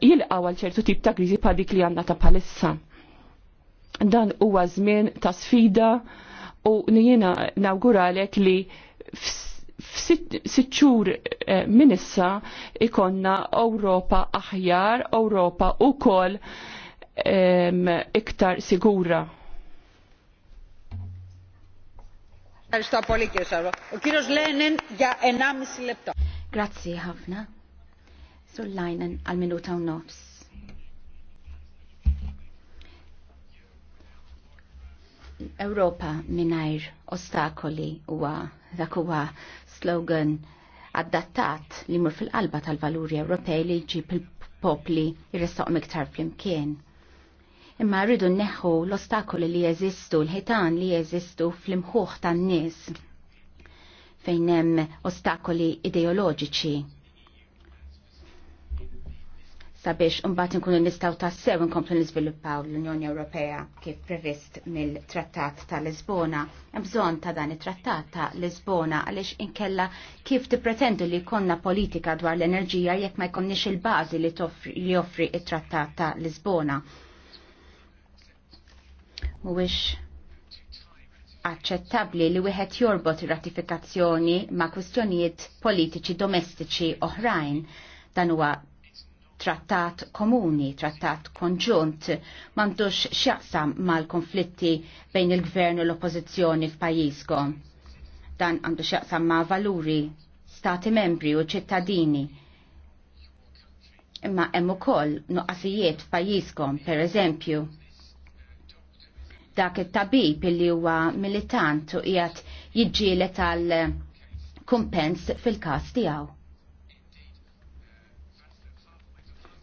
jilqaw għal ċertu tip ta' kriżi pa' dik li għandna ta' palissa Dan huwa żmien ta' sfida u jiena nawguralek li f'sitt xhur eh, minn issa ikonna Ewropa aħjar, Ewropa ukoll iktar sigura. Ευχαριστώ πολύ κύριε Ο κύριος για 1,5 λεπτό. Grazie ħafna. Sullajnen għal minuta u nofs. Ewropa mingħajr ostakoli huwa dak huwa slogan adattat li mur fil-qalba tal-valuri Ewropej li jġib il-popli jirrestaq miktar flimkien. Imma rridu neħu l-ostakoli li jeżistu, l-ħitan li jeżistu fl-imħuħ tan-nies fejn hemm ostakoli ideoloġiċi sabiex unbat inkunu nistgħu tassew inkomplu nizviluppaw l-Unjoni Ewropea kif previst mill-Trattat ta' Lisbona. Hemm bżonn ta' dan it-Trattat ta' Lisbona għaliex inkella kif tippretendu li jkollna politika dwar l-enerġija jekk ma jkollniex il-bażi li joffri it-Trattat ta' Lisbona. Mhuwiex aċċettabli li wieħed jorbot ratifikazzjoni ma' kwistjonijiet politiċi domestiċi oħrajn. Dan huwa trattat komuni, trattat konġunt, mandux xjaqsam mal-konflitti bejn il-gvern u l-oppozizjoni f'pajjiżkom. Dan għandu xjaqsam ma' valuri, stati membri u ċittadini. Imma hemm ukoll nuqqasijiet f'pajjiżkom, per eżempju, dak it-tabib li huwa militant u qiegħed jiġġieled tal kumpens fil-każ tiegħu.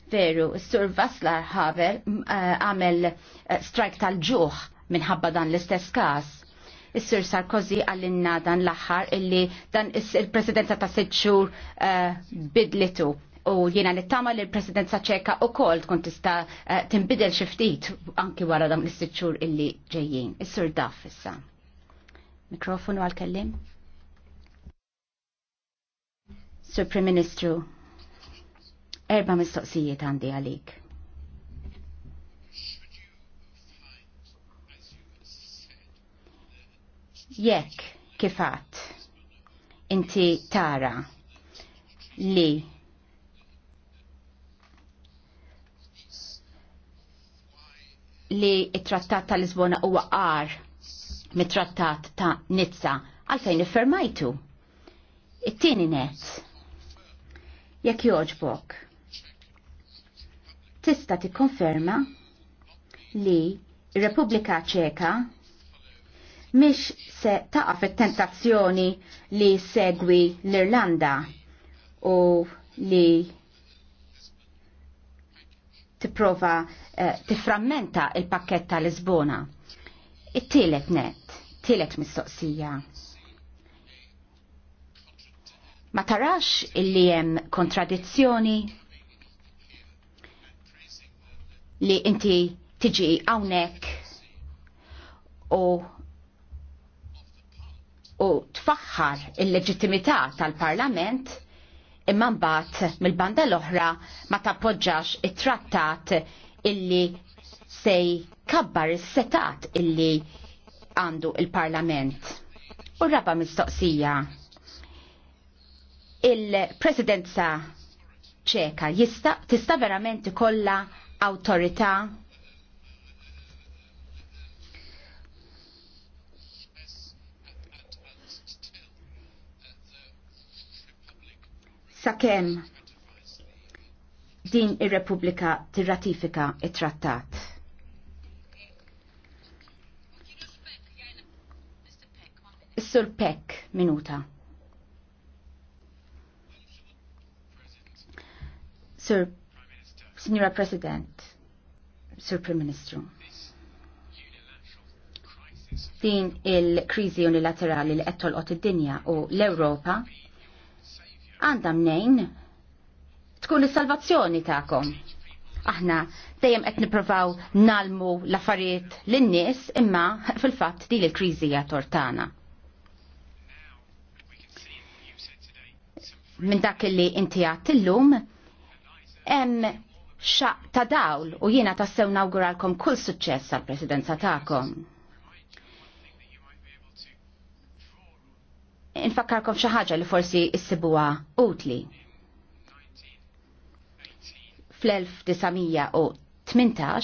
Veru, s-sur Vaslar Havel eh, għamel eh, strajk tal-ġuħ minħabba dan l-istess kas. Is-sur Sarkozy għallinna dan l-axħar illi dan il-presidenza ta' sitt eh, bidlitu u jiena nittama li l-presidenza ċeka u kol tkun tista timbidel xiftit anki wara dam l-sitt illi ġejjin. Is-sur Daf issa. Mikrofonu għal-kellim. Sur Prim Ministru, Erba mistoqsijiet għandi għalik. Jekk kifat inti tara li li it-trattat ta' Lisbona huwa għar mit-trattat ta' Nizza għalfejn iffermajtu. It-tieni net. Jekk joġbok tista tikkonferma li Repubblika Ċeka mish se taqaf it tentazzjoni li segwi l-Irlanda u li tipprova uh, eh, tiframmenta il-pakket ta' Lisbona. It-tielet net, tielet mistoqsija. Ma tarax illi hemm kontradizzjoni li inti tiġi għawnek u u tfaħħar il-leġittimità tal-Parlament imma mbagħad mill-banda l-oħra ma tappoġġax it-trattat illi sej kabbar is-setat illi għandu il-Parlament. U raba mistoqsija. Il-Presidenza ċeka jista tista verament kolla autorità sakem din ir-Repubblika tirratifika it-trattat. Sul sur Peck minuta. Sir Signora President, Sir Prim Ministru, din il-krizi unilaterali li qed tolqot id-dinja u l-Ewropa għandha mnejn tkun is-salvazzjoni tagħkom. Aħna dejjem qed nippruvaw nalmu l-affarijiet lin-nies imma fil-fatt din il-kriżi hija tortana. Minn dak li inti għat illum hemm xaq ta' dawl u jiena tassew nawguralkom kull suċċess għal presidenza ta'kom. Infakkarkom xi ħaġa li forsi issibuha utli. Fl-1918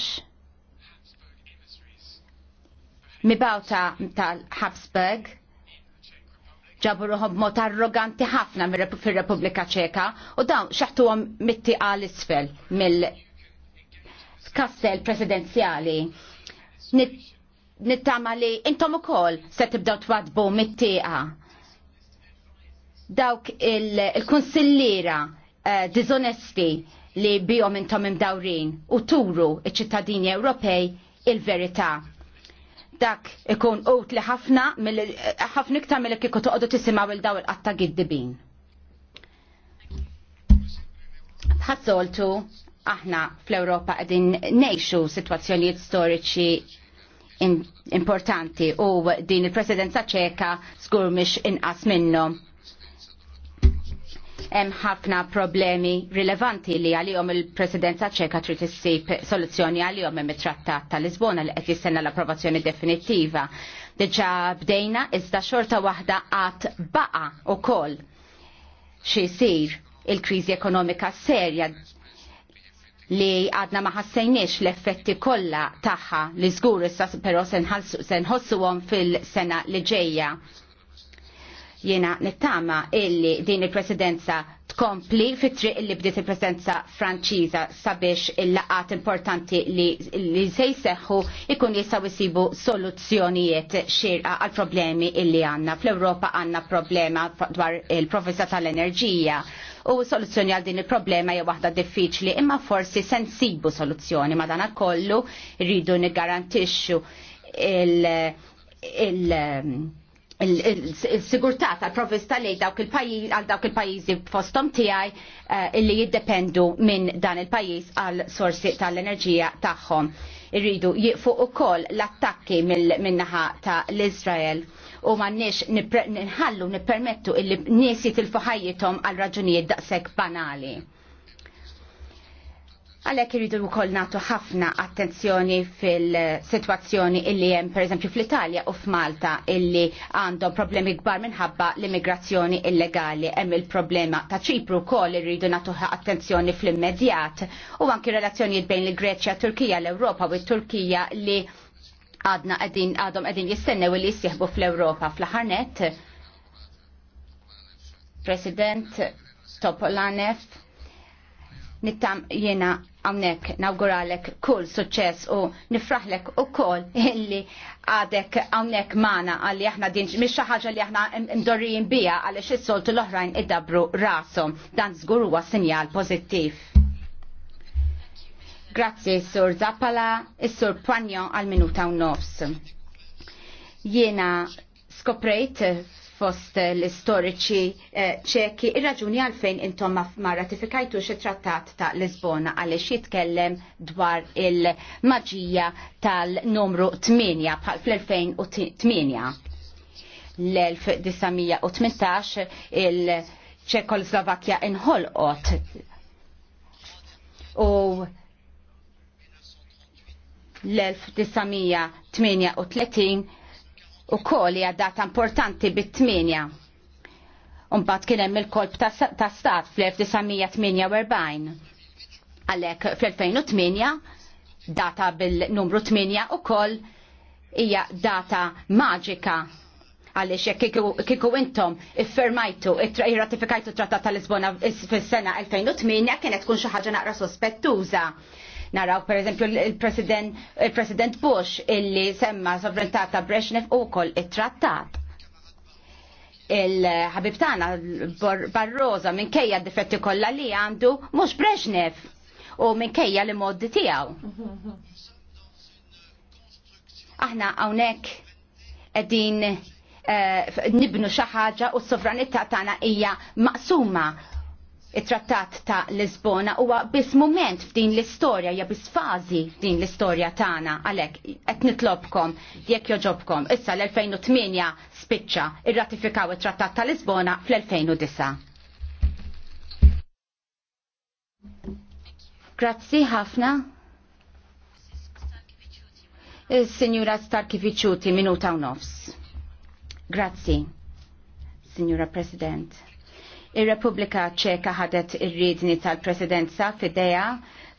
mibawta tal-Habsburg ġabu ruħom mod arroganti ħafna fil-Repubblika Ċeka u dawn xaħtuhom mit-tiqa isfel mill kassel presidenzjali. Nittama li intom ukoll se tibdaw twadbu mit dawk il-konsillira eh, dizonesti li bijom intom imdawrin u turu iċ-ċittadini Ewropej il-verità dak ikun utli ħafna ħafna iktar mill kieku toqgħodu tisimgħu il daw il-qatta giddibin. Tħassoltu aħna fl-Ewropa qegħdin ngħixu sitwazzjonijiet storiċi importanti u din il-presidenza ċeka skur mhix inqas minnhom hemm ħafna problemi rilevanti li għalihom il-Presidenza ċeka trid issib soluzzjoni għalihom hemm it-Trattat ta' Lisbona li qed jistenna l-approvazzjoni definittiva. Diġà bdejna iżda xorta waħda qatt baqa' ukoll xi jsir il-kriżi ekonomika serja li għadna ma ħassejniex l-effetti kollha tagħha li żgur issa però se nħossuhom fil-sena li ġejja Jena nittama illi din il-presidenza tkompli fit-triq illi bdiet il-presidenza franċiża sabiex il-laqat importanti li, li se jseħħu ikun jistaw isibu soluzzjonijiet xirqa għal problemi illi għanna. Fl-Europa għanna problema dwar il-provvista tal-enerġija u soluzzjoni għal din il-problema hija waħda diffiċli imma forsi sensibu soluzzjoni dan kollu rridu nigarantixxu il-, il il-sigurtà tal-provista li dawk il-pajjiż għal dawk il-pajjiżi fosthom tiegħi eh, illi jiddependu minn dan il-pajjiż għal sorsi tal-enerġija tagħhom. Irridu jieqfu ukoll l-attakki min-naħa ta' l-Iżrael u m'għandniex nħallu nippermettu illi nies jitilfu ħajjithom għal raġunijiet daqshekk banali. Għalek irridu wkoll nagħtu ħafna attenzjoni fil-sitwazzjoni illi hemm pereżempju fl-Italja u f'Malta illi għandhom problemi kbar minħabba l-immigrazzjoni illegali hemm il-problema ta' Ċipru wkoll irridu nagħtu attenzjoni fl-immedjat u anki relazzjonijiet bejn il-Greċja, Turkija, l-Ewropa u t-Turkija li għadna għadin għadhom għadin jistennew li jissieħbu fl-Ewropa fl-ħarnet. President Topolanef nittam jena għamnek nawguralek kull suċċess u nifraħlek u koll illi għadek għamnek mana għalli aħna din mish ħaġa li aħna mdorrijin bija għalli xissoltu l-oħrajn id-dabru rasom dan zguru huwa sinjal pozittif. Grazzi, Sur Zappala, Sur Pagnon għal-minuta u nofs. Jena skoprejt fost l-istoriċi eh, ċeki ir-raġuni għalfejn intom ma ratifikajtu xe trattat ta' Lisbona għalix jitkellem dwar il-maġija tal-numru 8 bħal fl-2008. L-1918 il-ċekoslovakja inħolqot u l-1938 u kol hija data importanti bit-tminja. Umbat kien hemm il-kolb ta' stat fl-1948. Għalhekk fl-2008 data bil-numru 8 kol hija data maġika għaliex jekk kieku intom iffermajtu, irratifikajtu trattat tal-Lisbona fis-sena 2008 kienet tkun xi ħaġa naqra sospettuża. Naraw per eżempju il-President Bush illi semma sovranità ta' Brezhnev u kol it-trattat il-ħabib tagħna Barroza minkejja d-difetti kollha li għandu mhux Brezhnev u minkejja li moddi tiegħu. Aħna hawnhekk qegħdin eh, nibnu xi ħaġa u s-sovranità tagħna hija maqsuma it-trattat ta' Lisbona huwa biss moment f'din l-istorja ja bis fazi f'din l-istorja tagħna għalhekk qed nitlobkom jekk joġobkom issa l-2008 spiċċa rratifikaw it-trattat ta' Lisbona fl-2009. Grazzi ħafna. Signora Starkiviċuti, minuta u nofs. Grazzi, Signora President. Ir-Repubblika Ċeka ħadet ir-ridni tal-Presidenza fideja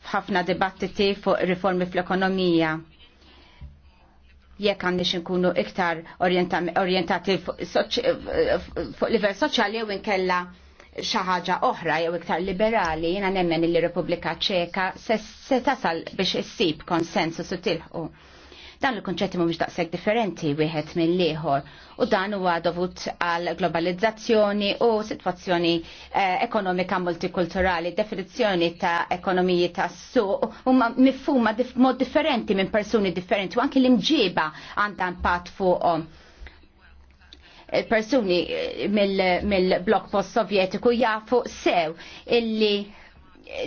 f'ħafna dibattiti fuq riformi fl-ekonomija jekk għandix nkunu iktar orientati fuq livell soċjali jew inkella xi ħaġa oħra jew iktar liberali, jiena nemmen il Repubblika Ċeka se tasal biex issib konsensus su tilħu Dan il-konċetti mhumiex daqshekk differenti wieħed mill-ieħor u dan huwa dovut għal globalizzazzjoni u sitwazzjoni eh, ekonomika multikulturali, definizzjoni ta' ekonomiji ta' suq huma mifhuma dif mod differenti minn persuni differenti u anke l-imġiba għandha impatt fuqhom eh, persuni eh, mill-blok mil post-sovjetiku jafu sew illi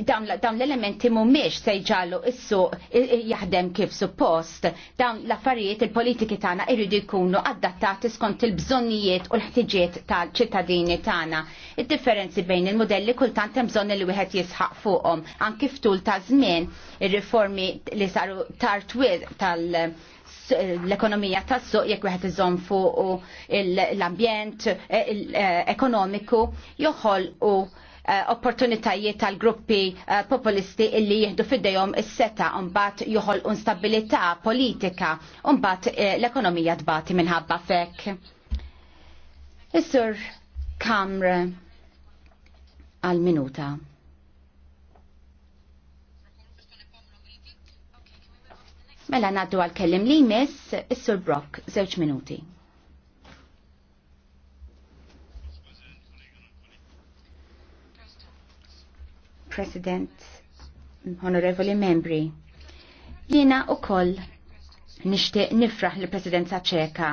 dawn l-elementi mumiex se jġallu issu jaħdem kif suppost. Dawn l-affarijiet il-politiki tagħna irridu jkunu adattati skont il-bżonnijiet u l-ħtiġiet tal-ċittadini tagħna. Id-differenzi bejn il-modelli kultant hemm bżonn li wieħed jisħaq fuqhom. Anki ftul ta' żmien ir-riformi li saru tartwil tal- l-ekonomija tas-suq jekk wieħed iżomm fuq l-ambjent eh, eh, ekonomiku joħol u Eh, opportunitajiet tal-gruppi eh, populisti illi jihdu fiddejom is-seta mbagħad juħol instabilità politika u mbagħad eh, l-ekonomija dbati minħabba fek. Is-sur Kamr għal-minuta. Mela naddu għal-kellim li jmiss, is-sur Brock, zewċ minuti. President, onorevoli membri, jiena u koll nishtiq nifraħ li presidenza ċeka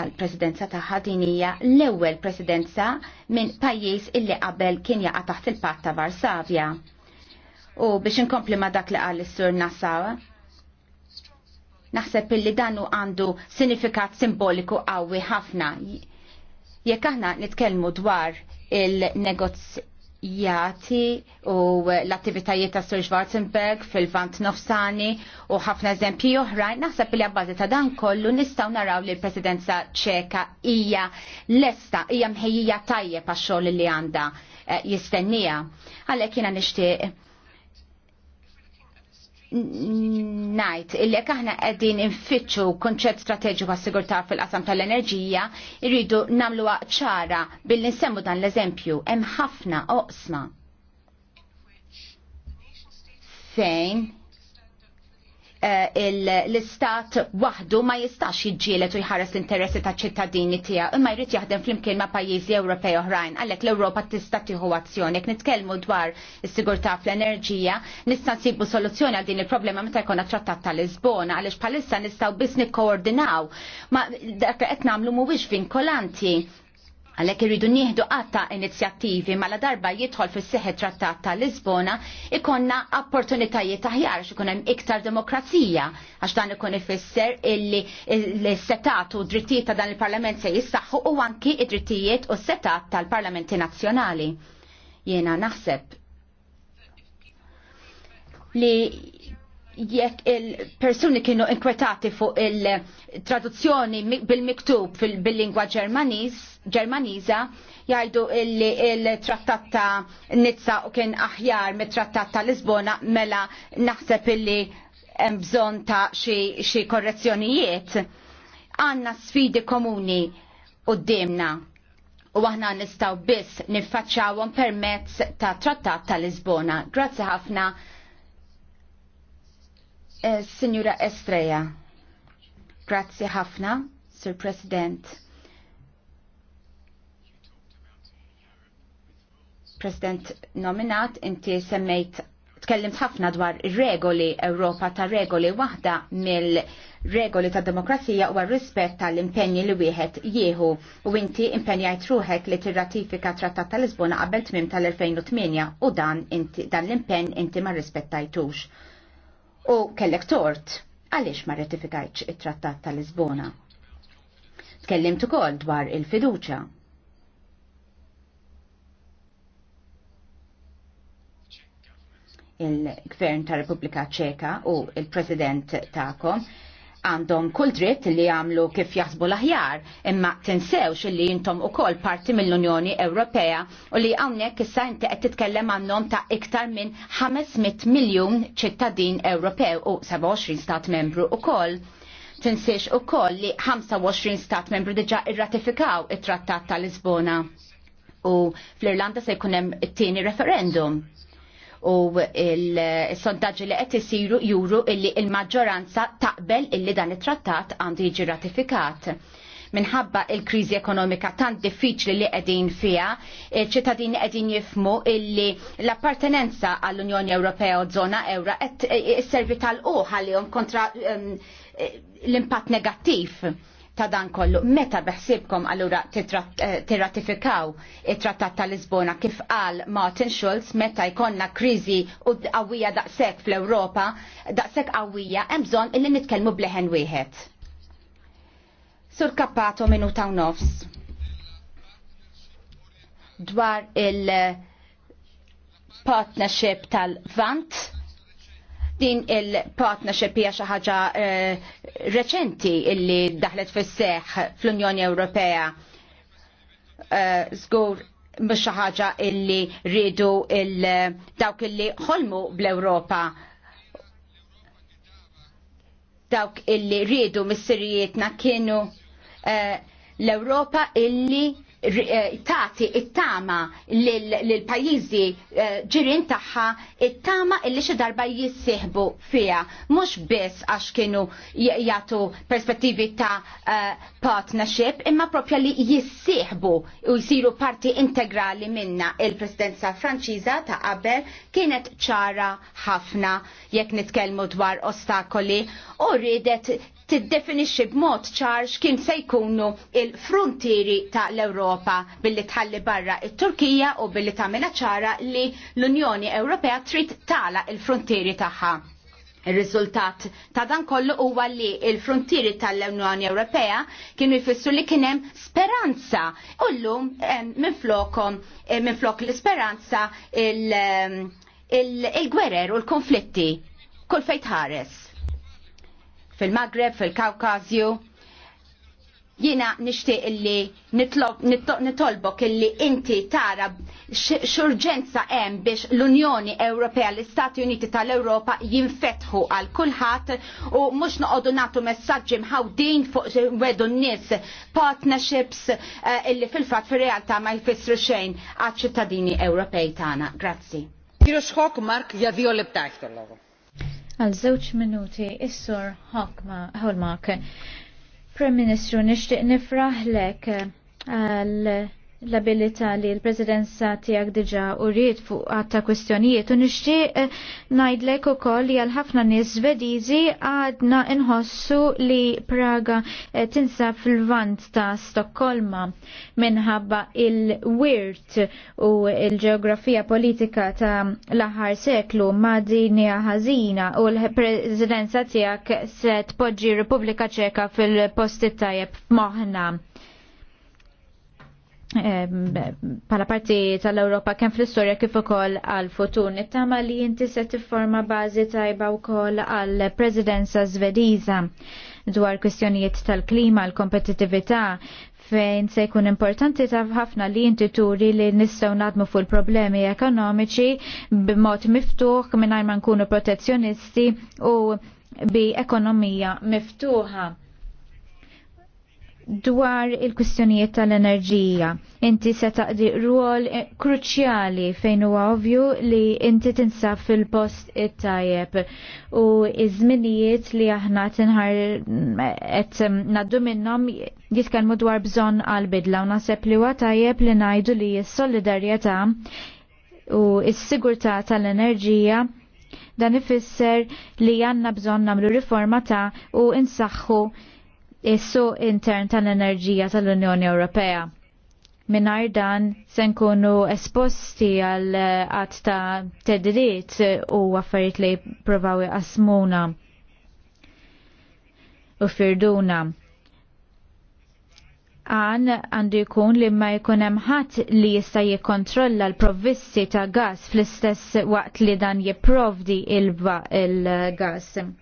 għal-presidenza ta' din hija l-ewwel presidenza minn pajjiż illi qabel kien jaqa' taħt il-Patt ta' Varsavja. U biex inkompli ma' dak li qal is-Sur Nassaw, naħseb illi danu għandu sinifikat simboliku qawwi ħafna. Jekk aħna nitkellmu dwar il-negozju jati u l-attivitajiet ta' Sir Schwarzenberg fil-vant nofsani u ħafna eżempji oħrajn naħseb li għabbażi ta' dan kollu nistaw naraw li l-presidenza ċeka hija lesta, hija mħejjija tajjeb għax xogħol li għandha eh, jistennija. Għalhekk jiena nixtieq najt illi jekk aħna qegħdin infittxu kunċett strateġiku għas-sigurtà fil-qasam tal-enerġija, irridu nagħmluha ċara billi nsemmu dan l-eżempju hemm ħafna oqsma fejn Eh, l-istat waħdu ma jistax jiġġielet u jħares l-interessi ta' ċittadini tiegħu imma jrid jaħdem flimkien ma' pajjiżi Ewropej oħrajn għalhekk l-Ewropa tista' tieħu azzjoni. Jekk nitkellmu dwar is-sigurtà fl-enerġija, nista' nsibu soluzzjoni għal din il-problema meta jkollna trattat ta' Lisbona għaliex bħalissa nistgħu biss nikkoordinaw ma dak qed nagħmlu mhuwiex vinkolanti Għalek irridu nieħdu għatta inizjattivi mala darba jidħol fis seħħet trattat ta' Lisbona ikonna opportunitajiet aħjar xikun hemm iktar demokrazija għax dan ikun ifisser illi l-setat u drittijiet ta' dan il-Parlament se jissaħħu u anki id-drittijiet u s setat tal-Parlamenti Nazzjonali. Jiena naħseb li jekk il-persuni kienu inkwetati fuq il-traduzzjoni bil-miktub bil-lingwa ġermaniza, jgħidu il-trattat ta' Nizza u kien aħjar mit trattat ta' Lisbona mela naħseb illi hemm bżonn ta' xi korrezzjonijiet. Għandna sfidi komuni qudiemna u aħna nistgħu biss niffaċċawhom permezz ta' trattat ta' Lisbona. Grazzi ħafna Eh, Signora Estreja, grazzi ħafna, Sir President. President nominat, inti semmejt tkellimt ħafna dwar regoli Ewropa ta' regoli waħda mill-regoli ta' demokrazija u rispett tal-impenji li wieħed jieħu u inti impenjajt ruħek li tirratifika trattat tal-Lisbona qabel tmim tal-2008 u dan dan l-impenn inti ma rispettajtux. U kellek tort, għaliex ma rettifikajċ it-trattat tal-Lisbona. Tkellimt ukoll dwar il-fiduċa. Il-Gvern ta' Repubblika Ċeka u il-President ta'kom għandhom kull dritt li jagħmlu kif jaħsbu l-aħjar, imma tinsewx li jintom ukoll parti mill-Unjoni Ewropea u li hawnhekk issa inti qed titkellem għannom ta' iktar minn 500 miljun ċittadin Ewropew u 27 stat membru ukoll. Tinsiex ukoll li 25 stat membru diġa' irratifikaw it-Trattat tal Lisbona u fl-Irlanda se jkun hemm it-tieni referendum u il-sondaġġi li qed isiru juru illi il-maġġoranza taqbel illi dan it-trattat għandu jiġi ratifikat minħabba il-kriżi ekonomika tant diffiċli li qegħdin fiha, ċittadini qegħdin jifmu illi l-appartenenza għall-Unjoni Ewropea u żona ewra qed isservi tal-uħ għalihom kontra um, l-impatt negattiv ta' dan kollu. Meta beħsibkom allura eh, tirratifikaw it-trattat ta' Lisbona kif qal Martin Schulz meta jkonna kriżi u qawwija daqshekk fl-Ewropa, daqshekk qawwija hemm bżonn illi nitkellmu bleħen wieħed. Sur kappato minu ta' nofs dwar il-partnership tal-Vant Din il-partnership hija xi ħaġa eh, reċenti illi daħlet fis-seħħ fl-Unjoni Ewropea. Eh, żgur mhux xi ħaġa illi rridu dawk illi ħolmu bl-Ewropa dawk illi rridu mis-sirijietna kienu eh, l-Ewropa illi Eh, tati it-tama l-pajizi eh, ġirin taħħa it-tama illi xi darba jissieħbu fija. Mhux biss għax kienu jagħtu perspettivi ta' eh, partnership imma propja li jissihbu u jsiru parti integrali minna il-presidenza Franċiża ta' qabel kienet ċara ħafna jekk nitkellmu dwar ostakoli u ridet tiddefinixxi b'mod ċar x'kien se jkunu l frontieri tal ewropa billi tħalli barra it-Turkija u billi tagħmilha ċara li l-Unjoni Ewropea trid tala il-frontieri tagħha. Il-riżultat ta' dan kollu huwa li il-frontieri tal-Unjoni Ewropea kienu jfissu li kien hemm speranza u llum minflokhom minflok eh, l-isperanza il-gwerer u l-konflitti kull fejn tħares fil-Maghreb, fil-Kawkazju. Jina nishtiq illi nitolbok illi inti tara xurġenza hemm biex l-Unjoni Ewropea, l-Istati Uniti tal-Ewropa jinfetħu għal kulħadd u mhux noqogħdu nagħtu messaġġi mħawdin fuq wedu n-nies partnerships eh, illi fil-fatt fir-realtà ma jfissru xejn għaċ-ċittadini Ewropej tagħna. Grazzi. Kiro xħok Mark javio dio lebtaħ għal żewġ minuti is-sur Hawlmark. Prim Ministru nixtieq nifraħlek eh, għal l abilita li l-prezidenza tijak diġa u rrit fuq għatta kwestjonijiet u nishti eh, najdlek u koll li għal-ħafna nis svedizi għadna inħossu li Praga eh, tinsa fil-vant ta' Stokkolma minħabba il-wirt u il-ġeografija politika ta' laħar aħħar seklu ma' dinja ħażina u l-prezidenza tijak se tpoġġi Repubblika Ċeka fil-postit tajjeb moħna pala parti tal-Europa kemm fl-istorja kif ukoll għal futun Nittama li inti se tifforma bażi tajba wkoll għal presidenza Svediża dwar kwistjonijiet tal-klima, l-kompetitività, fejn se jkun importanti ta' ħafna li inti turi li nistgħu nadmu fuq il-problemi ekonomiċi b'mod miftuħ mingħajr ma nkunu protezzjonisti u bi ekonomija miftuħa dwar il-kwistjonijiet tal-enerġija. Inti se taqdi rwol kruċjali fejn huwa ovvju li inti tinsab fil-post it-tajjeb u iż-żminijiet li aħna tinħar qed naddu minnhom jitkellmu dwar bżonn għal bidla u naħseb li huwa tajjeb li ngħidu li s-solidarjetà u s-sigurtà tal-enerġija dan ifisser li għanna bżon namlu riforma ta' u insaxħu is-suq intern tal-enerġija tal-Unjoni Ewropea. Minnar dan se nkunu esposti għal qatt eh, ta' tedrit u affarijiet li provawi għasmuna u firduna. Għan għandu jkun li ma jkunem ħadd li jista' jikkontrolla l-provvisti ta' gas fl-istess waqt li dan jipprovdi il-gas. il gas il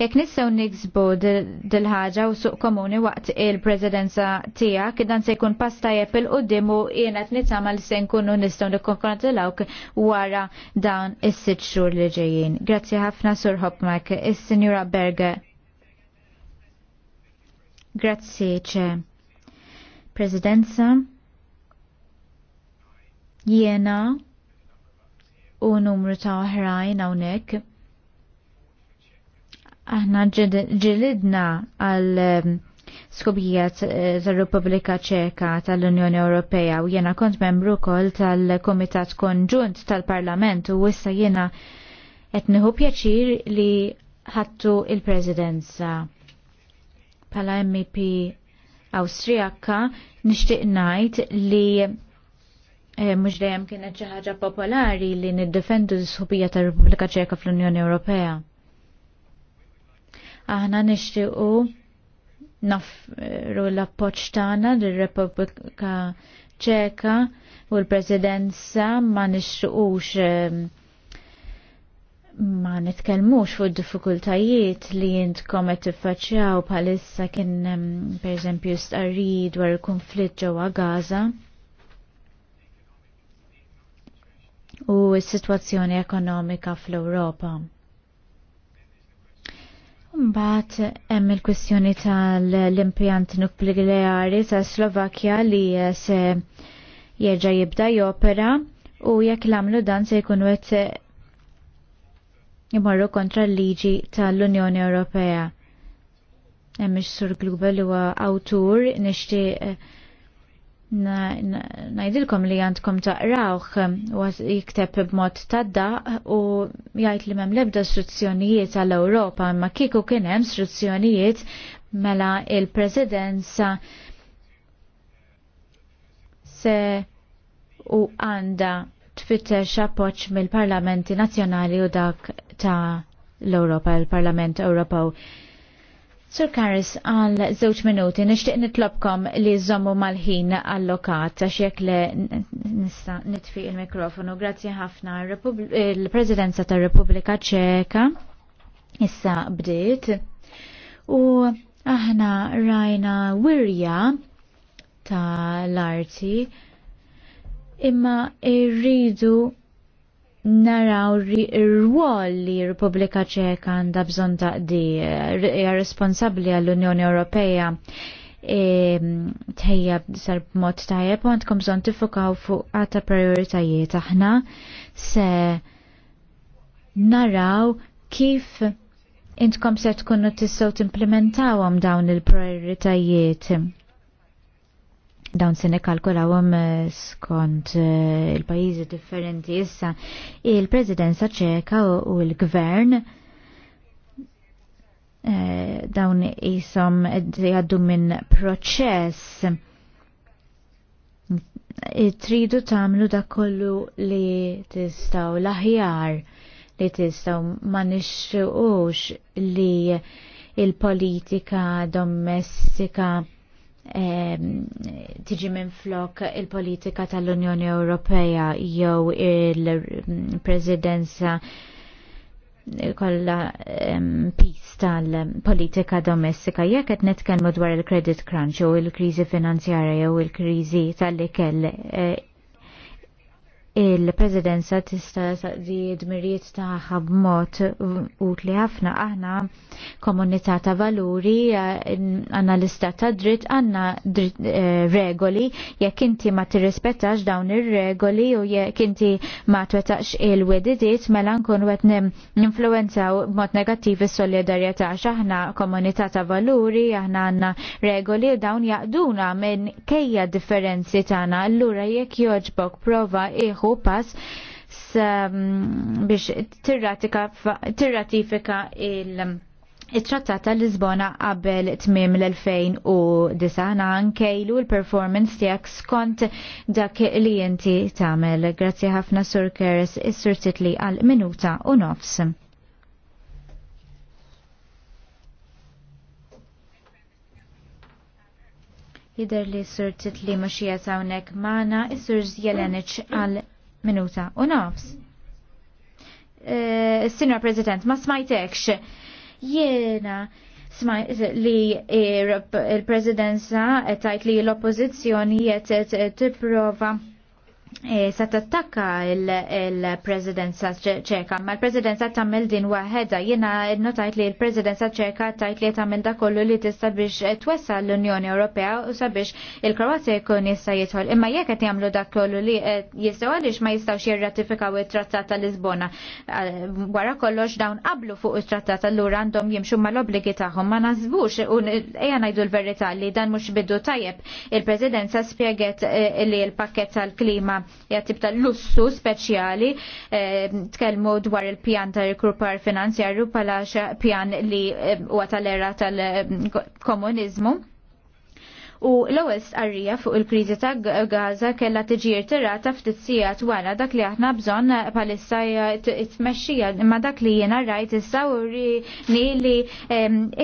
Jekk nistgħu niksbu dil-ħaġa u suq komuni waqt il-presidenza tiegħek dan se jkun pasta tajjeb il qudiem u jiena qed nitama li se nkunu nistgħu nikkonkratilawk wara dan is-sitt xhur li ġejjin. Grazzi ħafna Sur Hopmak, is senjura Berge. Grazzi ċe. Presidenza. Jena. u numru ta' oħrajn hawnhekk Aħna ġilidna għal ehm, skubijiet eh, tal-Repubblika Ċeka tal-Unjoni Ewropea u jena kont membru kol tal-Komitat Konġunt tal-Parlament u wissa jena etniħu pjaċir li ħattu il-Presidenza. Pala MEP Austriaka nishtiq najt li eh, mux dejjem kienet xi ħaġa popolari li niddefendu s-sħubija tal repubblika Ċeka fl-Unjoni Ewropea. Aħna nixtiequ nafru l-appoċ tagħna lir-Repubblika Ċeka u l-Presidenza ma nixtiequx ehm, ma nitkellmux fuq diffikultajiet li jintkom qed tiffaċċjaw bħalissa kien ehm, pereżempju stqarri dwar il-konflitt ġewwa Gaza. U s-sitwazzjoni ekonomika fl-Ewropa. Mbagħad hemm il kwestjoni tal-impjant nukleari ta' Slovakkja li se jerġa' jibda jopera u jekk l-għamlu dan se jkun qed jmorru kontra l-liġi tal-Unjoni Ewropea. Hemm ix-Sur Global huwa awtur nixtieq najdilkom li għandkom taqrawħ um, u jikteb b'mod tadda u jgħid li mem lebda struzzjonijiet għall europa imma kieku kien hemm struzzjonijiet mela il-presidenza se u għanda tfittex appoġġ mill-parlamenti nazzjonali u dak ta' l-Europa, il-Parlament Ewropew. Sir Karis, għal żewġ minuti, nixtieq nitlobkom li zommu mal-ħin allokat, għax jekk le nista nitfi il-mikrofonu. Grazzi ħafna. Il-Presidenza tar repubblika Ċeka issa bdiet u aħna rajna wirja tal-arti imma irridu naraw r-rwol li Repubblika Ċeka għandha bżonn taqdi eh, hija responsabbli għall-Unjoni Ewropea e, tħejja sar b'mod tajjeb u għandkom bżonn tifukaw fuq għata prioritajiet aħna se naraw kif intkom se tkunu tistgħu timplementawhom dawn il-prioritajiet dawn se nikkalkulawhom eh, skont eh, il-pajjiżi differenti issa il-Presidenza ċeka u l-Gvern eh, dawn isom jgħaddu minn proċess tridu tagħmlu dak kollu li tistgħu l-aħjar li tistgħu ma nixxuqux li il-politika domestika tiġi minn flok il-politika tal-Unjoni Ewropea jew il-Presidenza kolla pis tal-politika domestika jekk qed netkellmu dwar il-credit crunch u il-kriżi finanzjarja u il-kriżi tal-ikel eh, il-prezidenza tista taqdi dmirijiet ħabmot b'mod utli ħafna aħna komunità ta' valuri għanna l-istat ta' dritt għanna eh, regoli jekk inti ma tirrispettax dawn ir-regoli u jekk inti ma twetaqx il-wedidiet mela nkun wet influenzaw b'mod negattiv is-solidarjetà aħna komunità ta' valuri aħna għanna regoli u dawn jaqduna minn kejja differenzi tagħna allura jekk joġbok prova iħu tieħu pass um, biex tirratifika il- Il-trattat tal-Lisbona qabel tmim l-2009 na nkejlu l-performance tiegħek skont dak li inti tagħmel. Grazzi ħafna Sur Keres is-Sur Titli għal minuta u nofs. Jider li Sur Titli mhux qiegħed hawnhekk magħna is-Sur Zjelenic għal Minuta u nofs. E, Sinra President, ma smajtekx. Jena li il-presidenza tajt li l-oppozizjoni jettet tipprova prova Eh, se tattakka il-presidenza ċeka, ma l-presidenza tammel din waħeda, jena notajt li l-presidenza ċeka tajt li tammel da kollu li tista biex eh, twessa l-Unjoni Ewropea u sabiex il-Kroazja jkun jista jitħol. Imma jek qed jagħmlu dak kollu li eh, jistgħu għaliex ma jistgħux jirratifikaw it-Trattat trattata Lisbona. Wara kollox dawn qablu fuq it-Trattat allura għandhom jimxu mal-obbligi tagħhom ma nażbux u ejja ngħidu l-verità li dan mhux bidu tajjeb. Il-Presidenza spjeget li l-pakket tal-klima hija tip ta' lussu speċjali eh, tkellmu dwar il-pjan ta' rikrupar finanzjarju pala pjan li eh, huwa tal-era tal-komuniżmu. Eh, u l-ewwel stqarrija fuq il-kriżi ta' Gaza kellha tiġi tirata ftit sigħat wara dak li aħna bżonn palissa tmexxija imma dak li jiena rajt issa u li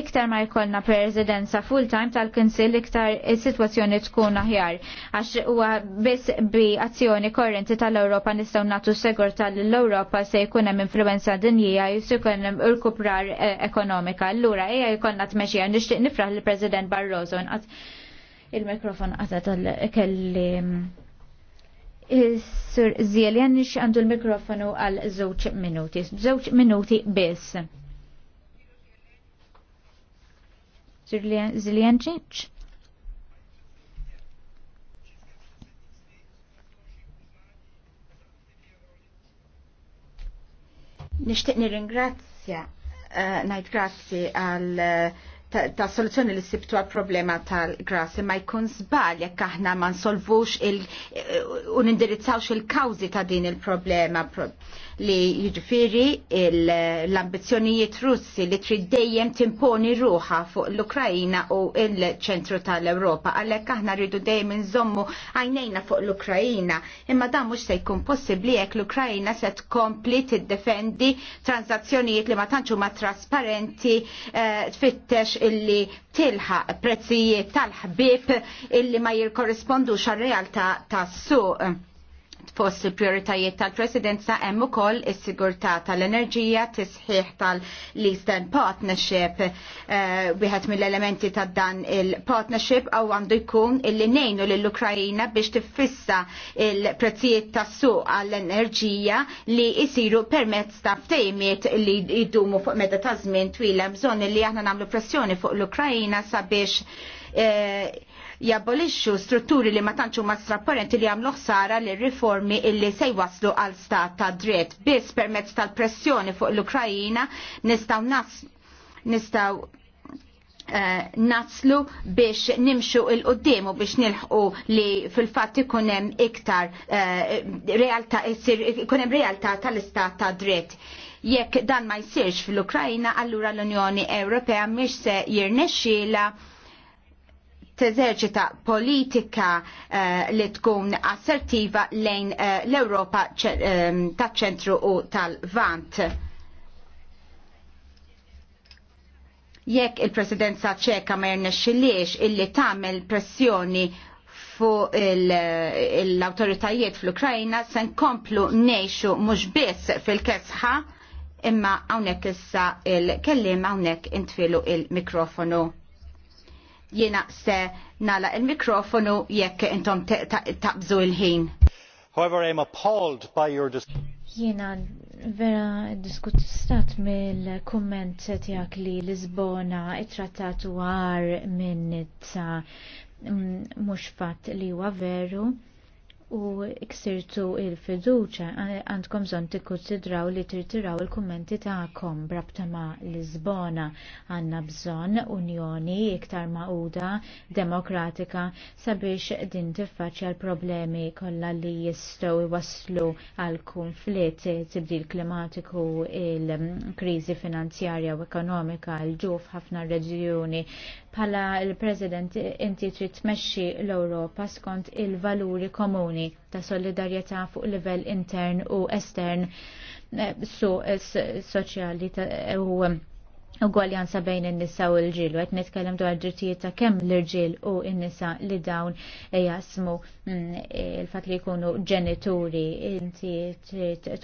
iktar ma jkollna presidenza full time tal-Kunsill iktar is-sitwazzjoni tkun aħjar għax huwa biss bi azzjoni korrenti tal-Ewropa nistgħu nagħtu segur tal-Ewropa se jkun hemm influenza dinjija jisu jkun hemm irkuprar eh, ekonomika. Allura ejja jkollna tmexxija nixtieq nifraħ lill-President Barroso il-mikrofon għata tal kelli Sur Zielian nix għandu l-mikrofonu għal żewġ minuti, żewġ minuti bis. Sur Zielianċiċ? Nishtiq nir-ingrazzja, uh, eh, najt grazzi għal uh, ta', soluzzjoni li sibtu għal problema tal-gras ma jkun żball jekk aħna ma nsolvux il- eh, u nindirizzawx il-kawżi ta' din il-problema. Pro li jiġifieri l-ambizzjonijiet Russi li trid dejjem timponi ruħa fuq l-Ukrajina u l-ċentru tal-Ewropa. Għalhekk aħna rridu dejjem inżommu għajnejna fuq l-Ukrajina, imma dan mhux se jkun possibbli jekk l-Ukrajina se tkompli tiddefendi transazzjonijiet li ma tantx ma trasparenti eh, tfittex illi tilħaq prezzijiet tal-ħbieb illi ma jirkorrispondux għal realtà tas-suq fost il-prioritajiet tal-presidenza hemm ukoll is-sigurtà tal-enerġija tisħiħ tal-Eastern Partnership. Eh, wieħed mill-elementi ta' dan il-partnership għaw għandu jkun illi nejnu lill-Ukrajina biex tiffissa il-prezzijiet tas-suq għall-enerġija li jisiru permezz ta' ftejmiet li jdumu fuq meta ta' żmien twila bżonn li aħna nagħmlu pressjoni fuq l-Ukrajina sabiex eh, jabbolixxu strutturi li ma tantx huma strapparenti li jagħmlu ħsara lir riformi illi se jwaslu għal stat ta' dritt. Biss permezz tal-pressjoni fuq l-Ukrajina nistgħu nas nistgħu Uh, eh, naslu biex nimxu il-qoddim u biex nilħu li fil-fat ikunem iktar uh, eh, realta, ikunem realta tal-istat ta' dritt. Jekk dan ma jsirx fil ukrajina allura l-Unjoni Ewropea mhix se jirnexxiela teżerċita politika eh, li tkun assertiva lejn eh, l-Europa ehm, taċ ċentru u tal-Vant. Jekk il-presidenza ċeka ma jirnexxiliex illi tagħmel pressjoni fuq l-autoritajiet fl-Ukrajna se nkomplu nejxu mhux biss fil-kesħa imma hawnhekk issa il-kellim hawnhekk intfilu il-mikrofonu. Jiena se nala il-mikrofonu jekk intom taqbżu il-ħin. However, I'm appalled by your Jiena vera diskutistat mill-komment tiegħek li Lisbona it trattatu war minn mhux fatt li huwa veru u ksirtu il-fiduċa għandkom zon tikkonsidraw li tirtiraw il-kummenti ta'kom brabta ma' Lisbona għanna bżon unjoni iktar ma'uda demokratika sabiex din tiffaċċja l-problemi kollha li jistgħu iwasslu għal kunflitt tibdil klimatiku il-kriżi finanzjarja u ekonomika l ġuf ħafna reġjuni Pala il-President inti trid tmexxi l-Ewropa skont il-valuri komuni ta' solidarjetà fuq livell intern u estern eh, su soċjali u Ugwaljanza bejn in-nisa u l-ġil, għet nitkellem dwar ġirtijiet ta' kemm l-ġil u n-nisa li dawn jasmu mm, il-fat li jkunu ġenituri, inti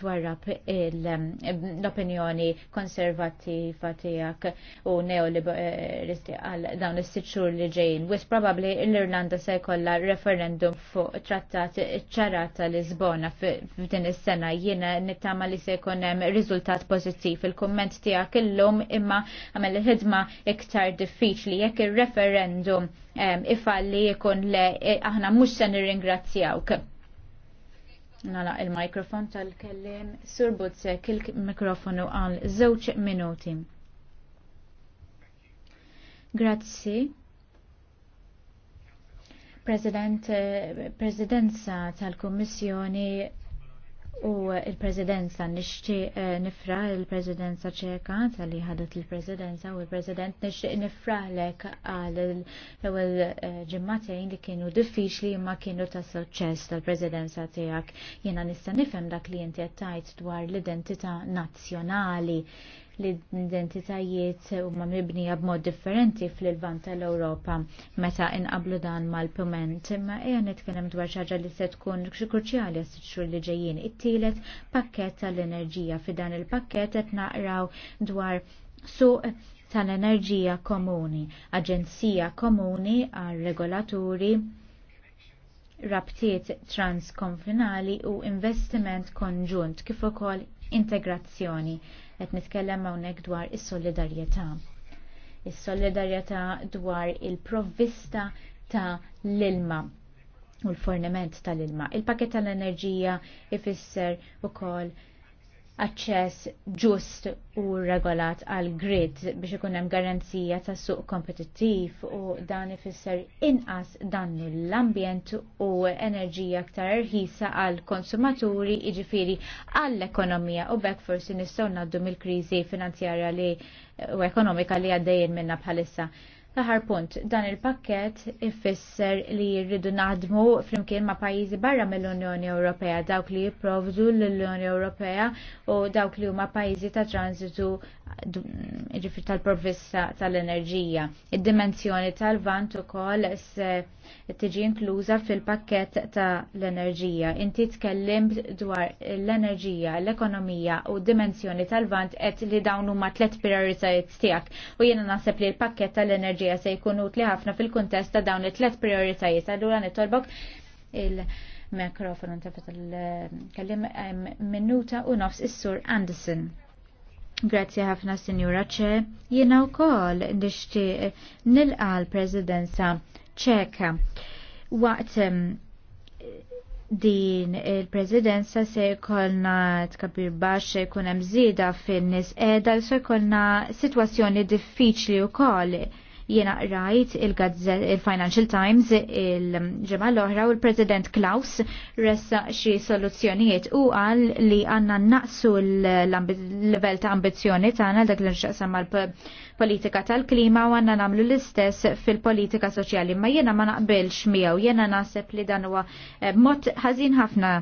twarrab mm, l-opinjoni konservativa tijak u neoliberisti għal dawn is-sitxur li ġejn. Wis probabli l-Irlanda se jkollha referendum fuq trattat ċarata Lisbona f'din is-sena jiena nittama li se jkun hemm riżultat pożittiv. Il-kumment tiegħek illum imma għamel ħidma iktar diffiċli jekk ir-referendum ifalli jkun le e, aħna mhux se nirringrazzjawk. Nala il-mikrofon tal-kellim, Sur Butzek, il-mikrofonu għal żewġ minuti. Grazzi. President, eh, Presidenza tal-Kommissjoni U il-Presidenza nixtieq eh, nifra il-Presidenza ċeka tal-li ħadet il-Presidenza u l-President nixtieq nifraħlek għal l-ewwel eh, ġimmatejn li kienu diffiċli imma kienu ta' suċċess tal-Presidenza tiegħek. Jiena nista' nifhem dak li jinti qed dwar l-identità nazzjonali li l-identitajiet huma mibnija b'mod differenti fl-ilvan tal-Ewropa meta inqablu dan mal-pument. Imma ejja nitkellem dwar xaġa li se tkun kruċjali s-xhur li ġejjin. It-tielet pakket tal-enerġija fi dan il-pakket qed naqraw dwar suq tal-enerġija komuni, aġenzija komuni għal regolaturi rabtiet transkonfinali u investiment konġunt kif ukoll integrazzjoni qed nitkellem hawnhekk dwar is-solidarjetà. Is-solidarjetà dwar il-provvista ta' l-ilma u l-forniment tal-ilma. il pakket tal-enerġija ifisser ukoll aċċess ġust u regolat għal grid biex ikun hemm garanzija ta' suq kompetittiv u dan ifisser inqas dannu l-ambjent u enerġija aktar rħisa għal konsumaturi jiġifieri għall ekonomija u bekk forsi nistgħu ngħaddu mill-kriżi finanzjarja li u ekonomika li għaddejjin minna bħalissa l punt, dan il-pakket ifisser li rridu naħdmu flimkien ma' pajjiżi barra mill-Unjoni Ewropea, dawk li jipprovdu l-Unjoni Ewropea u dawk li huma pajjiżi ta' tranzitu ġifri tal-provvista tal-enerġija. Id-dimensjoni tal-vant u kol tiġi inkluża fil-pakket tal-enerġija. Inti tkellim dwar l-enerġija, l-ekonomija u dimensjoni tal-vant et li dawnu ma tlet prioritajiet tiegħek. U jiena nasib li l-pakket tal-enerġija se jkun utli ħafna fil-kontest ta' dawn it-tlet prioritajiet. Allura nitolbok il-mikrofonu tafet tal-kellim minuta u nofs is-sur Anderson. Grazzi ħafna Sinjura ċe, jiena wkoll nixtieq nilqa l-Presidenza ċeka. Waqt din il-Presidenza se jkollna tkabir baxx se jkun hemm żieda fin-nies qiegħda se jkollna sitwazzjoni diffiċli wkoll Jena rajt il-Financial il Times il-ġemal l-oħra u l-President Klaus ressa xi soluzzjonijiet u għal li għanna naqsu l-level ta' ambizjoni tagħna dak li nxaqsam mal-politika tal-klima u għanna namlu l-istess fil-politika soċjali. Ma jena ma naqbilx miegħu jena naħseb li dan huwa eh, mod ħażin ħafna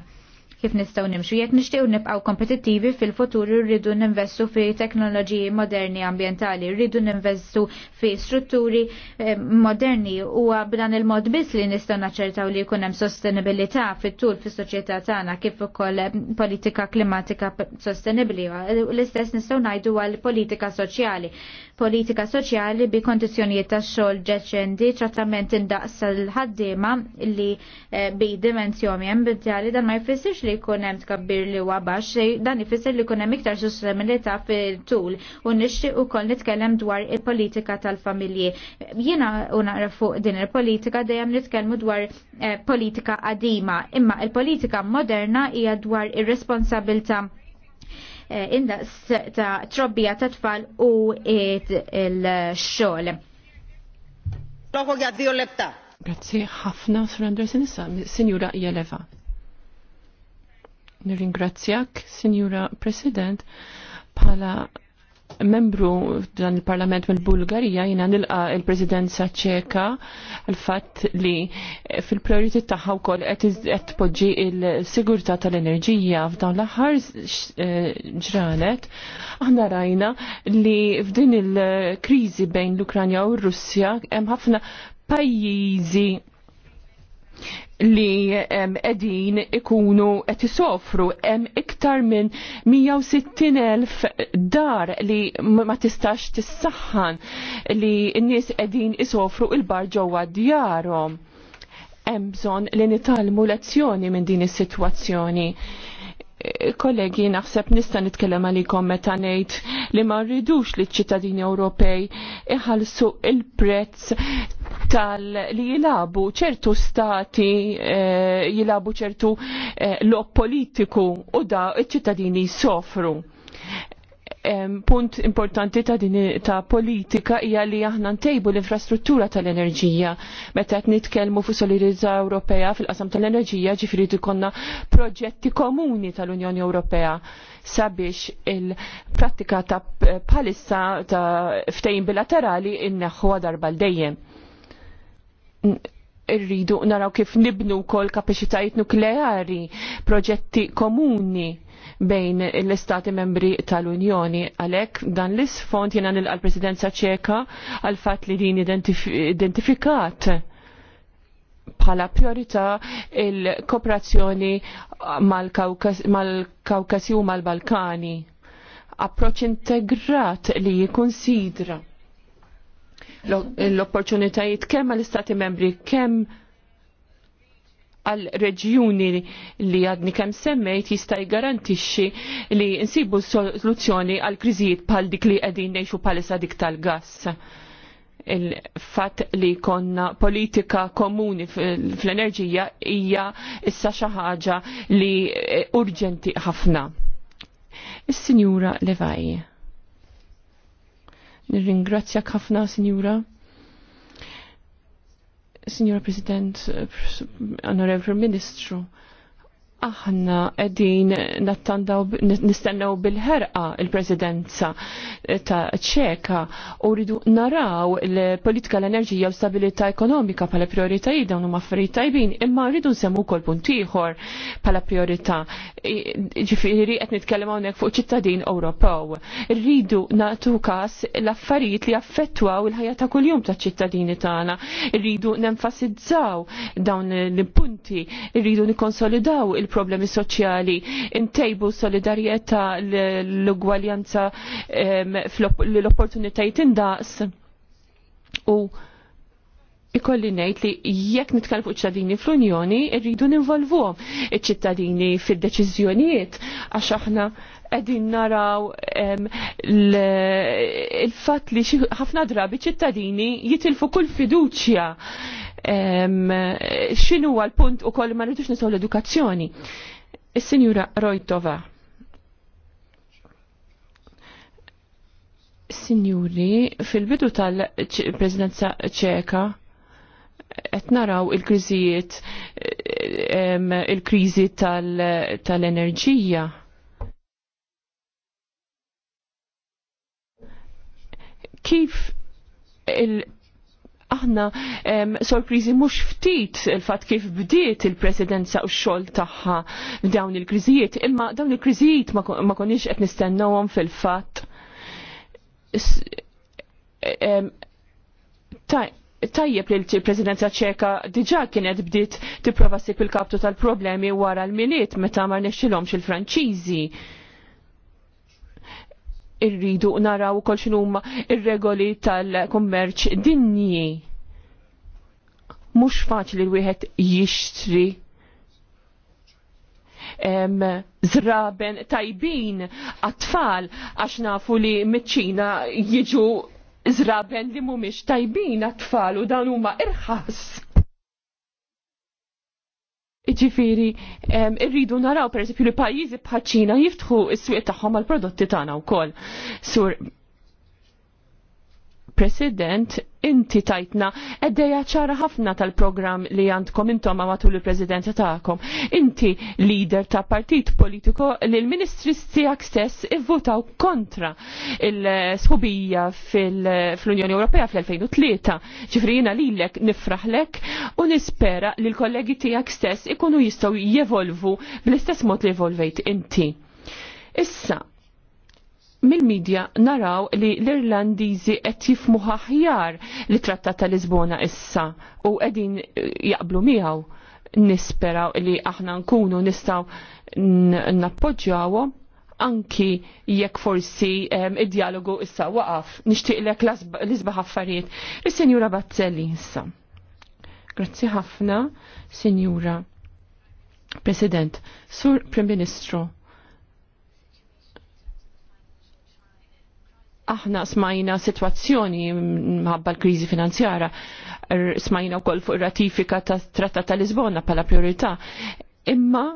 kif nistgħu nimxu. Jekk nixtiequ nibqgħu kompetittivi fil-futur irridu ninvestu fi teknoloġiji moderni ambjentali, rridu ninvestu fi strutturi eh, moderni u b'dan il-mod biss li nistgħu naċċertaw li jkun hemm sostenibilità fit-tul fis-soċjetà tagħna kif ukoll eh, politika klimatika sostenibbli. L-istess nistgħu ngħidu għal politika soċjali politika soċjali bi kondizjonijiet ta' xogħol ġeċendi, trattament indaqs l-ħaddiema li eh, bi dimensjoni ambizjali dan ma jfissirx li jkun hemm tkabbir li huwa baxx, eh, dan ifisser li jkun hemm iktar sostenibilità fil-tul u nixtieq ukoll nitkellem dwar il-politika tal-familji. Jiena u naqra fuq din il-politika dejjem nitkellmu dwar eh, politika qadima, imma il-politika moderna hija dwar ir responsabilità Eh, indaqs ta' trobbija ta' tfal u il-xogħol. Loħu għaddi u lebta. Grazzi ħafna, Sur Andersen, issa, Sinjura Jeleva. Nirringrazzjak, Signora President, pala membru dan il-Parlament mill bulgarija jina nilqa il-Presidenza ċeka għal-fatt li fil-prioriti tagħha wkoll qed tpoġġi il-sigurtà tal-enerġija f'dawn l-aħħar eh, ġranet aħna rajna li f'din il-kriżi bejn l-Ukranja u r-Russja hemm ħafna pajjiżi li edin ikunu qed sofru hemm iktar minn 160,000 dar li ma tistax tissaħħan li n-nies qegħdin isofru il-bar ġewwa djarhom. Hemm bżonn li nitalmu lezzjoni minn din is-sitwazzjoni kollegi naħseb nista' nitkellem għalikom meta ngħid li ma rridux li ċ-ċittadini Ewropej iħallsu il-prezz tal li jilabu ċertu stati eh, jilabu ċertu eh, lob politiku u da ċ-ċittadini jsofru punt importanti ta' din ta' politika hija li aħna ntejbu l-infrastruttura tal-enerġija. Meta qed nitkellmu fuq solidarità Ewropea fil-qasam tal-enerġija ġifieri ikonna proġetti komuni tal-Unjoni Ewropea sabiex il-prattika ta' palissa ta' ftejn bilaterali inneħħu darba l-dejjem irridu naraw kif nibnu kol kapacitajiet nukleari, proġetti komuni bejn l-istati membri tal-Unjoni. Għalek dan l-isfond jena nil presidenza ċeka għal fat li din identifikat bħala priorità il-kooperazzjoni mal kaukasi u mal-Balkani. Approċ integrat li jikonsidra l-opportunitajiet kemm għall-istati membri kemm għal reġjuni li għadni kem semmejt jista' garantixi li nsibu soluzzjoni għal kriżijiet bħal dik li qegħdin ngħixu bħalissa dik tal-gass il-fat li konna politika komuni fl-enerġija hija issa xi ħaġa li urġenti ħafna. Is-Sinjura Levaj. Nirringrazzjak ħafna, Sinjura. Signor President, eh, Onorevole Ministru, aħna għedin nattandaw nistennaw bil-ħerqa il-presidenza eh, ta' ċeka u rridu naraw l-politika l-enerġija u stabilità ekonomika pala prioritajiet dawn huma affarijiet tajbin imma rridu nsemmu wkoll punt ieħor pala priorità ġifiri qed nitkellem hawnhekk fuq ċittadin Ewropew. Rridu nagħtu każ l-affarijiet li affettwaw il-ħajja ta' kuljum ta' ċittadini tagħna. Rridu nenfasizzaw dawn l-punti, rridu nikkonsolidaw il problemi soċjali, intejbu solidarjetà l-ugwaljanza l-opportunitajiet indaqs u ikolli ngħid li jekk nitkellmu fuq ċittadini fl-Unjoni rridu ninvolvuhom iċ-ċittadini fid-deċiżjonijiet għax aħna qegħdin naraw il-fatt li ħafna drabi ċittadini jitilfu kull fiduċja xinu għal-punt u koll ma rridux nisaw l-edukazzjoni. Is-Sinjura Rojtova. Sinjuri, fil-bidu tal-Presidenza ċeka, qed naraw il-kriżijiet il-kriżi tal-enerġija. Kif il- aħna sorpriżi mhux ftit il-fatt kif bdiet il-presidenza u x-xogħol tagħha f'dawn il-kriżijiet, imma dawn il-kriżijiet ma konniex qed nistennawhom fil-fatt. Tajjeb li l-presidenza ċeka diġa kienet bdiet tipprova ssib il-kaptu tal-problemi wara l-miliet meta ma nexxilhomx il-Franċiżi. il franċiżi irridu naraw kol xinuma ir-regoli tal-kummerċ dinji. Mux faċli l-wieħed jixtri zraben tajbin għat-tfal għax nafu li mitċina jiġu zraben li mumiex tajbin għat-tfal u dan huma irħas Ġifiri, irridu naraw per esempio li pajizi bħaċ jiftħu s-swieq tagħhom għal prodotti tagħna wkoll. Sur President, inti tajtna eddeja ċara ħafna tal-program li għandkom intom matul il-Presidenza taħkom. Inti leader ta' partit politiko li l-Ministri tijak stess ivvotaw kontra il-sħubija fil-Unjoni Ewropea fil 2003 ċifrina li l-ek nifraħlek u nispera li l-kollegi tijak stess ikunu jistaw jevolvu bl-istess mod li evolvejt inti. Issa, mill-medja naraw li l-Irlandiżi qed jifmu aħjar li trattat ta' Lisbona issa u qegħdin eh, jaqblu miegħu nisperaw li aħna nkunu nistaw nappoġġjawhom anki jekk forsi id-dialogu issa waqaf nixtieq lek l-isbaħ affarijiet. Is-Sinjura Bazzelli issa. Grazzi ħafna, Sinjura President, Sur Prim Ministru aħna smajna situazzjoni mħabba l-krizi finanzjara, er, smajna u koll fuq ratifika ta' trattat ta' Lisbona pala priorità. Imma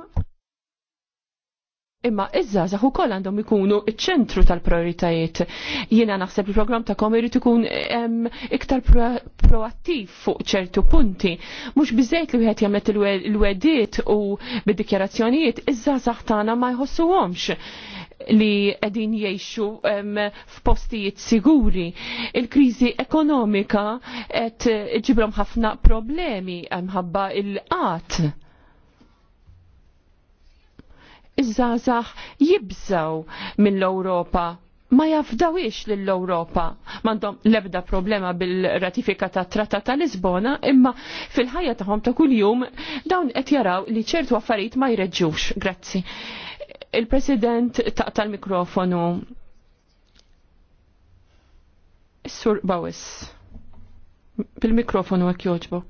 Imma izza zaħu kol għandhom ikunu iċ-ċentru tal-prioritajiet. Jiena naħseb il-programm ta' kom irid ikun iktar proattiv fuq ċertu punti. Mhux biżejt li wieħed jagħmel il-wediet u bid-dikjarazzjonijiet izza zaħtana ma jħossuhomx li edin jiexu f'postijiet siguri. Il-krizi ekonomika et ġibrom ħafna problemi għamħabba il-qat. Iż-żazax jibżaw mill-Ewropa ma jafdawix lill-Europa. Mandom lebda problema bil-ratifika ta' Trattat ta' Lisbona, imma fil-ħajja tagħhom ta' kuljum dawn qed jaraw li ċertu affarijiet ma jreġġux. Grazzi il-President taqta l-mikrofonu. Sur Bawis. Bil-mikrofonu għak joġbu.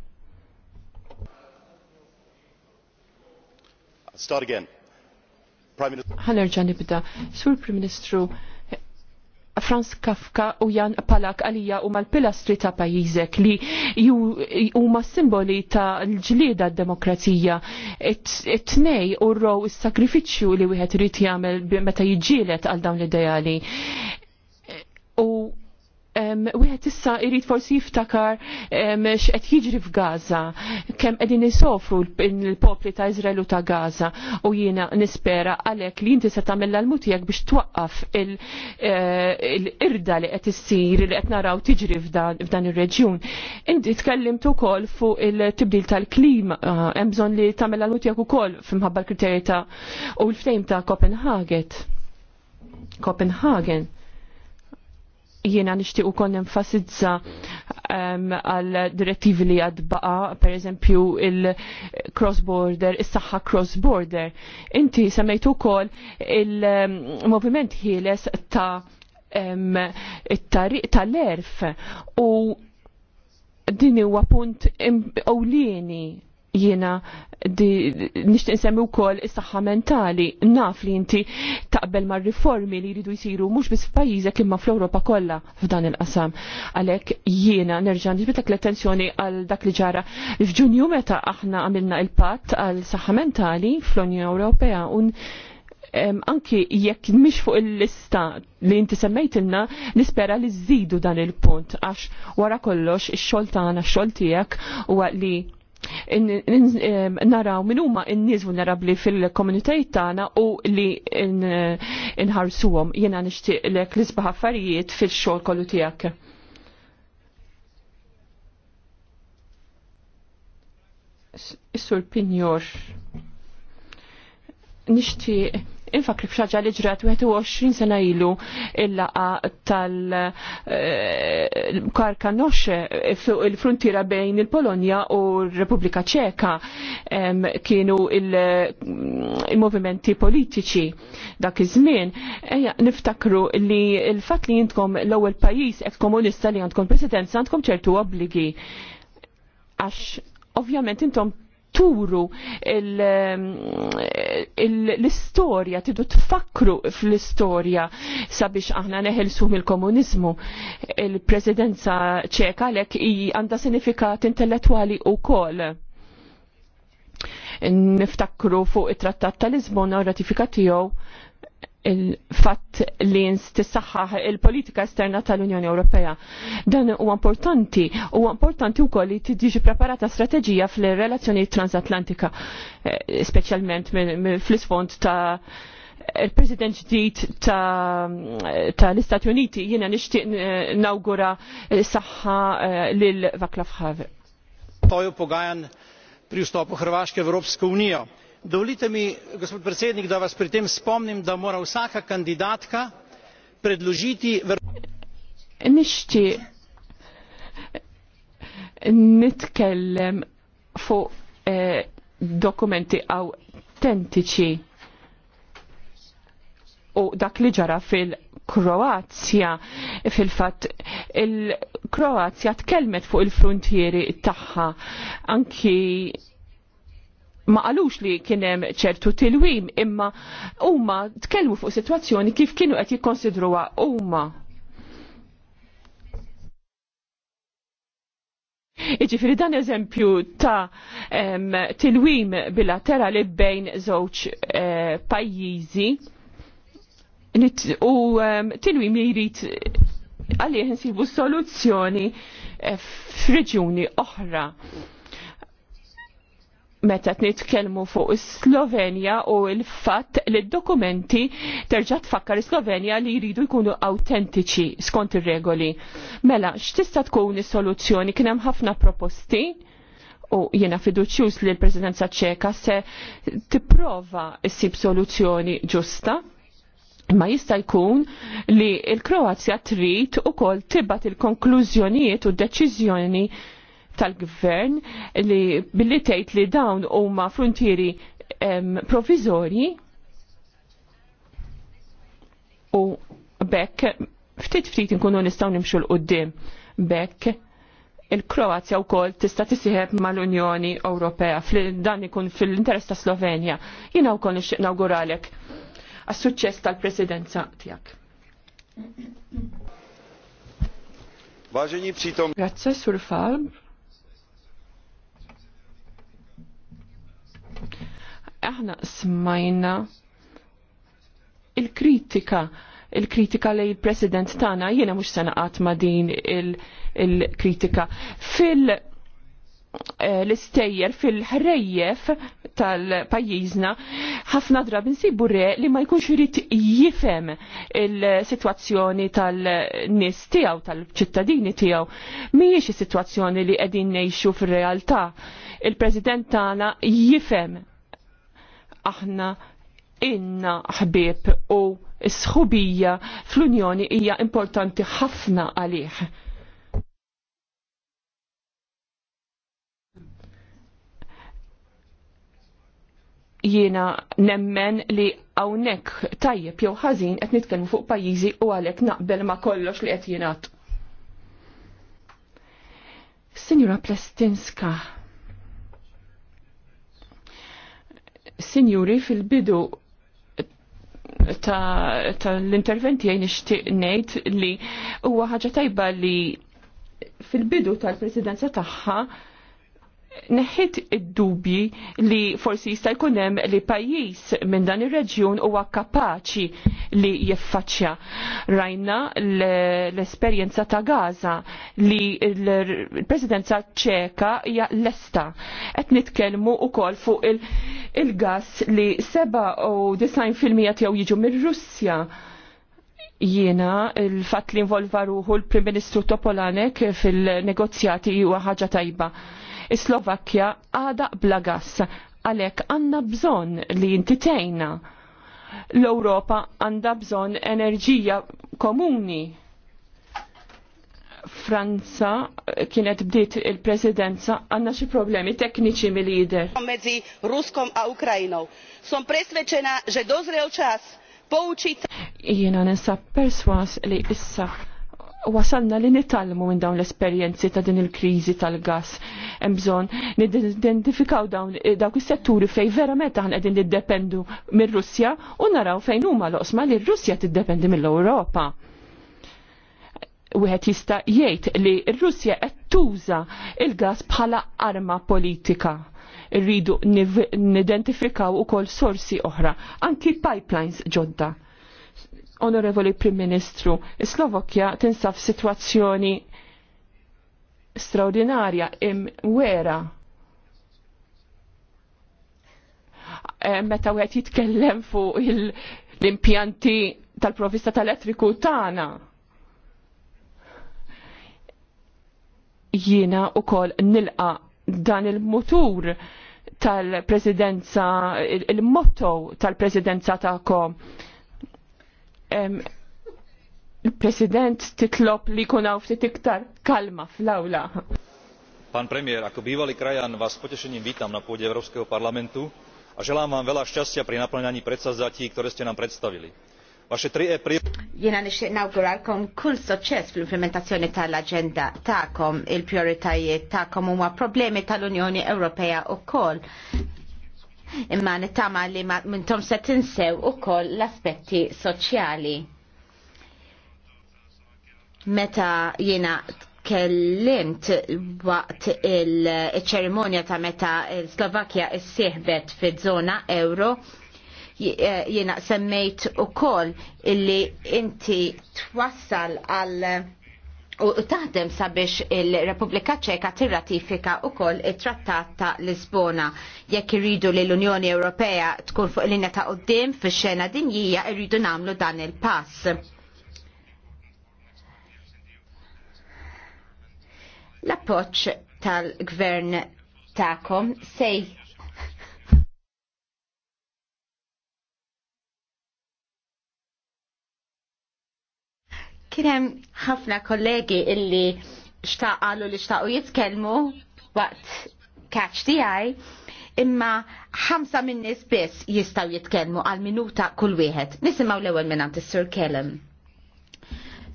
Start again. Prime Minister. Ħanerġa nibda. Sur Prime Minister, Franz Kafka u Jan Palak għalija u mal-pilastri ta' pajizek li huma simboli ta' l-ġlieda d-demokrazija. It-tnej u row is-sakrifiċċju li wieħed irid jagħmel meta jiġġielet għal dawn l-ideali. U Wieħed issa jrid forsi jiftakar x'qed jiġri f'Gaza, kemm qegħdin isofru l-popli ta' Iżraelu ta' Gaza u jiena nispera għalhekk li inti se tagħmel l tiegħek biex twaqqaf eh, l-irda li qed issir li qed naraw tiġri f'dan ir-reġjun. Inti tkellimt ukoll fuq il-tibdil tal-klima, eh, hemm bżonn li tagħmel l tiegħek ukoll f'imħabba l-kriterji ta' u l-ftejm ta' Copenhagen. Copenhagen jiena nixtieq ukoll nenfasizza ehm, għal direttivi li għad baqa, per eżempju il-cross border, is-saħħa cross border. Inti semmejtu ukoll il-moviment ehm, ħieles ta' ehm, it-tariq tal-erf u din huwa punt ewlieni jiena nishtiq insemmi wkoll is-saħħa mentali naf li inti taqbel mar-riformi li jridu jsiru mhux biss f'pajjiżek imma fl-Ewropa kollha f'dan il-qasam. Għalhekk jiena nerġa' nġibitek l-attenzjoni għal dak li ġara f'Ġunju meta aħna għamilna il-patt għal saħħa mentali fl-Unjoni Ewropea un anki jekk mhix fuq il-lista li inti semmejtilna nispera li żidu dan il-punt għax wara kollox ix-xogħol tagħna x-xogħol tiegħek huwa li naraw min huma n-nies vulnerabbli fil-komunitajiet tagħna u li nħarsuhom jiena nixtieq lek l-isbaħ affarijiet fix xogħol kollu tiegħek. Is-sur Pinjor nixtieq infakri fxaġa li ġrat 21 sena ilu il-laqa tal-karka eh, noxe il frontira bejn il-Polonja u r-Repubblika Ċeka kienu mm, il-movimenti politiċi dak iż-żmien. niftakru li l-fatt li jintkom l-ewwel pajjiż ek komunista li għandkom presidenza għandkom ċertu obbligi għax ovvjament intom turu mm, l-istorja, tidu tfakru fl-istorja sabiex aħna neħelsu mill-komunizmu. Il-presidenza ċeka lek għanda sinifikat intellettuali u kol. Niftakru fuq it-trattat tal-Lisbona u ratifika tiegħu il-fatt li tissaħħaħ il-politika esterna tal-Unjoni Ewropea. Dan huwa importanti, huwa importanti wkoll li tiġi preparata strateġija fl relazzjoni transatlantika, eh, speċjalment fl-isfond ta' il-President ġdijt ta' l-Istati Uniti jiena nixtieq eh, nawgura saħħa eh, lil Vaklav Havel. Toju pri ustopu Hrvaške Evropska Unija Dovolite mi, gospod predsednik, da vas pri tem spomnim, da mora vsaka kandidatka predložiti. Nixti nitkellem fuq eh, dokumenti autentiċi u dak li ġara fil-Kroazja fil-fat il-Kroazja tkellmet fuq il-frontieri tagħha anki ma qalux li kienem ċertu tilwim imma huma tkellmu fuq situazzjoni kif kienu qed jikkonsidruha huma. Iġifiri dan eżempju ta' tilwim bilaterali bejn żewġ eh, pajjiżi u em, tilwim li jrid għalih nsibu soluzzjoni eh, f'reġjuni oħra meta nitkellmu fuq Slovenja u l-fatt li d-dokumenti terġa' tfakkar Slovenja li jridu jkunu autentiċi skont ir-regoli. Mela, x'tista' tkun is-soluzzjoni? Kien hemm ħafna proposti u jiena fiduċjuż li l-Presidenza ċeka se tipprova ssib soluzzjoni ġusta ma jista' jkun li l-Kroazja trid ukoll tibat il-konklużjonijiet u d-deċiżjoni il konklużjonijiet u d deċiżjoni tal-gvern li billi tgħid li dawn huma frontieri provizorji u bekk ftit ftit inkunu nistgħu nimxu l qudiem bekk il-Kroazja u kol tista tisiħeb mal-Unjoni Ewropea dan ikun fil-interess ta' Slovenja. Jina u kol nixtieq għas-suċċess tal-presidenza tiegħek. Grazie, Sur Falb. Aħna smajna il-kritika il-kritika li il-president tana jiena mux sena ma din il-kritika. Il kritika fil Eh, l-istejjer fil-ħrejjef tal-pajjiżna ħafna drab insibu re li ma jkunx irid jifhem il-sitwazzjoni tal-nies tiegħu tal-ċittadini tiegħu. Mhijiex is-sitwazzjoni li qegħdin ngħixu fir-realtà. Il-President tagħna jifhem aħna inna ħbieb u sħubija fl-Unjoni hija importanti ħafna għalih. jiena nemmen li hawnhekk tajjeb jew ħażin qed nitkellmu fuq pajjiżi u għalhekk naqbel ma' kollox li qed jingħad. Sinjura Plestinska. Sinjuri fil-bidu ta', ta l-interventi jgħin ixtieq ngħid li huwa ħaġa tajba li fil-bidu tal-presidenza tagħha neħit id-dubji li forsi jista' jkun hemm li pajjiż minn dan ir-reġjun huwa kapaċi li jiffaċċja. Rajna l-esperjenza ta' Gaza li l-Presidenza ċeka hija lesta. Qed nitkellmu wkoll fuq il-gas il li 97% tiegħu jiġu mir-Russja jiena il-fatt li involva ruħu l-Prim Ministru Topolanek fil-negozjati huwa ħaġa tajba Slovakkja għada bla gass għalek għanna bżon li jintitejna. L-Europa għanda bżon enerġija komuni. Franza kienet bdiet il-presidenza għanna xi problemi tekniċi mill-lider. Mezzi Ruskom a Ukrajno. Son presveċena že dozrel Jiena nisa perswas li issa wasalna li nitalmu minn dawn l-esperjenzi ta' din il-kriżi tal-gas. Hemm bżonn nidentifikaw dawn eh, dawk is-setturi fej verament aħna qegħdin niddependu mir-Russja u naraw fejn huma l-oqsma li r-Russja tiddependi mill-Ewropa. Wieħed jista' jgħid li r-Russja qed tuża il-gas bħala arma politika rridu nidentifikaw ukoll sorsi oħra, anki pipelines ġodda Onorevoli Prim Ministru, Slovakja tinsab situazzjoni straordinarja wera. Eh, meta wieħed jitkellem fuq l-impjanti tal-provista tal-elettriku tagħna. Jiena ukoll nilqa dan il-mutur tal-presidenza, il-motto tal-presidenza tagħkom il-President titlob li kun hawn ftit iktar kalma fl-awla. Pán premiér, ako bývalý krajan vás potešením vítam na pôde Európskeho parlamentu a želám vám veľa šťastia pri naplňaní predsazatí, ktoré ste nám predstavili. Vaše 3 e pri... Jena nixtieq nawguralkom kull suċċess fl-implementazzjoni tal-aġenda tagħkom, il-prijoritajiet tagħkom huma problemi tal-Unjoni Ewropea kol imma nittama li mintom se tinsew u koll l-aspetti soċjali. Meta jena kellimt waqt il-ċerimonja ta' meta Slovakia s-sieħbet fi zona euro, jena eh, semmejt u koll illi inti twassal għal u taħdem sabiex il-Repubblika Ċeka tirratifika u koll il-Trattat ta' Lisbona. Jekk irridu li l-Unjoni Ewropea tkun fuq linja ta' qoddim fi xena dinjija irridu namlu dan il-pass. L-appoċ tal-gvern ta'kom sej Kienem ħafna kollegi illi xtaqalu li xtaqu jitkelmu waqt catch tijaj imma ħamsa minn nies biss jistgħu jitkellmu għal minuta kull wieħed. Nisimgħu l-ewwel minn is-Sur Kellem.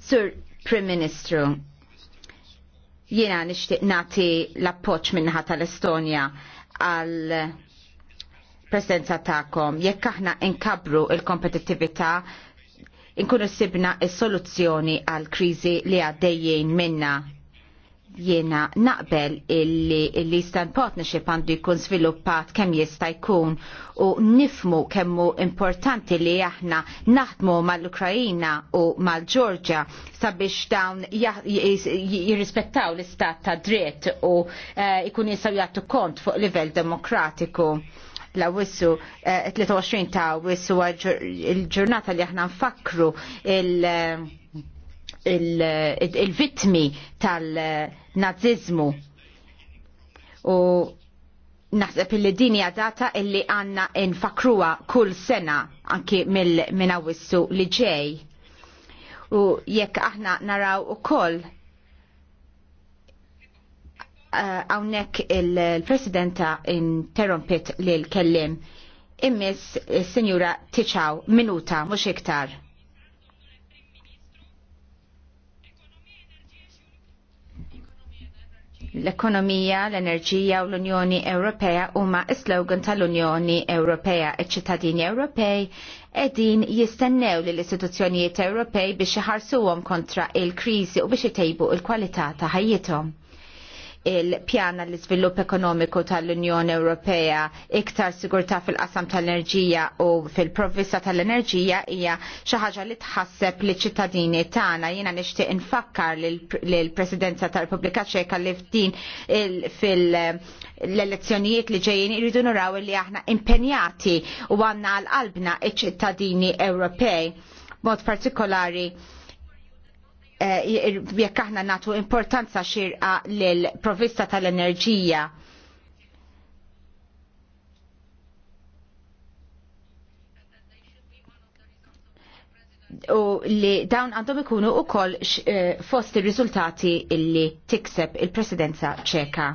Sur Prim Ministru, jiena nixtieq nagħti l-appoġġ minnaħa tal-Estonja għal presenza ta'kom. jekk aħna inkabru il-kompetittività inkunu sibna s-soluzzjoni għal kriżi li għaddejjien minna Jiena naqbel illi l-Eastern Partnership għandu jkun sviluppat kemm jista' jkun u nifmu kemmu importanti li aħna naħdmu mal-Ukrajina u mal-Ġorġja sabiex dawn jirrispettaw l-istat ta' dritt u jkun eh, jisaw jagħtu kont fuq livell demokratiku la wissu 23 eh, ta' wissu il-ġurnata li aħna nfakru il-vitmi tal-nazizmu u naħseb illi dini data illi għanna nfakruwa kull sena anki minna wissu li ġej. U jekk aħna naraw u koll Hawnhekk eh, il-Presidenta interrompit l kellim. Immis eh, senjura tiċaw minuta mhux iktar. L-ekonomija, l-enerġija u l-Unjoni Ewropea huma slogan tal-Unjoni Ewropea. e ċittadini Ewropej edin jistennew li l-istituzzjonijiet Ewropej biex iħarsuhom kontra il-kriżi u biex itejbu il-kwalità ta' ħajjithom il-pjana l iżvilupp ekonomiku tal-Unjoni Ewropea iktar sigurtà fil-qasam tal-enerġija u fil-provvista tal-enerġija hija xi ħaġa li tħasseb li ċittadini tagħna jiena nixtieq infakkar lill-Presidenza tal-Repubblika Ċeka li f'din fil-elezzjonijiet li ġejjin iridu nuraw li aħna impenjati u għandna għal qalbna iċ-ċittadini Ewropej mod partikolari Eh, jekk aħna natu importanza xirqa lil provista tal-enerġija u li dawn għandhom ikunu u koll eh, fost il-rizultati illi tikseb il-presidenza ċeka.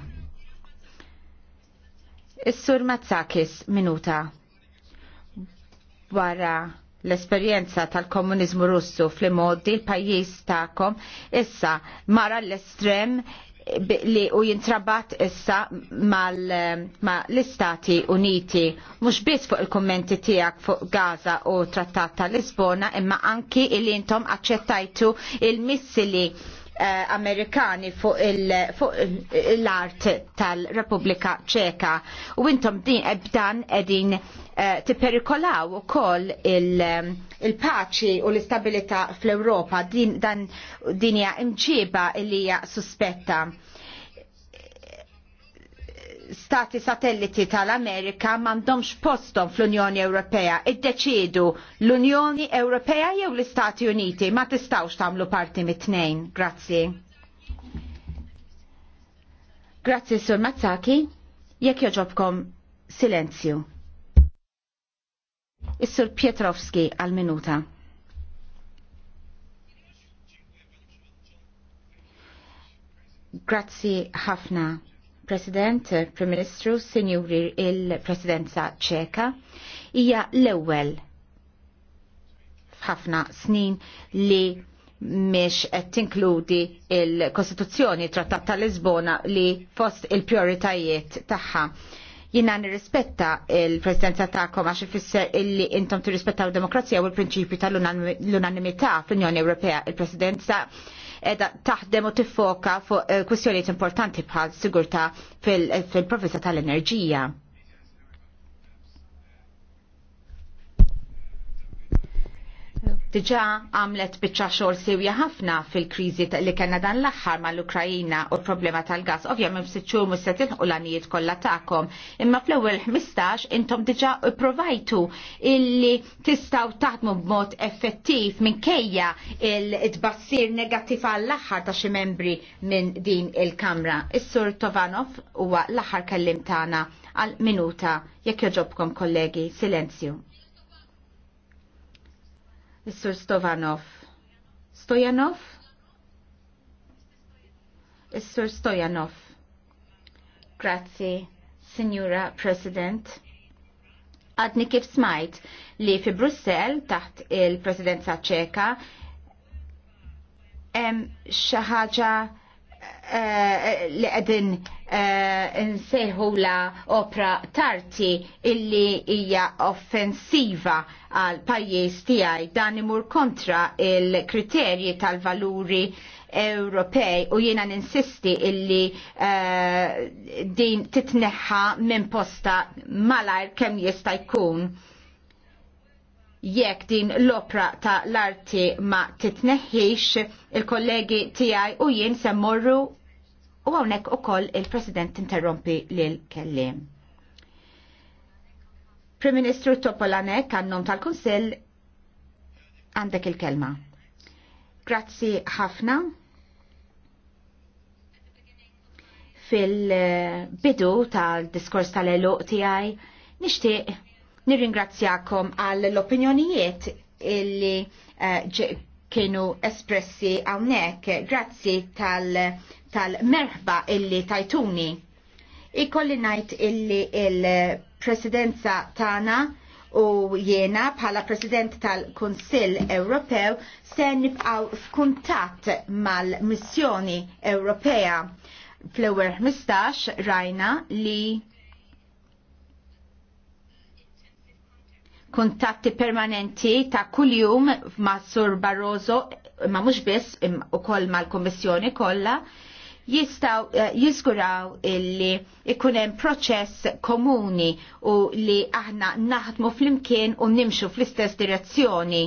Is-sur Mazzakis, minuta. Wara l-esperienza tal-komunizmu russu fl-modi l-pajis ta'kom issa mara l-estrem li u jintrabat issa mal-Istati Uniti mux bis fuq il-kommenti tijak fuq Gaza u trattat tal-Lisbona imma anki il intom accettajtu il-missili eh, Amerikani fuq l-art tal-Repubblika ċeka u intom din ebdan eh, edin Eh, tipperikolaw ukoll um, il-paċi u l-istabilità fl-Ewropa din dan dinja imġiba li hija suspetta stati satelliti tal-Amerika mandomx postom fl-Unjoni Ewropea. id-deċidu l-Unjoni Ewropea jew l-Istati Uniti ma tistawx tamlu parti mit-tnejn. Grazzi. Grazzi, Sur Mazzaki. Jekk joġobkom silenzju. Is-Sur Pietrowski għal-minuta. Grazzi ħafna, President, Prim Ministru, Sinjuri il-Presidenza ċeka. Hija l-ewwel ħafna snin li miex qed tinkludi il-Kostituzzjoni Trattat ta' Lisbona li fost il-prioritajiet tagħha Jina nirrispetta il-presidenza ta'kom għax ifisser illi intom tirrispettaw demokrazija u l-prinċipju tal-unanimità fl-Unjoni Ewropea. Il-presidenza edha taħdem u tiffoka fuq eh, kwistjonijiet importanti bħal sigurta fil-provvista tal-enerġija. diġa għamlet bieċa xol sewja ħafna fil-krizi li kena dan l-axħar ma l-Ukrajina u problema tal-gas. Ovvjament b'sitxur musset tilħu l-anijiet kollha tagħkom. Imma fl-ewwel 15 intom diġa provajtu illi tistaw taħdmu b'mod effettiv minkejja il-tbassir negattiv għall-axħar ta' xi membri minn din il-Kamra. Is-Sur Tovanov huwa l-axħar kellim tagħna għal minuta jekk joġobkom kollegi silenzju. Is-Sur Stovanov. Stojanov? Is-Sur Stojanov. Grazzi, Signora President għadni kif smajt li fi Brussel taħt il-presidenza ċeka xi ħaġa Eh, li għedin eh, nsejħu la opra tarti illi hija offensiva għal pajjiż tiegħi dan imur kontra il-kriterji tal-valuri Ewropej u jiena ninsisti illi uh, din titneħħa minn posta malajr kemm jista' jkun jekk din l-opra ta' l-arti ma titneħħix il-kollegi tiegħi u jien se morru u hawnhekk ukoll il-President interrompi lil kellim. Prim Ministru Topolanek għannom tal-Kunsill għandek il-kelma. Grazzi ħafna. Fil-bidu tal-diskors tal-eluq tiegħi nixtieq Nirringrazzjakom għall l-opinjonijiet illi uh, kienu espressi għawnek. Grazzi tal-merħba tal illi tajtuni. Ikolli najt illi il-presidenza tana u jiena bħala President tal-Kunsill Ewropew se nibqaw f'kuntatt mal-Missjoni Ewropea. Fl-ewwel 15 rajna li kuntatti permanenti ta' kuljum ma' Sur Barroso ma' mhux biss ukoll mal-Kummissjoni kollha jistaw eh, jizguraw illi ikunem proċess komuni u li aħna naħdmu fl-imkien u nimxu fl-istess direzzjoni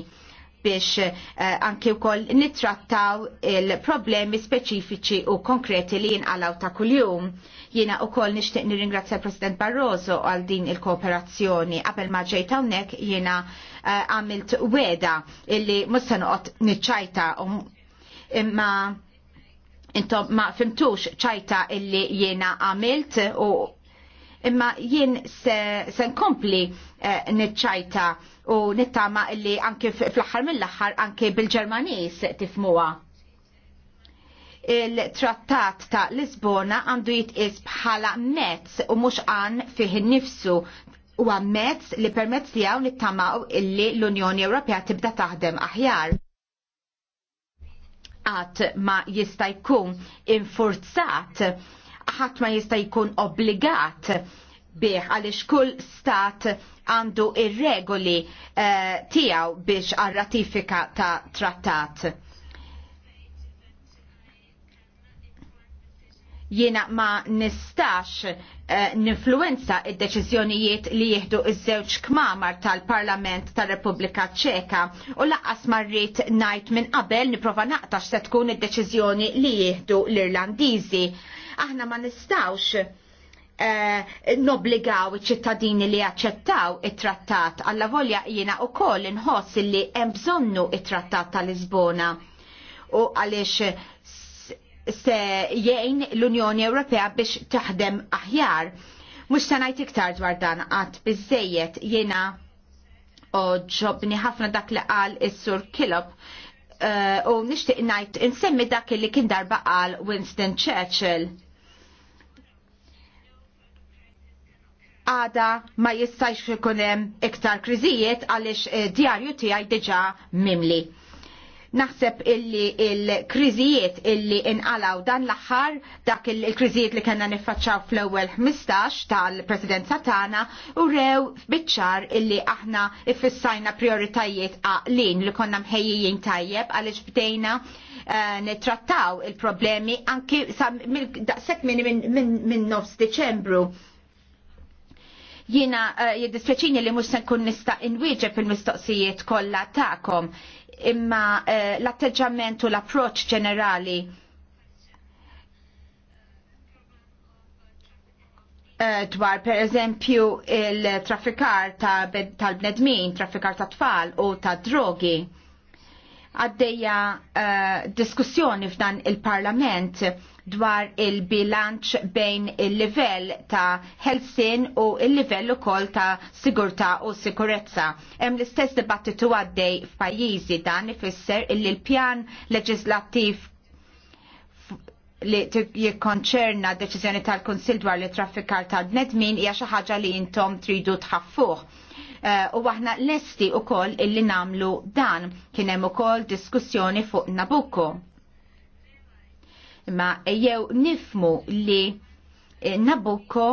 biex uh, eh, anki wkoll nittrattaw il-problemi speċifiċi u konkreti li jinqalaw ta' kuljum. Jiena wkoll nixtieq nirringrazzja president Barroso għal din il-kooperazzjoni. Qabel ma ġejt hawnhekk jiena eh, għamilt uh, weda illi mhux se noqgħod niċċajta um, imma intom ma fimtux ċajta illi jiena għamilt u imma jien se nkompli eh, nitċajta u nittama illi anke fl-aħħar mill-aħħar anke bil-Ġermanis tifmuha il-trattat ta' Lisbona għandu jitqis bħala mezz u mhux għan fih nifsu u mezz li permezz tiegħu nittamaw illi l-Unjoni Ewropea tibda taħdem aħjar. Għat ma jista' jkun infurzat ħadd ma jista' jkun obbligat bih għaliex kull stat għandu ir-regoli eh, tiegħu biex għar-ratifika ta' trattat. jiena ma nistax uh, nifluenza id-deċiżjonijiet li jieħdu iż-żewġ kmamar tal-Parlament tal-Repubblika Ċeka u laqqas marrit najt minn qabel niprofa naqtax se tkun id-deċiżjoni li jieħdu l-Irlandiżi Aħna ma nistawx eh, nobligaw iċ-ċittadini li jaċċettaw it-trattat alla volja jiena u koll inħoss li hemm bżonnu it-trattat tal-Lisbona u għaliex se jgħin l-Unjoni Ewropea biex taħdem aħjar. Mux se ngħid iktar dwar dan qatt biżejjed jiena oġobni ħafna dak li qal is-Sur Kilob Eh, u nixtieq ngħid insemmi dak li kien darba qal Winston Churchill. Għada ma jistajx ikun hemm iktar kriżijiet għaliex eh, djarju tiegħi diġà mimli. Naħseb illi il-kriżijiet illi inqalaw dan l-aħħar dak il-kriżijiet li kena niffaċċaw fl-ewwel 15 tal-presidenza tagħna u rew biċċar illi aħna ifissajna prioritajiet għaqlin li konna mħejjijin tajjeb għaliex bdejna eh, nitrattaw il-problemi anki daqshekk minn nofs Deċembru Jiena eh, jiddispjaċini li mhux se nkun nista' inwieġeb il mistoqsijiet kollha tagħkom imma eh, l-atteġġament u l-approċ ġenerali eh, dwar per eżempju il-traffikar tal-bnedmin, ta traffikar ta' tfal u ta' drogi għaddeja uh, diskussjoni f'dan il-parlament dwar il-bilanċ bejn il-livell ta' Helsin u il-livell ukoll ta' sigurtà u sikurezza. Hemm l-istess dibattitu għaddej f'pajjiżi dan ifisser il l-pjan leġislattiv li jikkonċerna deċiżjoni tal-Konsil dwar li traffikar tal-bnedmin hija xi ħaġa li intom tridu tħaffuh eh, u aħna lesti u koll illi namlu dan kienem u koll diskussjoni fuq Nabucco imma jew nifmu li eh, Nabucco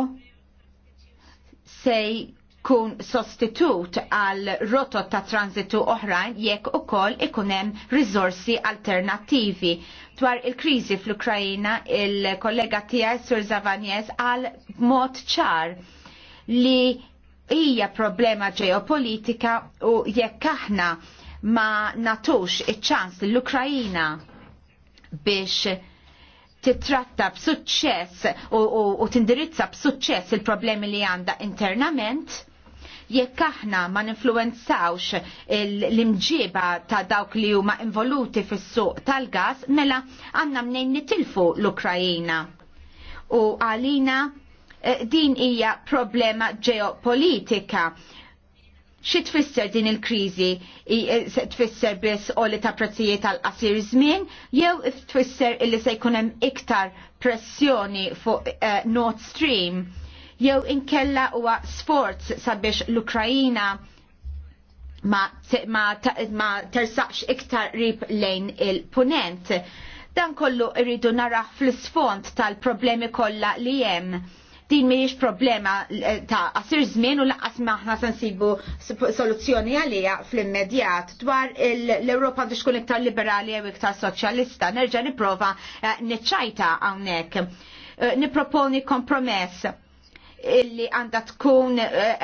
se kun sostitut għal rotot ta' transitu oħrajn jekk ukoll ikunem rizorsi alternativi. Dwar il-krizi fl-Ukrajina, il-kollega tiegħi Sur Zavanjes għal mod ċar li hija problema ġeopolitika u jekk aħna ma natux iċ-ċans l-Ukrajina biex titratta b'suċċess u tindirizza b'suċċess il-problemi li għandha internament, jekk aħna ma ninfluenzawx l-imġiba ta' dawk li huma involuti fis-suq tal-gas, mela għandna mnejn nitilfu l-Ukrajina. U għalina eh, din hija problema ġeopolitika xi tfisser din il-kriżi e, se tfisser biss li ta' prezzijiet għal qasir żmien jew tfisser illi se jkun hemm iktar pressjoni fuq uh, Nord Stream jew inkella huwa sforz sabiex l-Ukrajina ma, ma, ma tersaqx iktar rib lejn il-punent. Dan kollu irridu naraħ fl isfond tal-problemi kollha li hemm Din mhijiex problema eh, ta' qasir żmien u laqqas maħna se nsibu soluzzjoni għaliha fl-immedjat dwar l-Ewropa biex tkun iktar liberali jew iktar soċjalista. Nerġa' nipprova eh, niċċajta hawnhekk. Eh, niproponi kompromess illi għandha tkun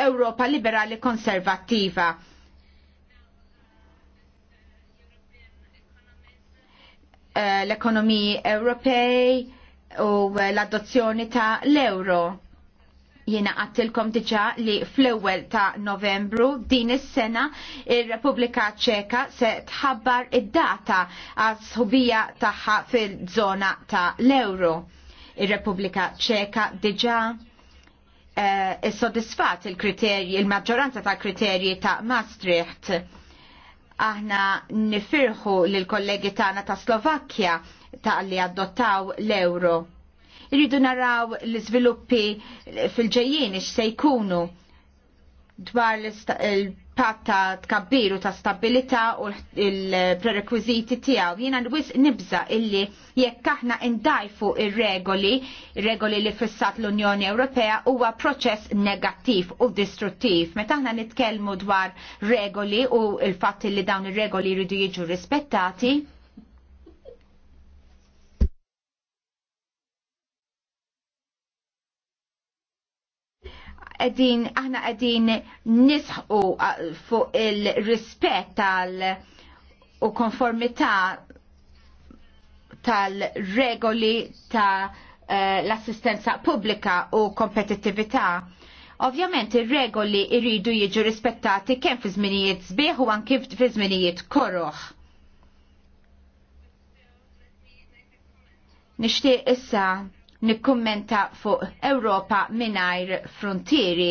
Ewropa liberali konservattiva. l-ekonomiji Ewropej, u l-adozzjoni ta' l-euro. Jiena għattilkom diġa li fl ewwel ta' novembru din is-sena il repubblika Ċeka se tħabbar id-data għas ħubija tagħha fil-żona ta' l-euro. Ir-Repubblika Ċeka diġa eh, is-sodisfat il-kriterji, il-maġġoranza ta' kriterji ta' Maastricht Aħna nifirħu lil kollegi tagħna ta' Slovakkja ta' li adottaw l-euro. Irridu naraw l-iżviluppi fil-ġejjien ix se jkunu dwar l patta tkabbiru ta' stabilita u il prerequisiti tijaw. Jena wis nibza illi jekk aħna indajfu il-regoli, regoli li fissat l-Unjoni Ewropea huwa proċess negattiv u distruttiv. Meta aħna nitkellmu dwar regoli u il-fatt li dawn ir-regoli jridu jiġu rispettati, edin, aħna qegħdin nisħu uh, fuq il-rispett tal u konformità tal-regoli ta' eh, l-assistenza pubblika u kompetittività. Ovvjament ir-regoli jridu jiġu rispettati kemm fi żminijiet sbieħ u anke fi żminijiet koroħ. Nixtieq issa nikkummenta fuq Ewropa mingħajr frontieri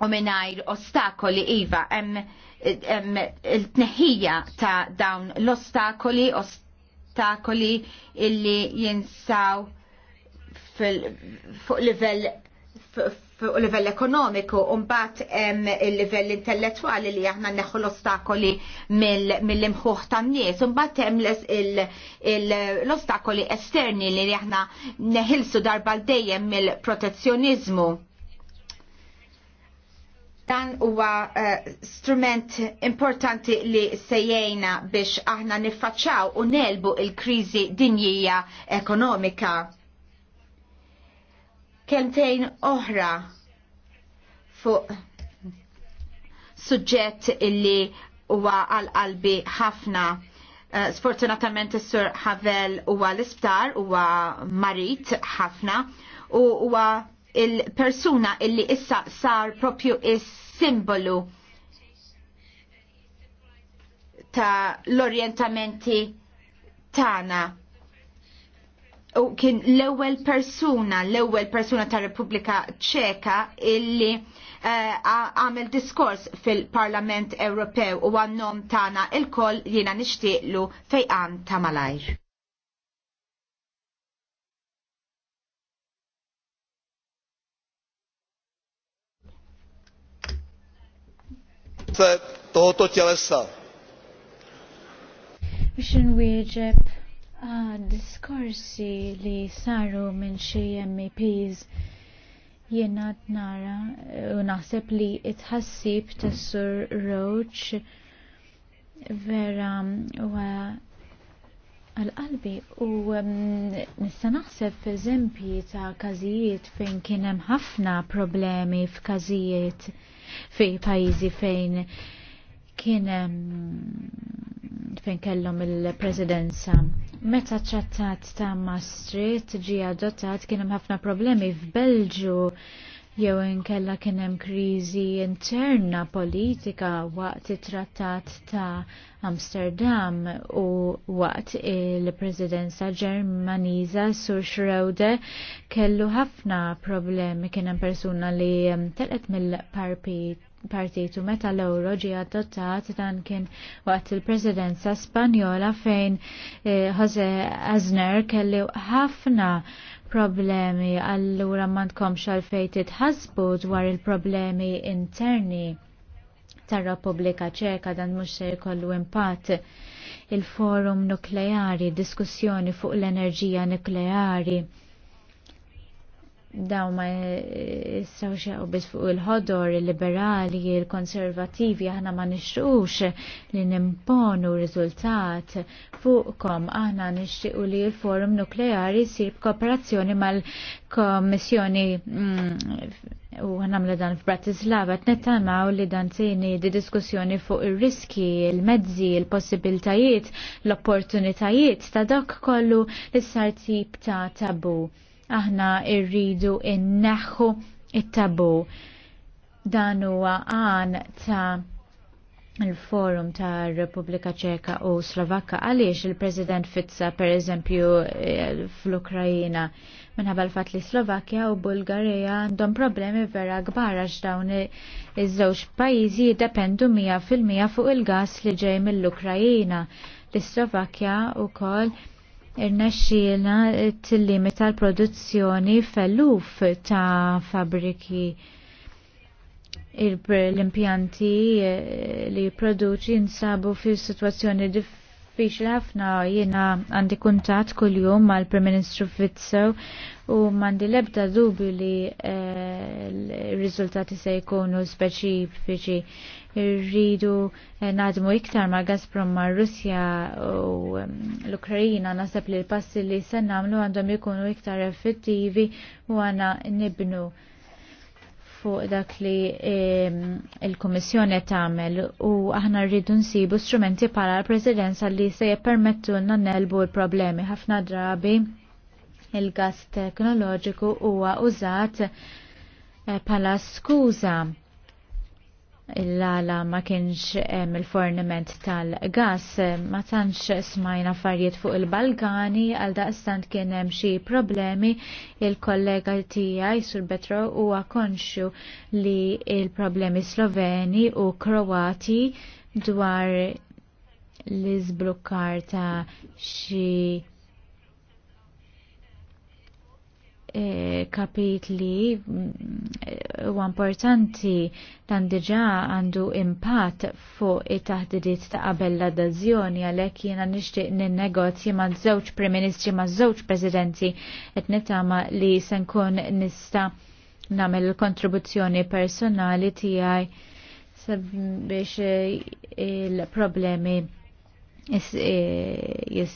u mingħajr ostakoli iva hemm il-tneħħija ta' dawn l-ostakoli ostakoli illi jinsaw fuq livell fuq livell ekonomiku u mbagħad hemm il-livell intellettwali li aħna neħu l-ostakoli mill-imħuħ tan-nies u mbagħad hemm l-ostakoli esterni li aħna neħilsu darba dejjem mill-protezzjoniżmu. Dan huwa eh, strument importanti li sejjejna biex aħna niffaċċaw u nelbu il-kriżi dinjija ekonomika Kemtejn oħra fuq suġġett illi huwa għal-qalbi ħafna. Eh, sfortunatament is-sur Havel huwa l-isptar, huwa marit ħafna u huwa il-persuna illi issa sar propju is-simbolu ta' l-orientamenti tana kien l-ewwel persuna, l-ewwel persuna tar-Repubblika Ċeka illi eh, għamel uh, diskors fil-Parlament Ewropew u għannom tana il-koll jiena nixtieqlu fejqan ta' malajr. tohoto tělesa. Biex nwieġeb Ah, diskorsi li saru minn xi MEPs t nara u naħseb li itħassib tas-sur Roach vera u um, għal-qalbi u um, nista naħseb f'eżempji ta' każijiet fejn kien hemm ħafna problemi f'każijiet fej pajizi fejn kien fejn kellhom il-presidenza. Meta ċattat ta' Maastricht ġi adottat kien hemm ħafna problemi f'Belġu jew inkella kien hemm kriżi interna politika waqt it-trattat ta' Amsterdam u waqt il-presidenza Ġermaniża Sur Schroeder kellu ħafna problemi kien hemm persuna li telqet mill-parpit partitu meta l-euro ġi adottat dan kien waqt il-presidenza Spanjola fejn eh, Jose Azner kelli ħafna problemi għallura mandkom fejtit ħasbu dwar il-problemi interni tar-Repubblika Ċeka dan mhux se jkollu impatt il-forum nukleari, diskussjoni fuq l-enerġija nukleari daw ma jistaw xequ bis fuq il-ħodor, il-liberali, il-konservativi, aħna ma nixtuqux li nimponu riżultat fuqkom, aħna nixtiqu li l-forum nukleari sir b'kooperazzjoni mal-Komissjoni mm, u għanamlu dan f'Bratislava, t-nettamaw li dan tini di diskussjoni fuq il-riski, il-mezzi, il-possibiltajiet, l-opportunitajiet ta' dak kollu li sar ta' tabu aħna irridu inneħħu it-tabu. Dan huwa għan ta' il-forum ta' Repubblika Ċeka u Slovakka għaliex il-President Fitza per eżempju eh, fl-Ukrajina minħabba l-fat li Slovakkja u Bulgarija għandhom problemi vera kbar għax dawn iż-żewġ pajjiżi jiddependu 100% fuq il-gas li ġej mill-Ukrajina. L-Slovakkja wkoll t tillimita l-produzzjoni felluf ta' fabriki l-impjanti eh, li produċi nsabu fi situazzjoni differenti diffiċli ħafna jiena għandi kuntat kuljum mal-Prim Ministru Fitzew u mandi lebda dubju li r-riżultati eh, se jkunu speċifiċi rridu eh, nadmu iktar ma' Gazprom ma' Russja u l-Ukrajina nasab li l-passi li sen namlu għandhom ikunu iktar effettivi u għana nibnu fuq dak li il-Komissjoni tagħmel u aħna rridu nsibu strumenti bħala l-Presidenza li se jippermettu nelbu l-problemi ħafna drabi il-gas teknoloġiku huwa użat pala eh, skuża l-għala ma kienx il-forniment tal-gas, ma tantx smajna affarijiet fuq il-Balkani, għal daqstant kien hemm xi problemi il-kollega tiegħi sur Betro huwa għakonxu li il-problemi Sloveni u Kroati dwar l izblukkar ta' xi E, kapitli mm, u importanti dan diġa għandu impatt fuq it-taħdidiet ta' qabel l-adazzjoni għalhekk jiena nixtieq ninnegozji ma' żewġ Prim-Ministri ma' żewġ Presidenti qed nitama li se nkun nista' nagħmel il-kontribuzzjoni personali tiegħi biex il-problemi e,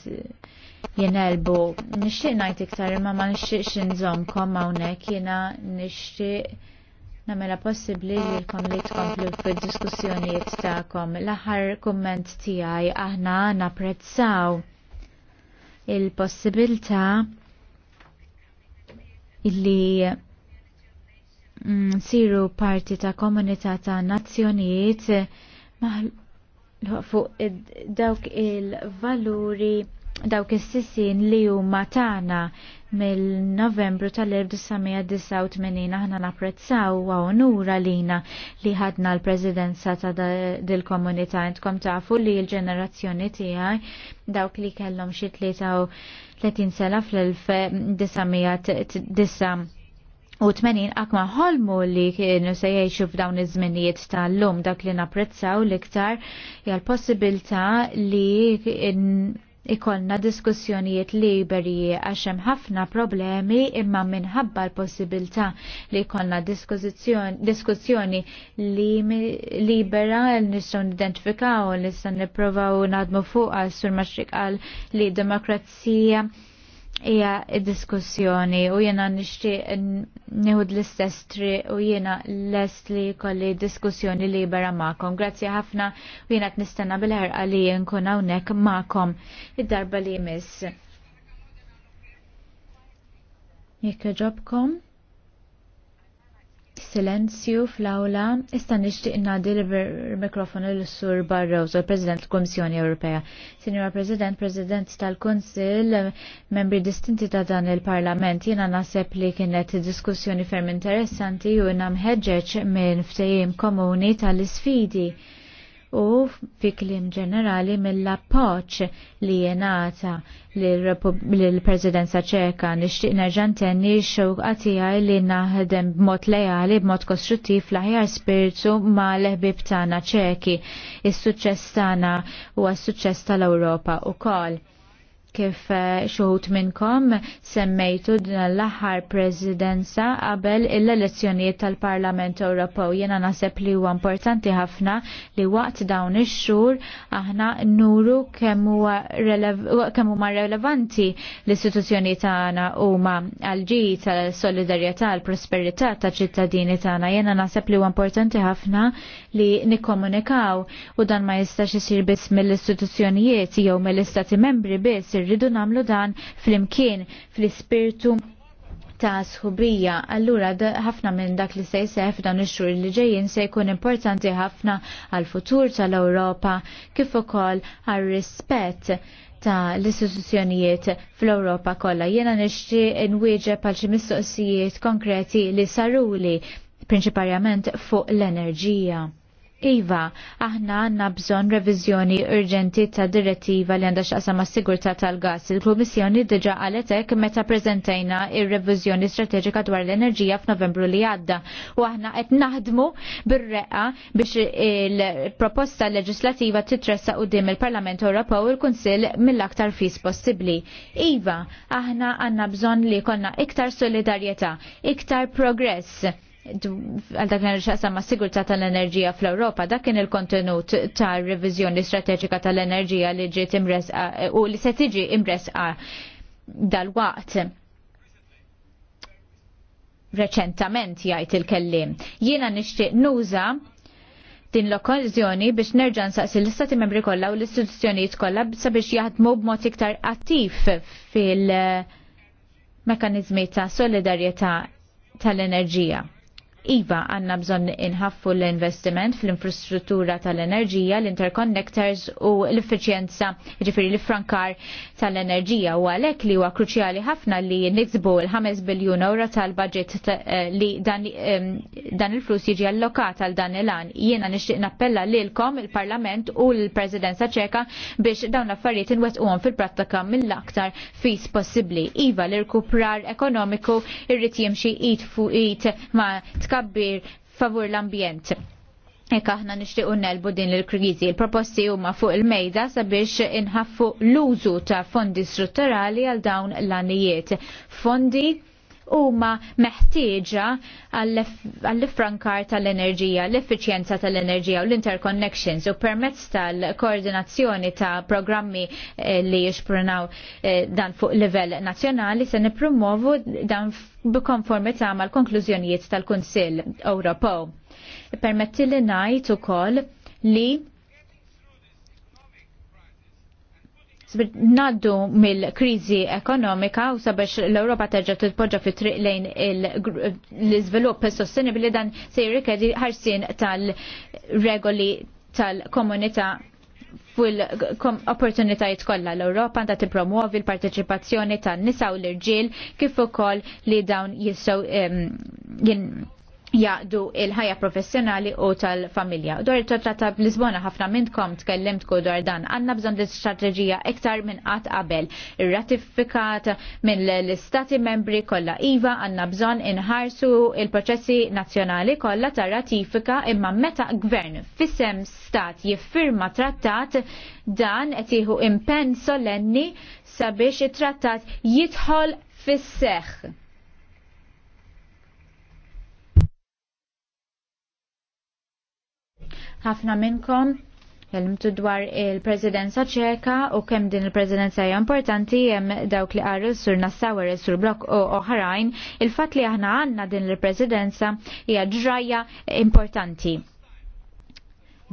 jenelbu. Nixtieq ngħid iktar imma ma nixtieqx inżommkom hawnhekk jiena nixtieq nagħmilha possibbli lilkom li tkomplu fid-diskussjonijiet tagħkom. L-aħħar kumment tiegħi aħna napprezzaw il-possibilità illi mm, siru parti ta' komunità ta' nazzjonijiet fuq dawk il-valuri dawk is-sissin li huma tagħna mill-Novembru tal-1989 aħna napprezzaw wa onura lina li ħadna l-Presidenza ta' dil-komunità. Intkom tafu li l-ġenerazzjoni tiegħi dawk li kellhom xi 33 sena fl-1989 U 80 akma ħolmu li kienu se jgħixu f'dawn iż-żminijiet tal-lum dak li napprezzaw l-iktar hija l-possibilità li ikollna diskussjonijiet liberi għax hemm ħafna problemi imma minħabba l-possibilità li jkollna diskussjoni li libera nistgħu nidentifikaw u nistgħu nippruvaw nadmu fuq għal sur ma li demokrazija hija diskussjoni u jiena nishti nieħud l-istess tri u jiena lest li kolli diskussjoni libera ma'kom. Grazzi ħafna u jiena qed nistenna bil-ħerqa li nkun hawnhekk ma'kom id-darba li jmiss. Jekk ġobkom? silenzju fl-awla issa nixtieq ngħaddi l-mikrofonu l sur Barroso, President tal-Kummissjoni Ewropea. Sinjora President, President tal-Kunsill, membri distinti ta' dan il-Parlament, jiena naħseb li kienet diskussjoni ferm interessanti u namħedġeċ minn ftejim komuni tal-isfidi u fi klim ġenerali mill-appoċ li jenata l-Presidenza ċeka nixtieq nerġa' ntenni x-xewqatijaj li naħdem b'mod lejali b'mod kostruttiv l-aħjar spiritu ma l-ħbib tagħna ċeki. Is-suċċess tagħna huwa s-suċċess tal-Ewropa wkoll kif eh, xuħut minnkom semmejtu din l-aħħar prezidenza qabel l-elezzjonijiet tal-Parlament Ewropew. Jena naħseb li huwa importanti ħafna li waqt dawn ix-xhur aħna nuru kemm huma relevanti l-istituzzjoni tagħna huma għal-ġid tal-solidarjetà għall-prosperità taċ-ċittadini tagħna. Jena naħseb li huwa importanti ħafna li nikkomunikaw u dan ma jistax isir biss mill-istituzzjonijiet jew mill-istati membri biss irridu namlu dan fl-imkien fl-ispirtu ta' sħubija. Allura, ħafna minn dak li se jseħ f'dan ix-xhur li ġejjin se jkun importanti ħafna għal-futur tal-Ewropa kif ukoll għal-rispett ta' l-istituzzjonijiet fl-Ewropa kollha. Jiena nixtieq nwieġeb għal xi mistoqsijiet konkreti li saruli prinċiparjament fuq l-enerġija. Iva, aħna għanna bżon revizjoni urġenti ta' direttiva li għandha xaqsa ma' sigurtà tal-gas. Il-Kummissjoni diġa għaletek meta prezentajna il revizjoni strateġika dwar l-enerġija f'Novembru li għadda. U aħna qed naħdmu bir-reqqa biex il-proposta leġislativa titressa dim il-Parlament Ewropew u l-Kunsill mill-aktar fis possibbli. Iva, aħna għanna bżon li konna iktar solidarjetà, iktar progress għal dak nirċaqsam ma' sigurta tal-enerġija fl-Ewropa, dak kien il-kontenut ta' revizjoni strateġika tal-enerġija li ġiet imresqa eh, u li se tiġi imresqa dal-waqt reċentament jgħid il kelli Jiena nixtieq nuża din l okkazjoni biex nerġa' nsaqsi l-istati membri kollha u l-istituzzjonijiet kollha sabiex jaħdmu b'mod iktar attiv fil-mekanizmi ta' solidarjetà tal-enerġija. Iva għanna bżon inħaffu l-investiment fl-infrastruttura tal-enerġija, l-interconnectors u l-efficienza, ġifiri l-frankar tal-enerġija u għalek li huwa kruċjali ħafna li nitzbu l-5 biljun euro tal-budget eh, li dan, dan il-flus jiġi allokat għal dan il-an. Jiena nixtieq nappella lilkom il-Parlament u l-Presidenza ċeka biex dawn l-affarijiet inwettquhom fil-prattika mill-aktar fis possibbli. Iva l-irkuprar ekonomiku irrid jimxi it fuq it ma' tkabbir favur l-ambjent. Ek aħna nixtiequ nelbu din il krizi Il-proposti huma fuq il-mejda sabiex inħaffu l-użu ta' fondi strutturali għal dawn l annijiet Fondi huma meħtieġa għall-ifrankar tal-enerġija, l-effiċjenza tal-enerġija u l-interconnections u permezz tal-koordinazzjoni ta' programmi eh, li jixprunaw eh, dan fuq livell nazzjonali se nipromovu dan b'konformità mal-konklużjonijiet tal-Kunsill Ewropew. Permetti li ngħid ukoll li naddu mill-krizi ekonomika u sabiex l-Europa terġa' titpoġġa fi triq lejn l-iżvilupp sostenibbli dan se jirrikedi ħarsien tal-regoli tal-komunità fil-opportunitajiet kollha l-Ewropa għandha tippromuovi l-parteċipazzjoni tan-nisa u l-irġiel kif ukoll li dawn jistgħu jaqdu il-ħajja professjonali u tal-familja. Dwar it-totrata b'Lisbona ħafna minnkom tkellimtku dwar dan. Għandna bżonn l-istrateġija iktar minn qatt qabel. Irratifikat minn l-istati membri kollha iva għandna bżonn inħarsu il-proċessi nazzjonali kollha ta' ratifika imma meta gvern fissem stat jiffirma trattat dan qed impen impenn solenni sabiex it-trattat jidħol fis-seħħ ħafna minnkom jelmtu dwar il-prezidenza ċeka u kemm din il-prezidenza hija importanti hemm dawk li għarru sur Nassawer sur Blok u oħrajn, il-fatt li aħna għandna din il-prezidenza hija ġraja importanti.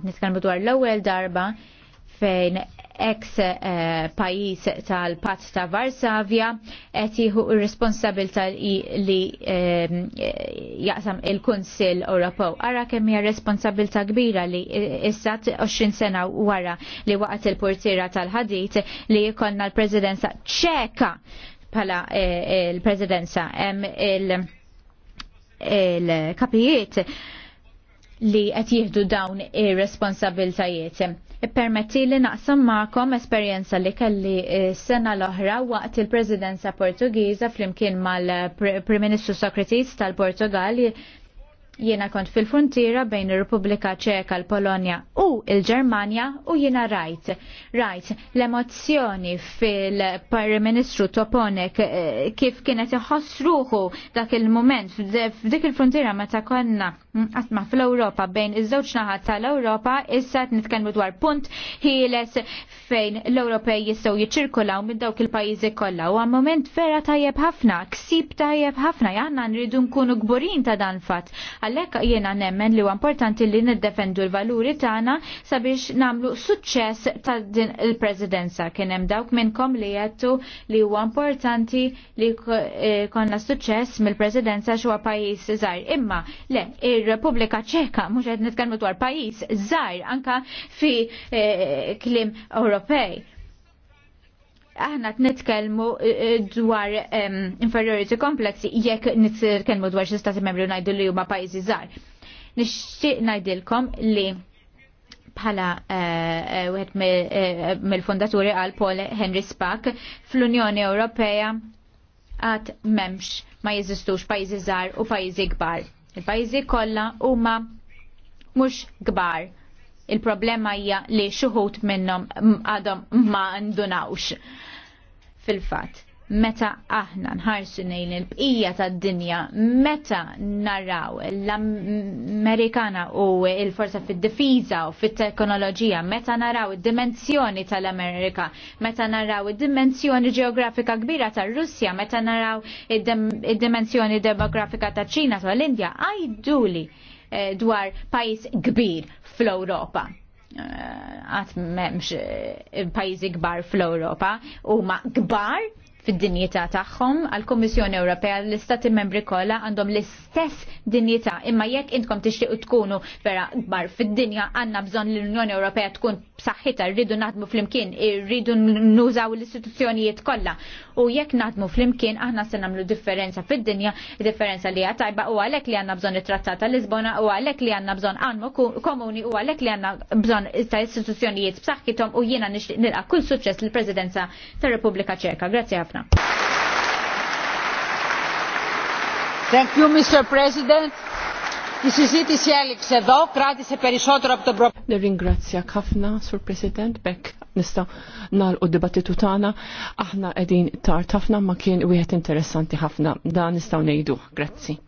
Nitkellmu dwar l-ewwel darba fejn ex eh, pajis tal-Pat ta' Varsavja qed jieħu responsabilta li eh, jaqsam il-Kunsill Ewropew. Ara kemm hija responsabilta kbira li eh, issa 20 sena wara li waqat il-portira tal-ħadit li jkollna l-Presidenza ċeka pala eh, il-Presidenza hemm il-kapijiet il kapijiet li qed jieħdu dawn ir-responsabiltajiet. Ippermetti li naqsam ma'kom esperjenza li kelli eh, sena l-oħra waqt il-Presidenza Portugiża flimkien mal-Prim Ministru Socrates tal-Portugal Jiena kont fil-frontiera bejn ir-Repubblika Ċeka, l-Polonja u il-Ġermanja u jiena rajt. Rajt l-emozzjoni fil-Prim Ministru Toponek eh, kif kienet iħossruħu dak il-moment f'dik il-frontiera meta konna għatma mm, fl-Ewropa bejn iż-żewġ naħat tal-Ewropa issa qed nitkellmu dwar punt ħieles fejn l-Ewropej jistgħu jiċċirkulaw minn dawk il-pajjiżi kollha u moment vera tajjeb ħafna, ksib tajjeb ħafna, għandna nridu nkunu gburin ta' dan fatt Għalhekk jiena nemmen li huwa importanti li niddefendu l-valuri tagħna sabiex nagħmlu suċċess ta' din il-Presidenza. Kien hemm dawk minnkom li jettu li huwa importanti li eh, konna suċċess mill-Presidenza xo huwa pajjiż żgħar. Imma le, ir-Repubblika Ċeka mhux qed nitkellmu dwar pajjiż żgħar anka fi eh, kliem Ewropej aħna t netkelmu eh, eh, dwar inferiority kompleksi jekk nitkelmu dwar xi stati u ngħidu li huma pajjiżi żgħar. Nixtieq ngħidilkom li bħala eh, wieħed mill-fondaturi għal Paul Henry Spack fl-Unjoni Ewropea għad memx ma jeżistux pajjiżi żgħar u pajjiżi kbar. Il-pajjiżi kollha huma mhux kbar il-problema hija li xuħut minnhom għadhom ma ndunawx fil-fat meta aħna nħarsu nejn il-bqija tad dinja meta narraw l-Amerikana u il-forza fil-difiza u fit-teknoloġija, meta naraw id-dimensjoni tal-Amerika, meta naraw id-dimensjoni ġeografika kbira tar-Russja, meta naraw id-dimensjoni demografika ta' ċina l indja għajduli eh, dwar pajis kbir fl-Ewropa għat memx eh, pajizi gbar fl-Europa u ma gbar fid-dinjità tagħhom għall-Kummissjoni Ewropea l-istati membri kollha għandhom l-istess dinjità imma jekk intkom tixtiequ tkunu vera kbar fid-dinja għandna bżonn l-Unjoni Ewropea tkun b'saħħitha rridu naħdmu flimkien irridu nużaw l-istituzzjonijiet kollha u jekk naħdmu flimkien aħna se nagħmlu differenza fid-dinja, differenza li hija tajba u għalhekk li għandna bżonn it-Trattat tal-Lisbona u għalhekk li għandna bżonn għandmu komuni u għalhekk li għandna bżonn ta' istituzzjonijiet b'saħħithom u jiena nixtieq nilqa' kull suċċess lill-Presidenza tar-Repubblika Ċeka. Grazzi ħafna. Thank you, Mr. President. Η συζήτηση έληξε εδώ, κράτησε περισσότερο από τον προ... Δεν ringrazzja ħafna, Sur President Beck nista' nagħlqu d-dibattitu tagħna. Aħna qegħdin tard ħafna ma kien wieħed interessanti ħafna. Dan nistgħu ngħidu. Grazzi.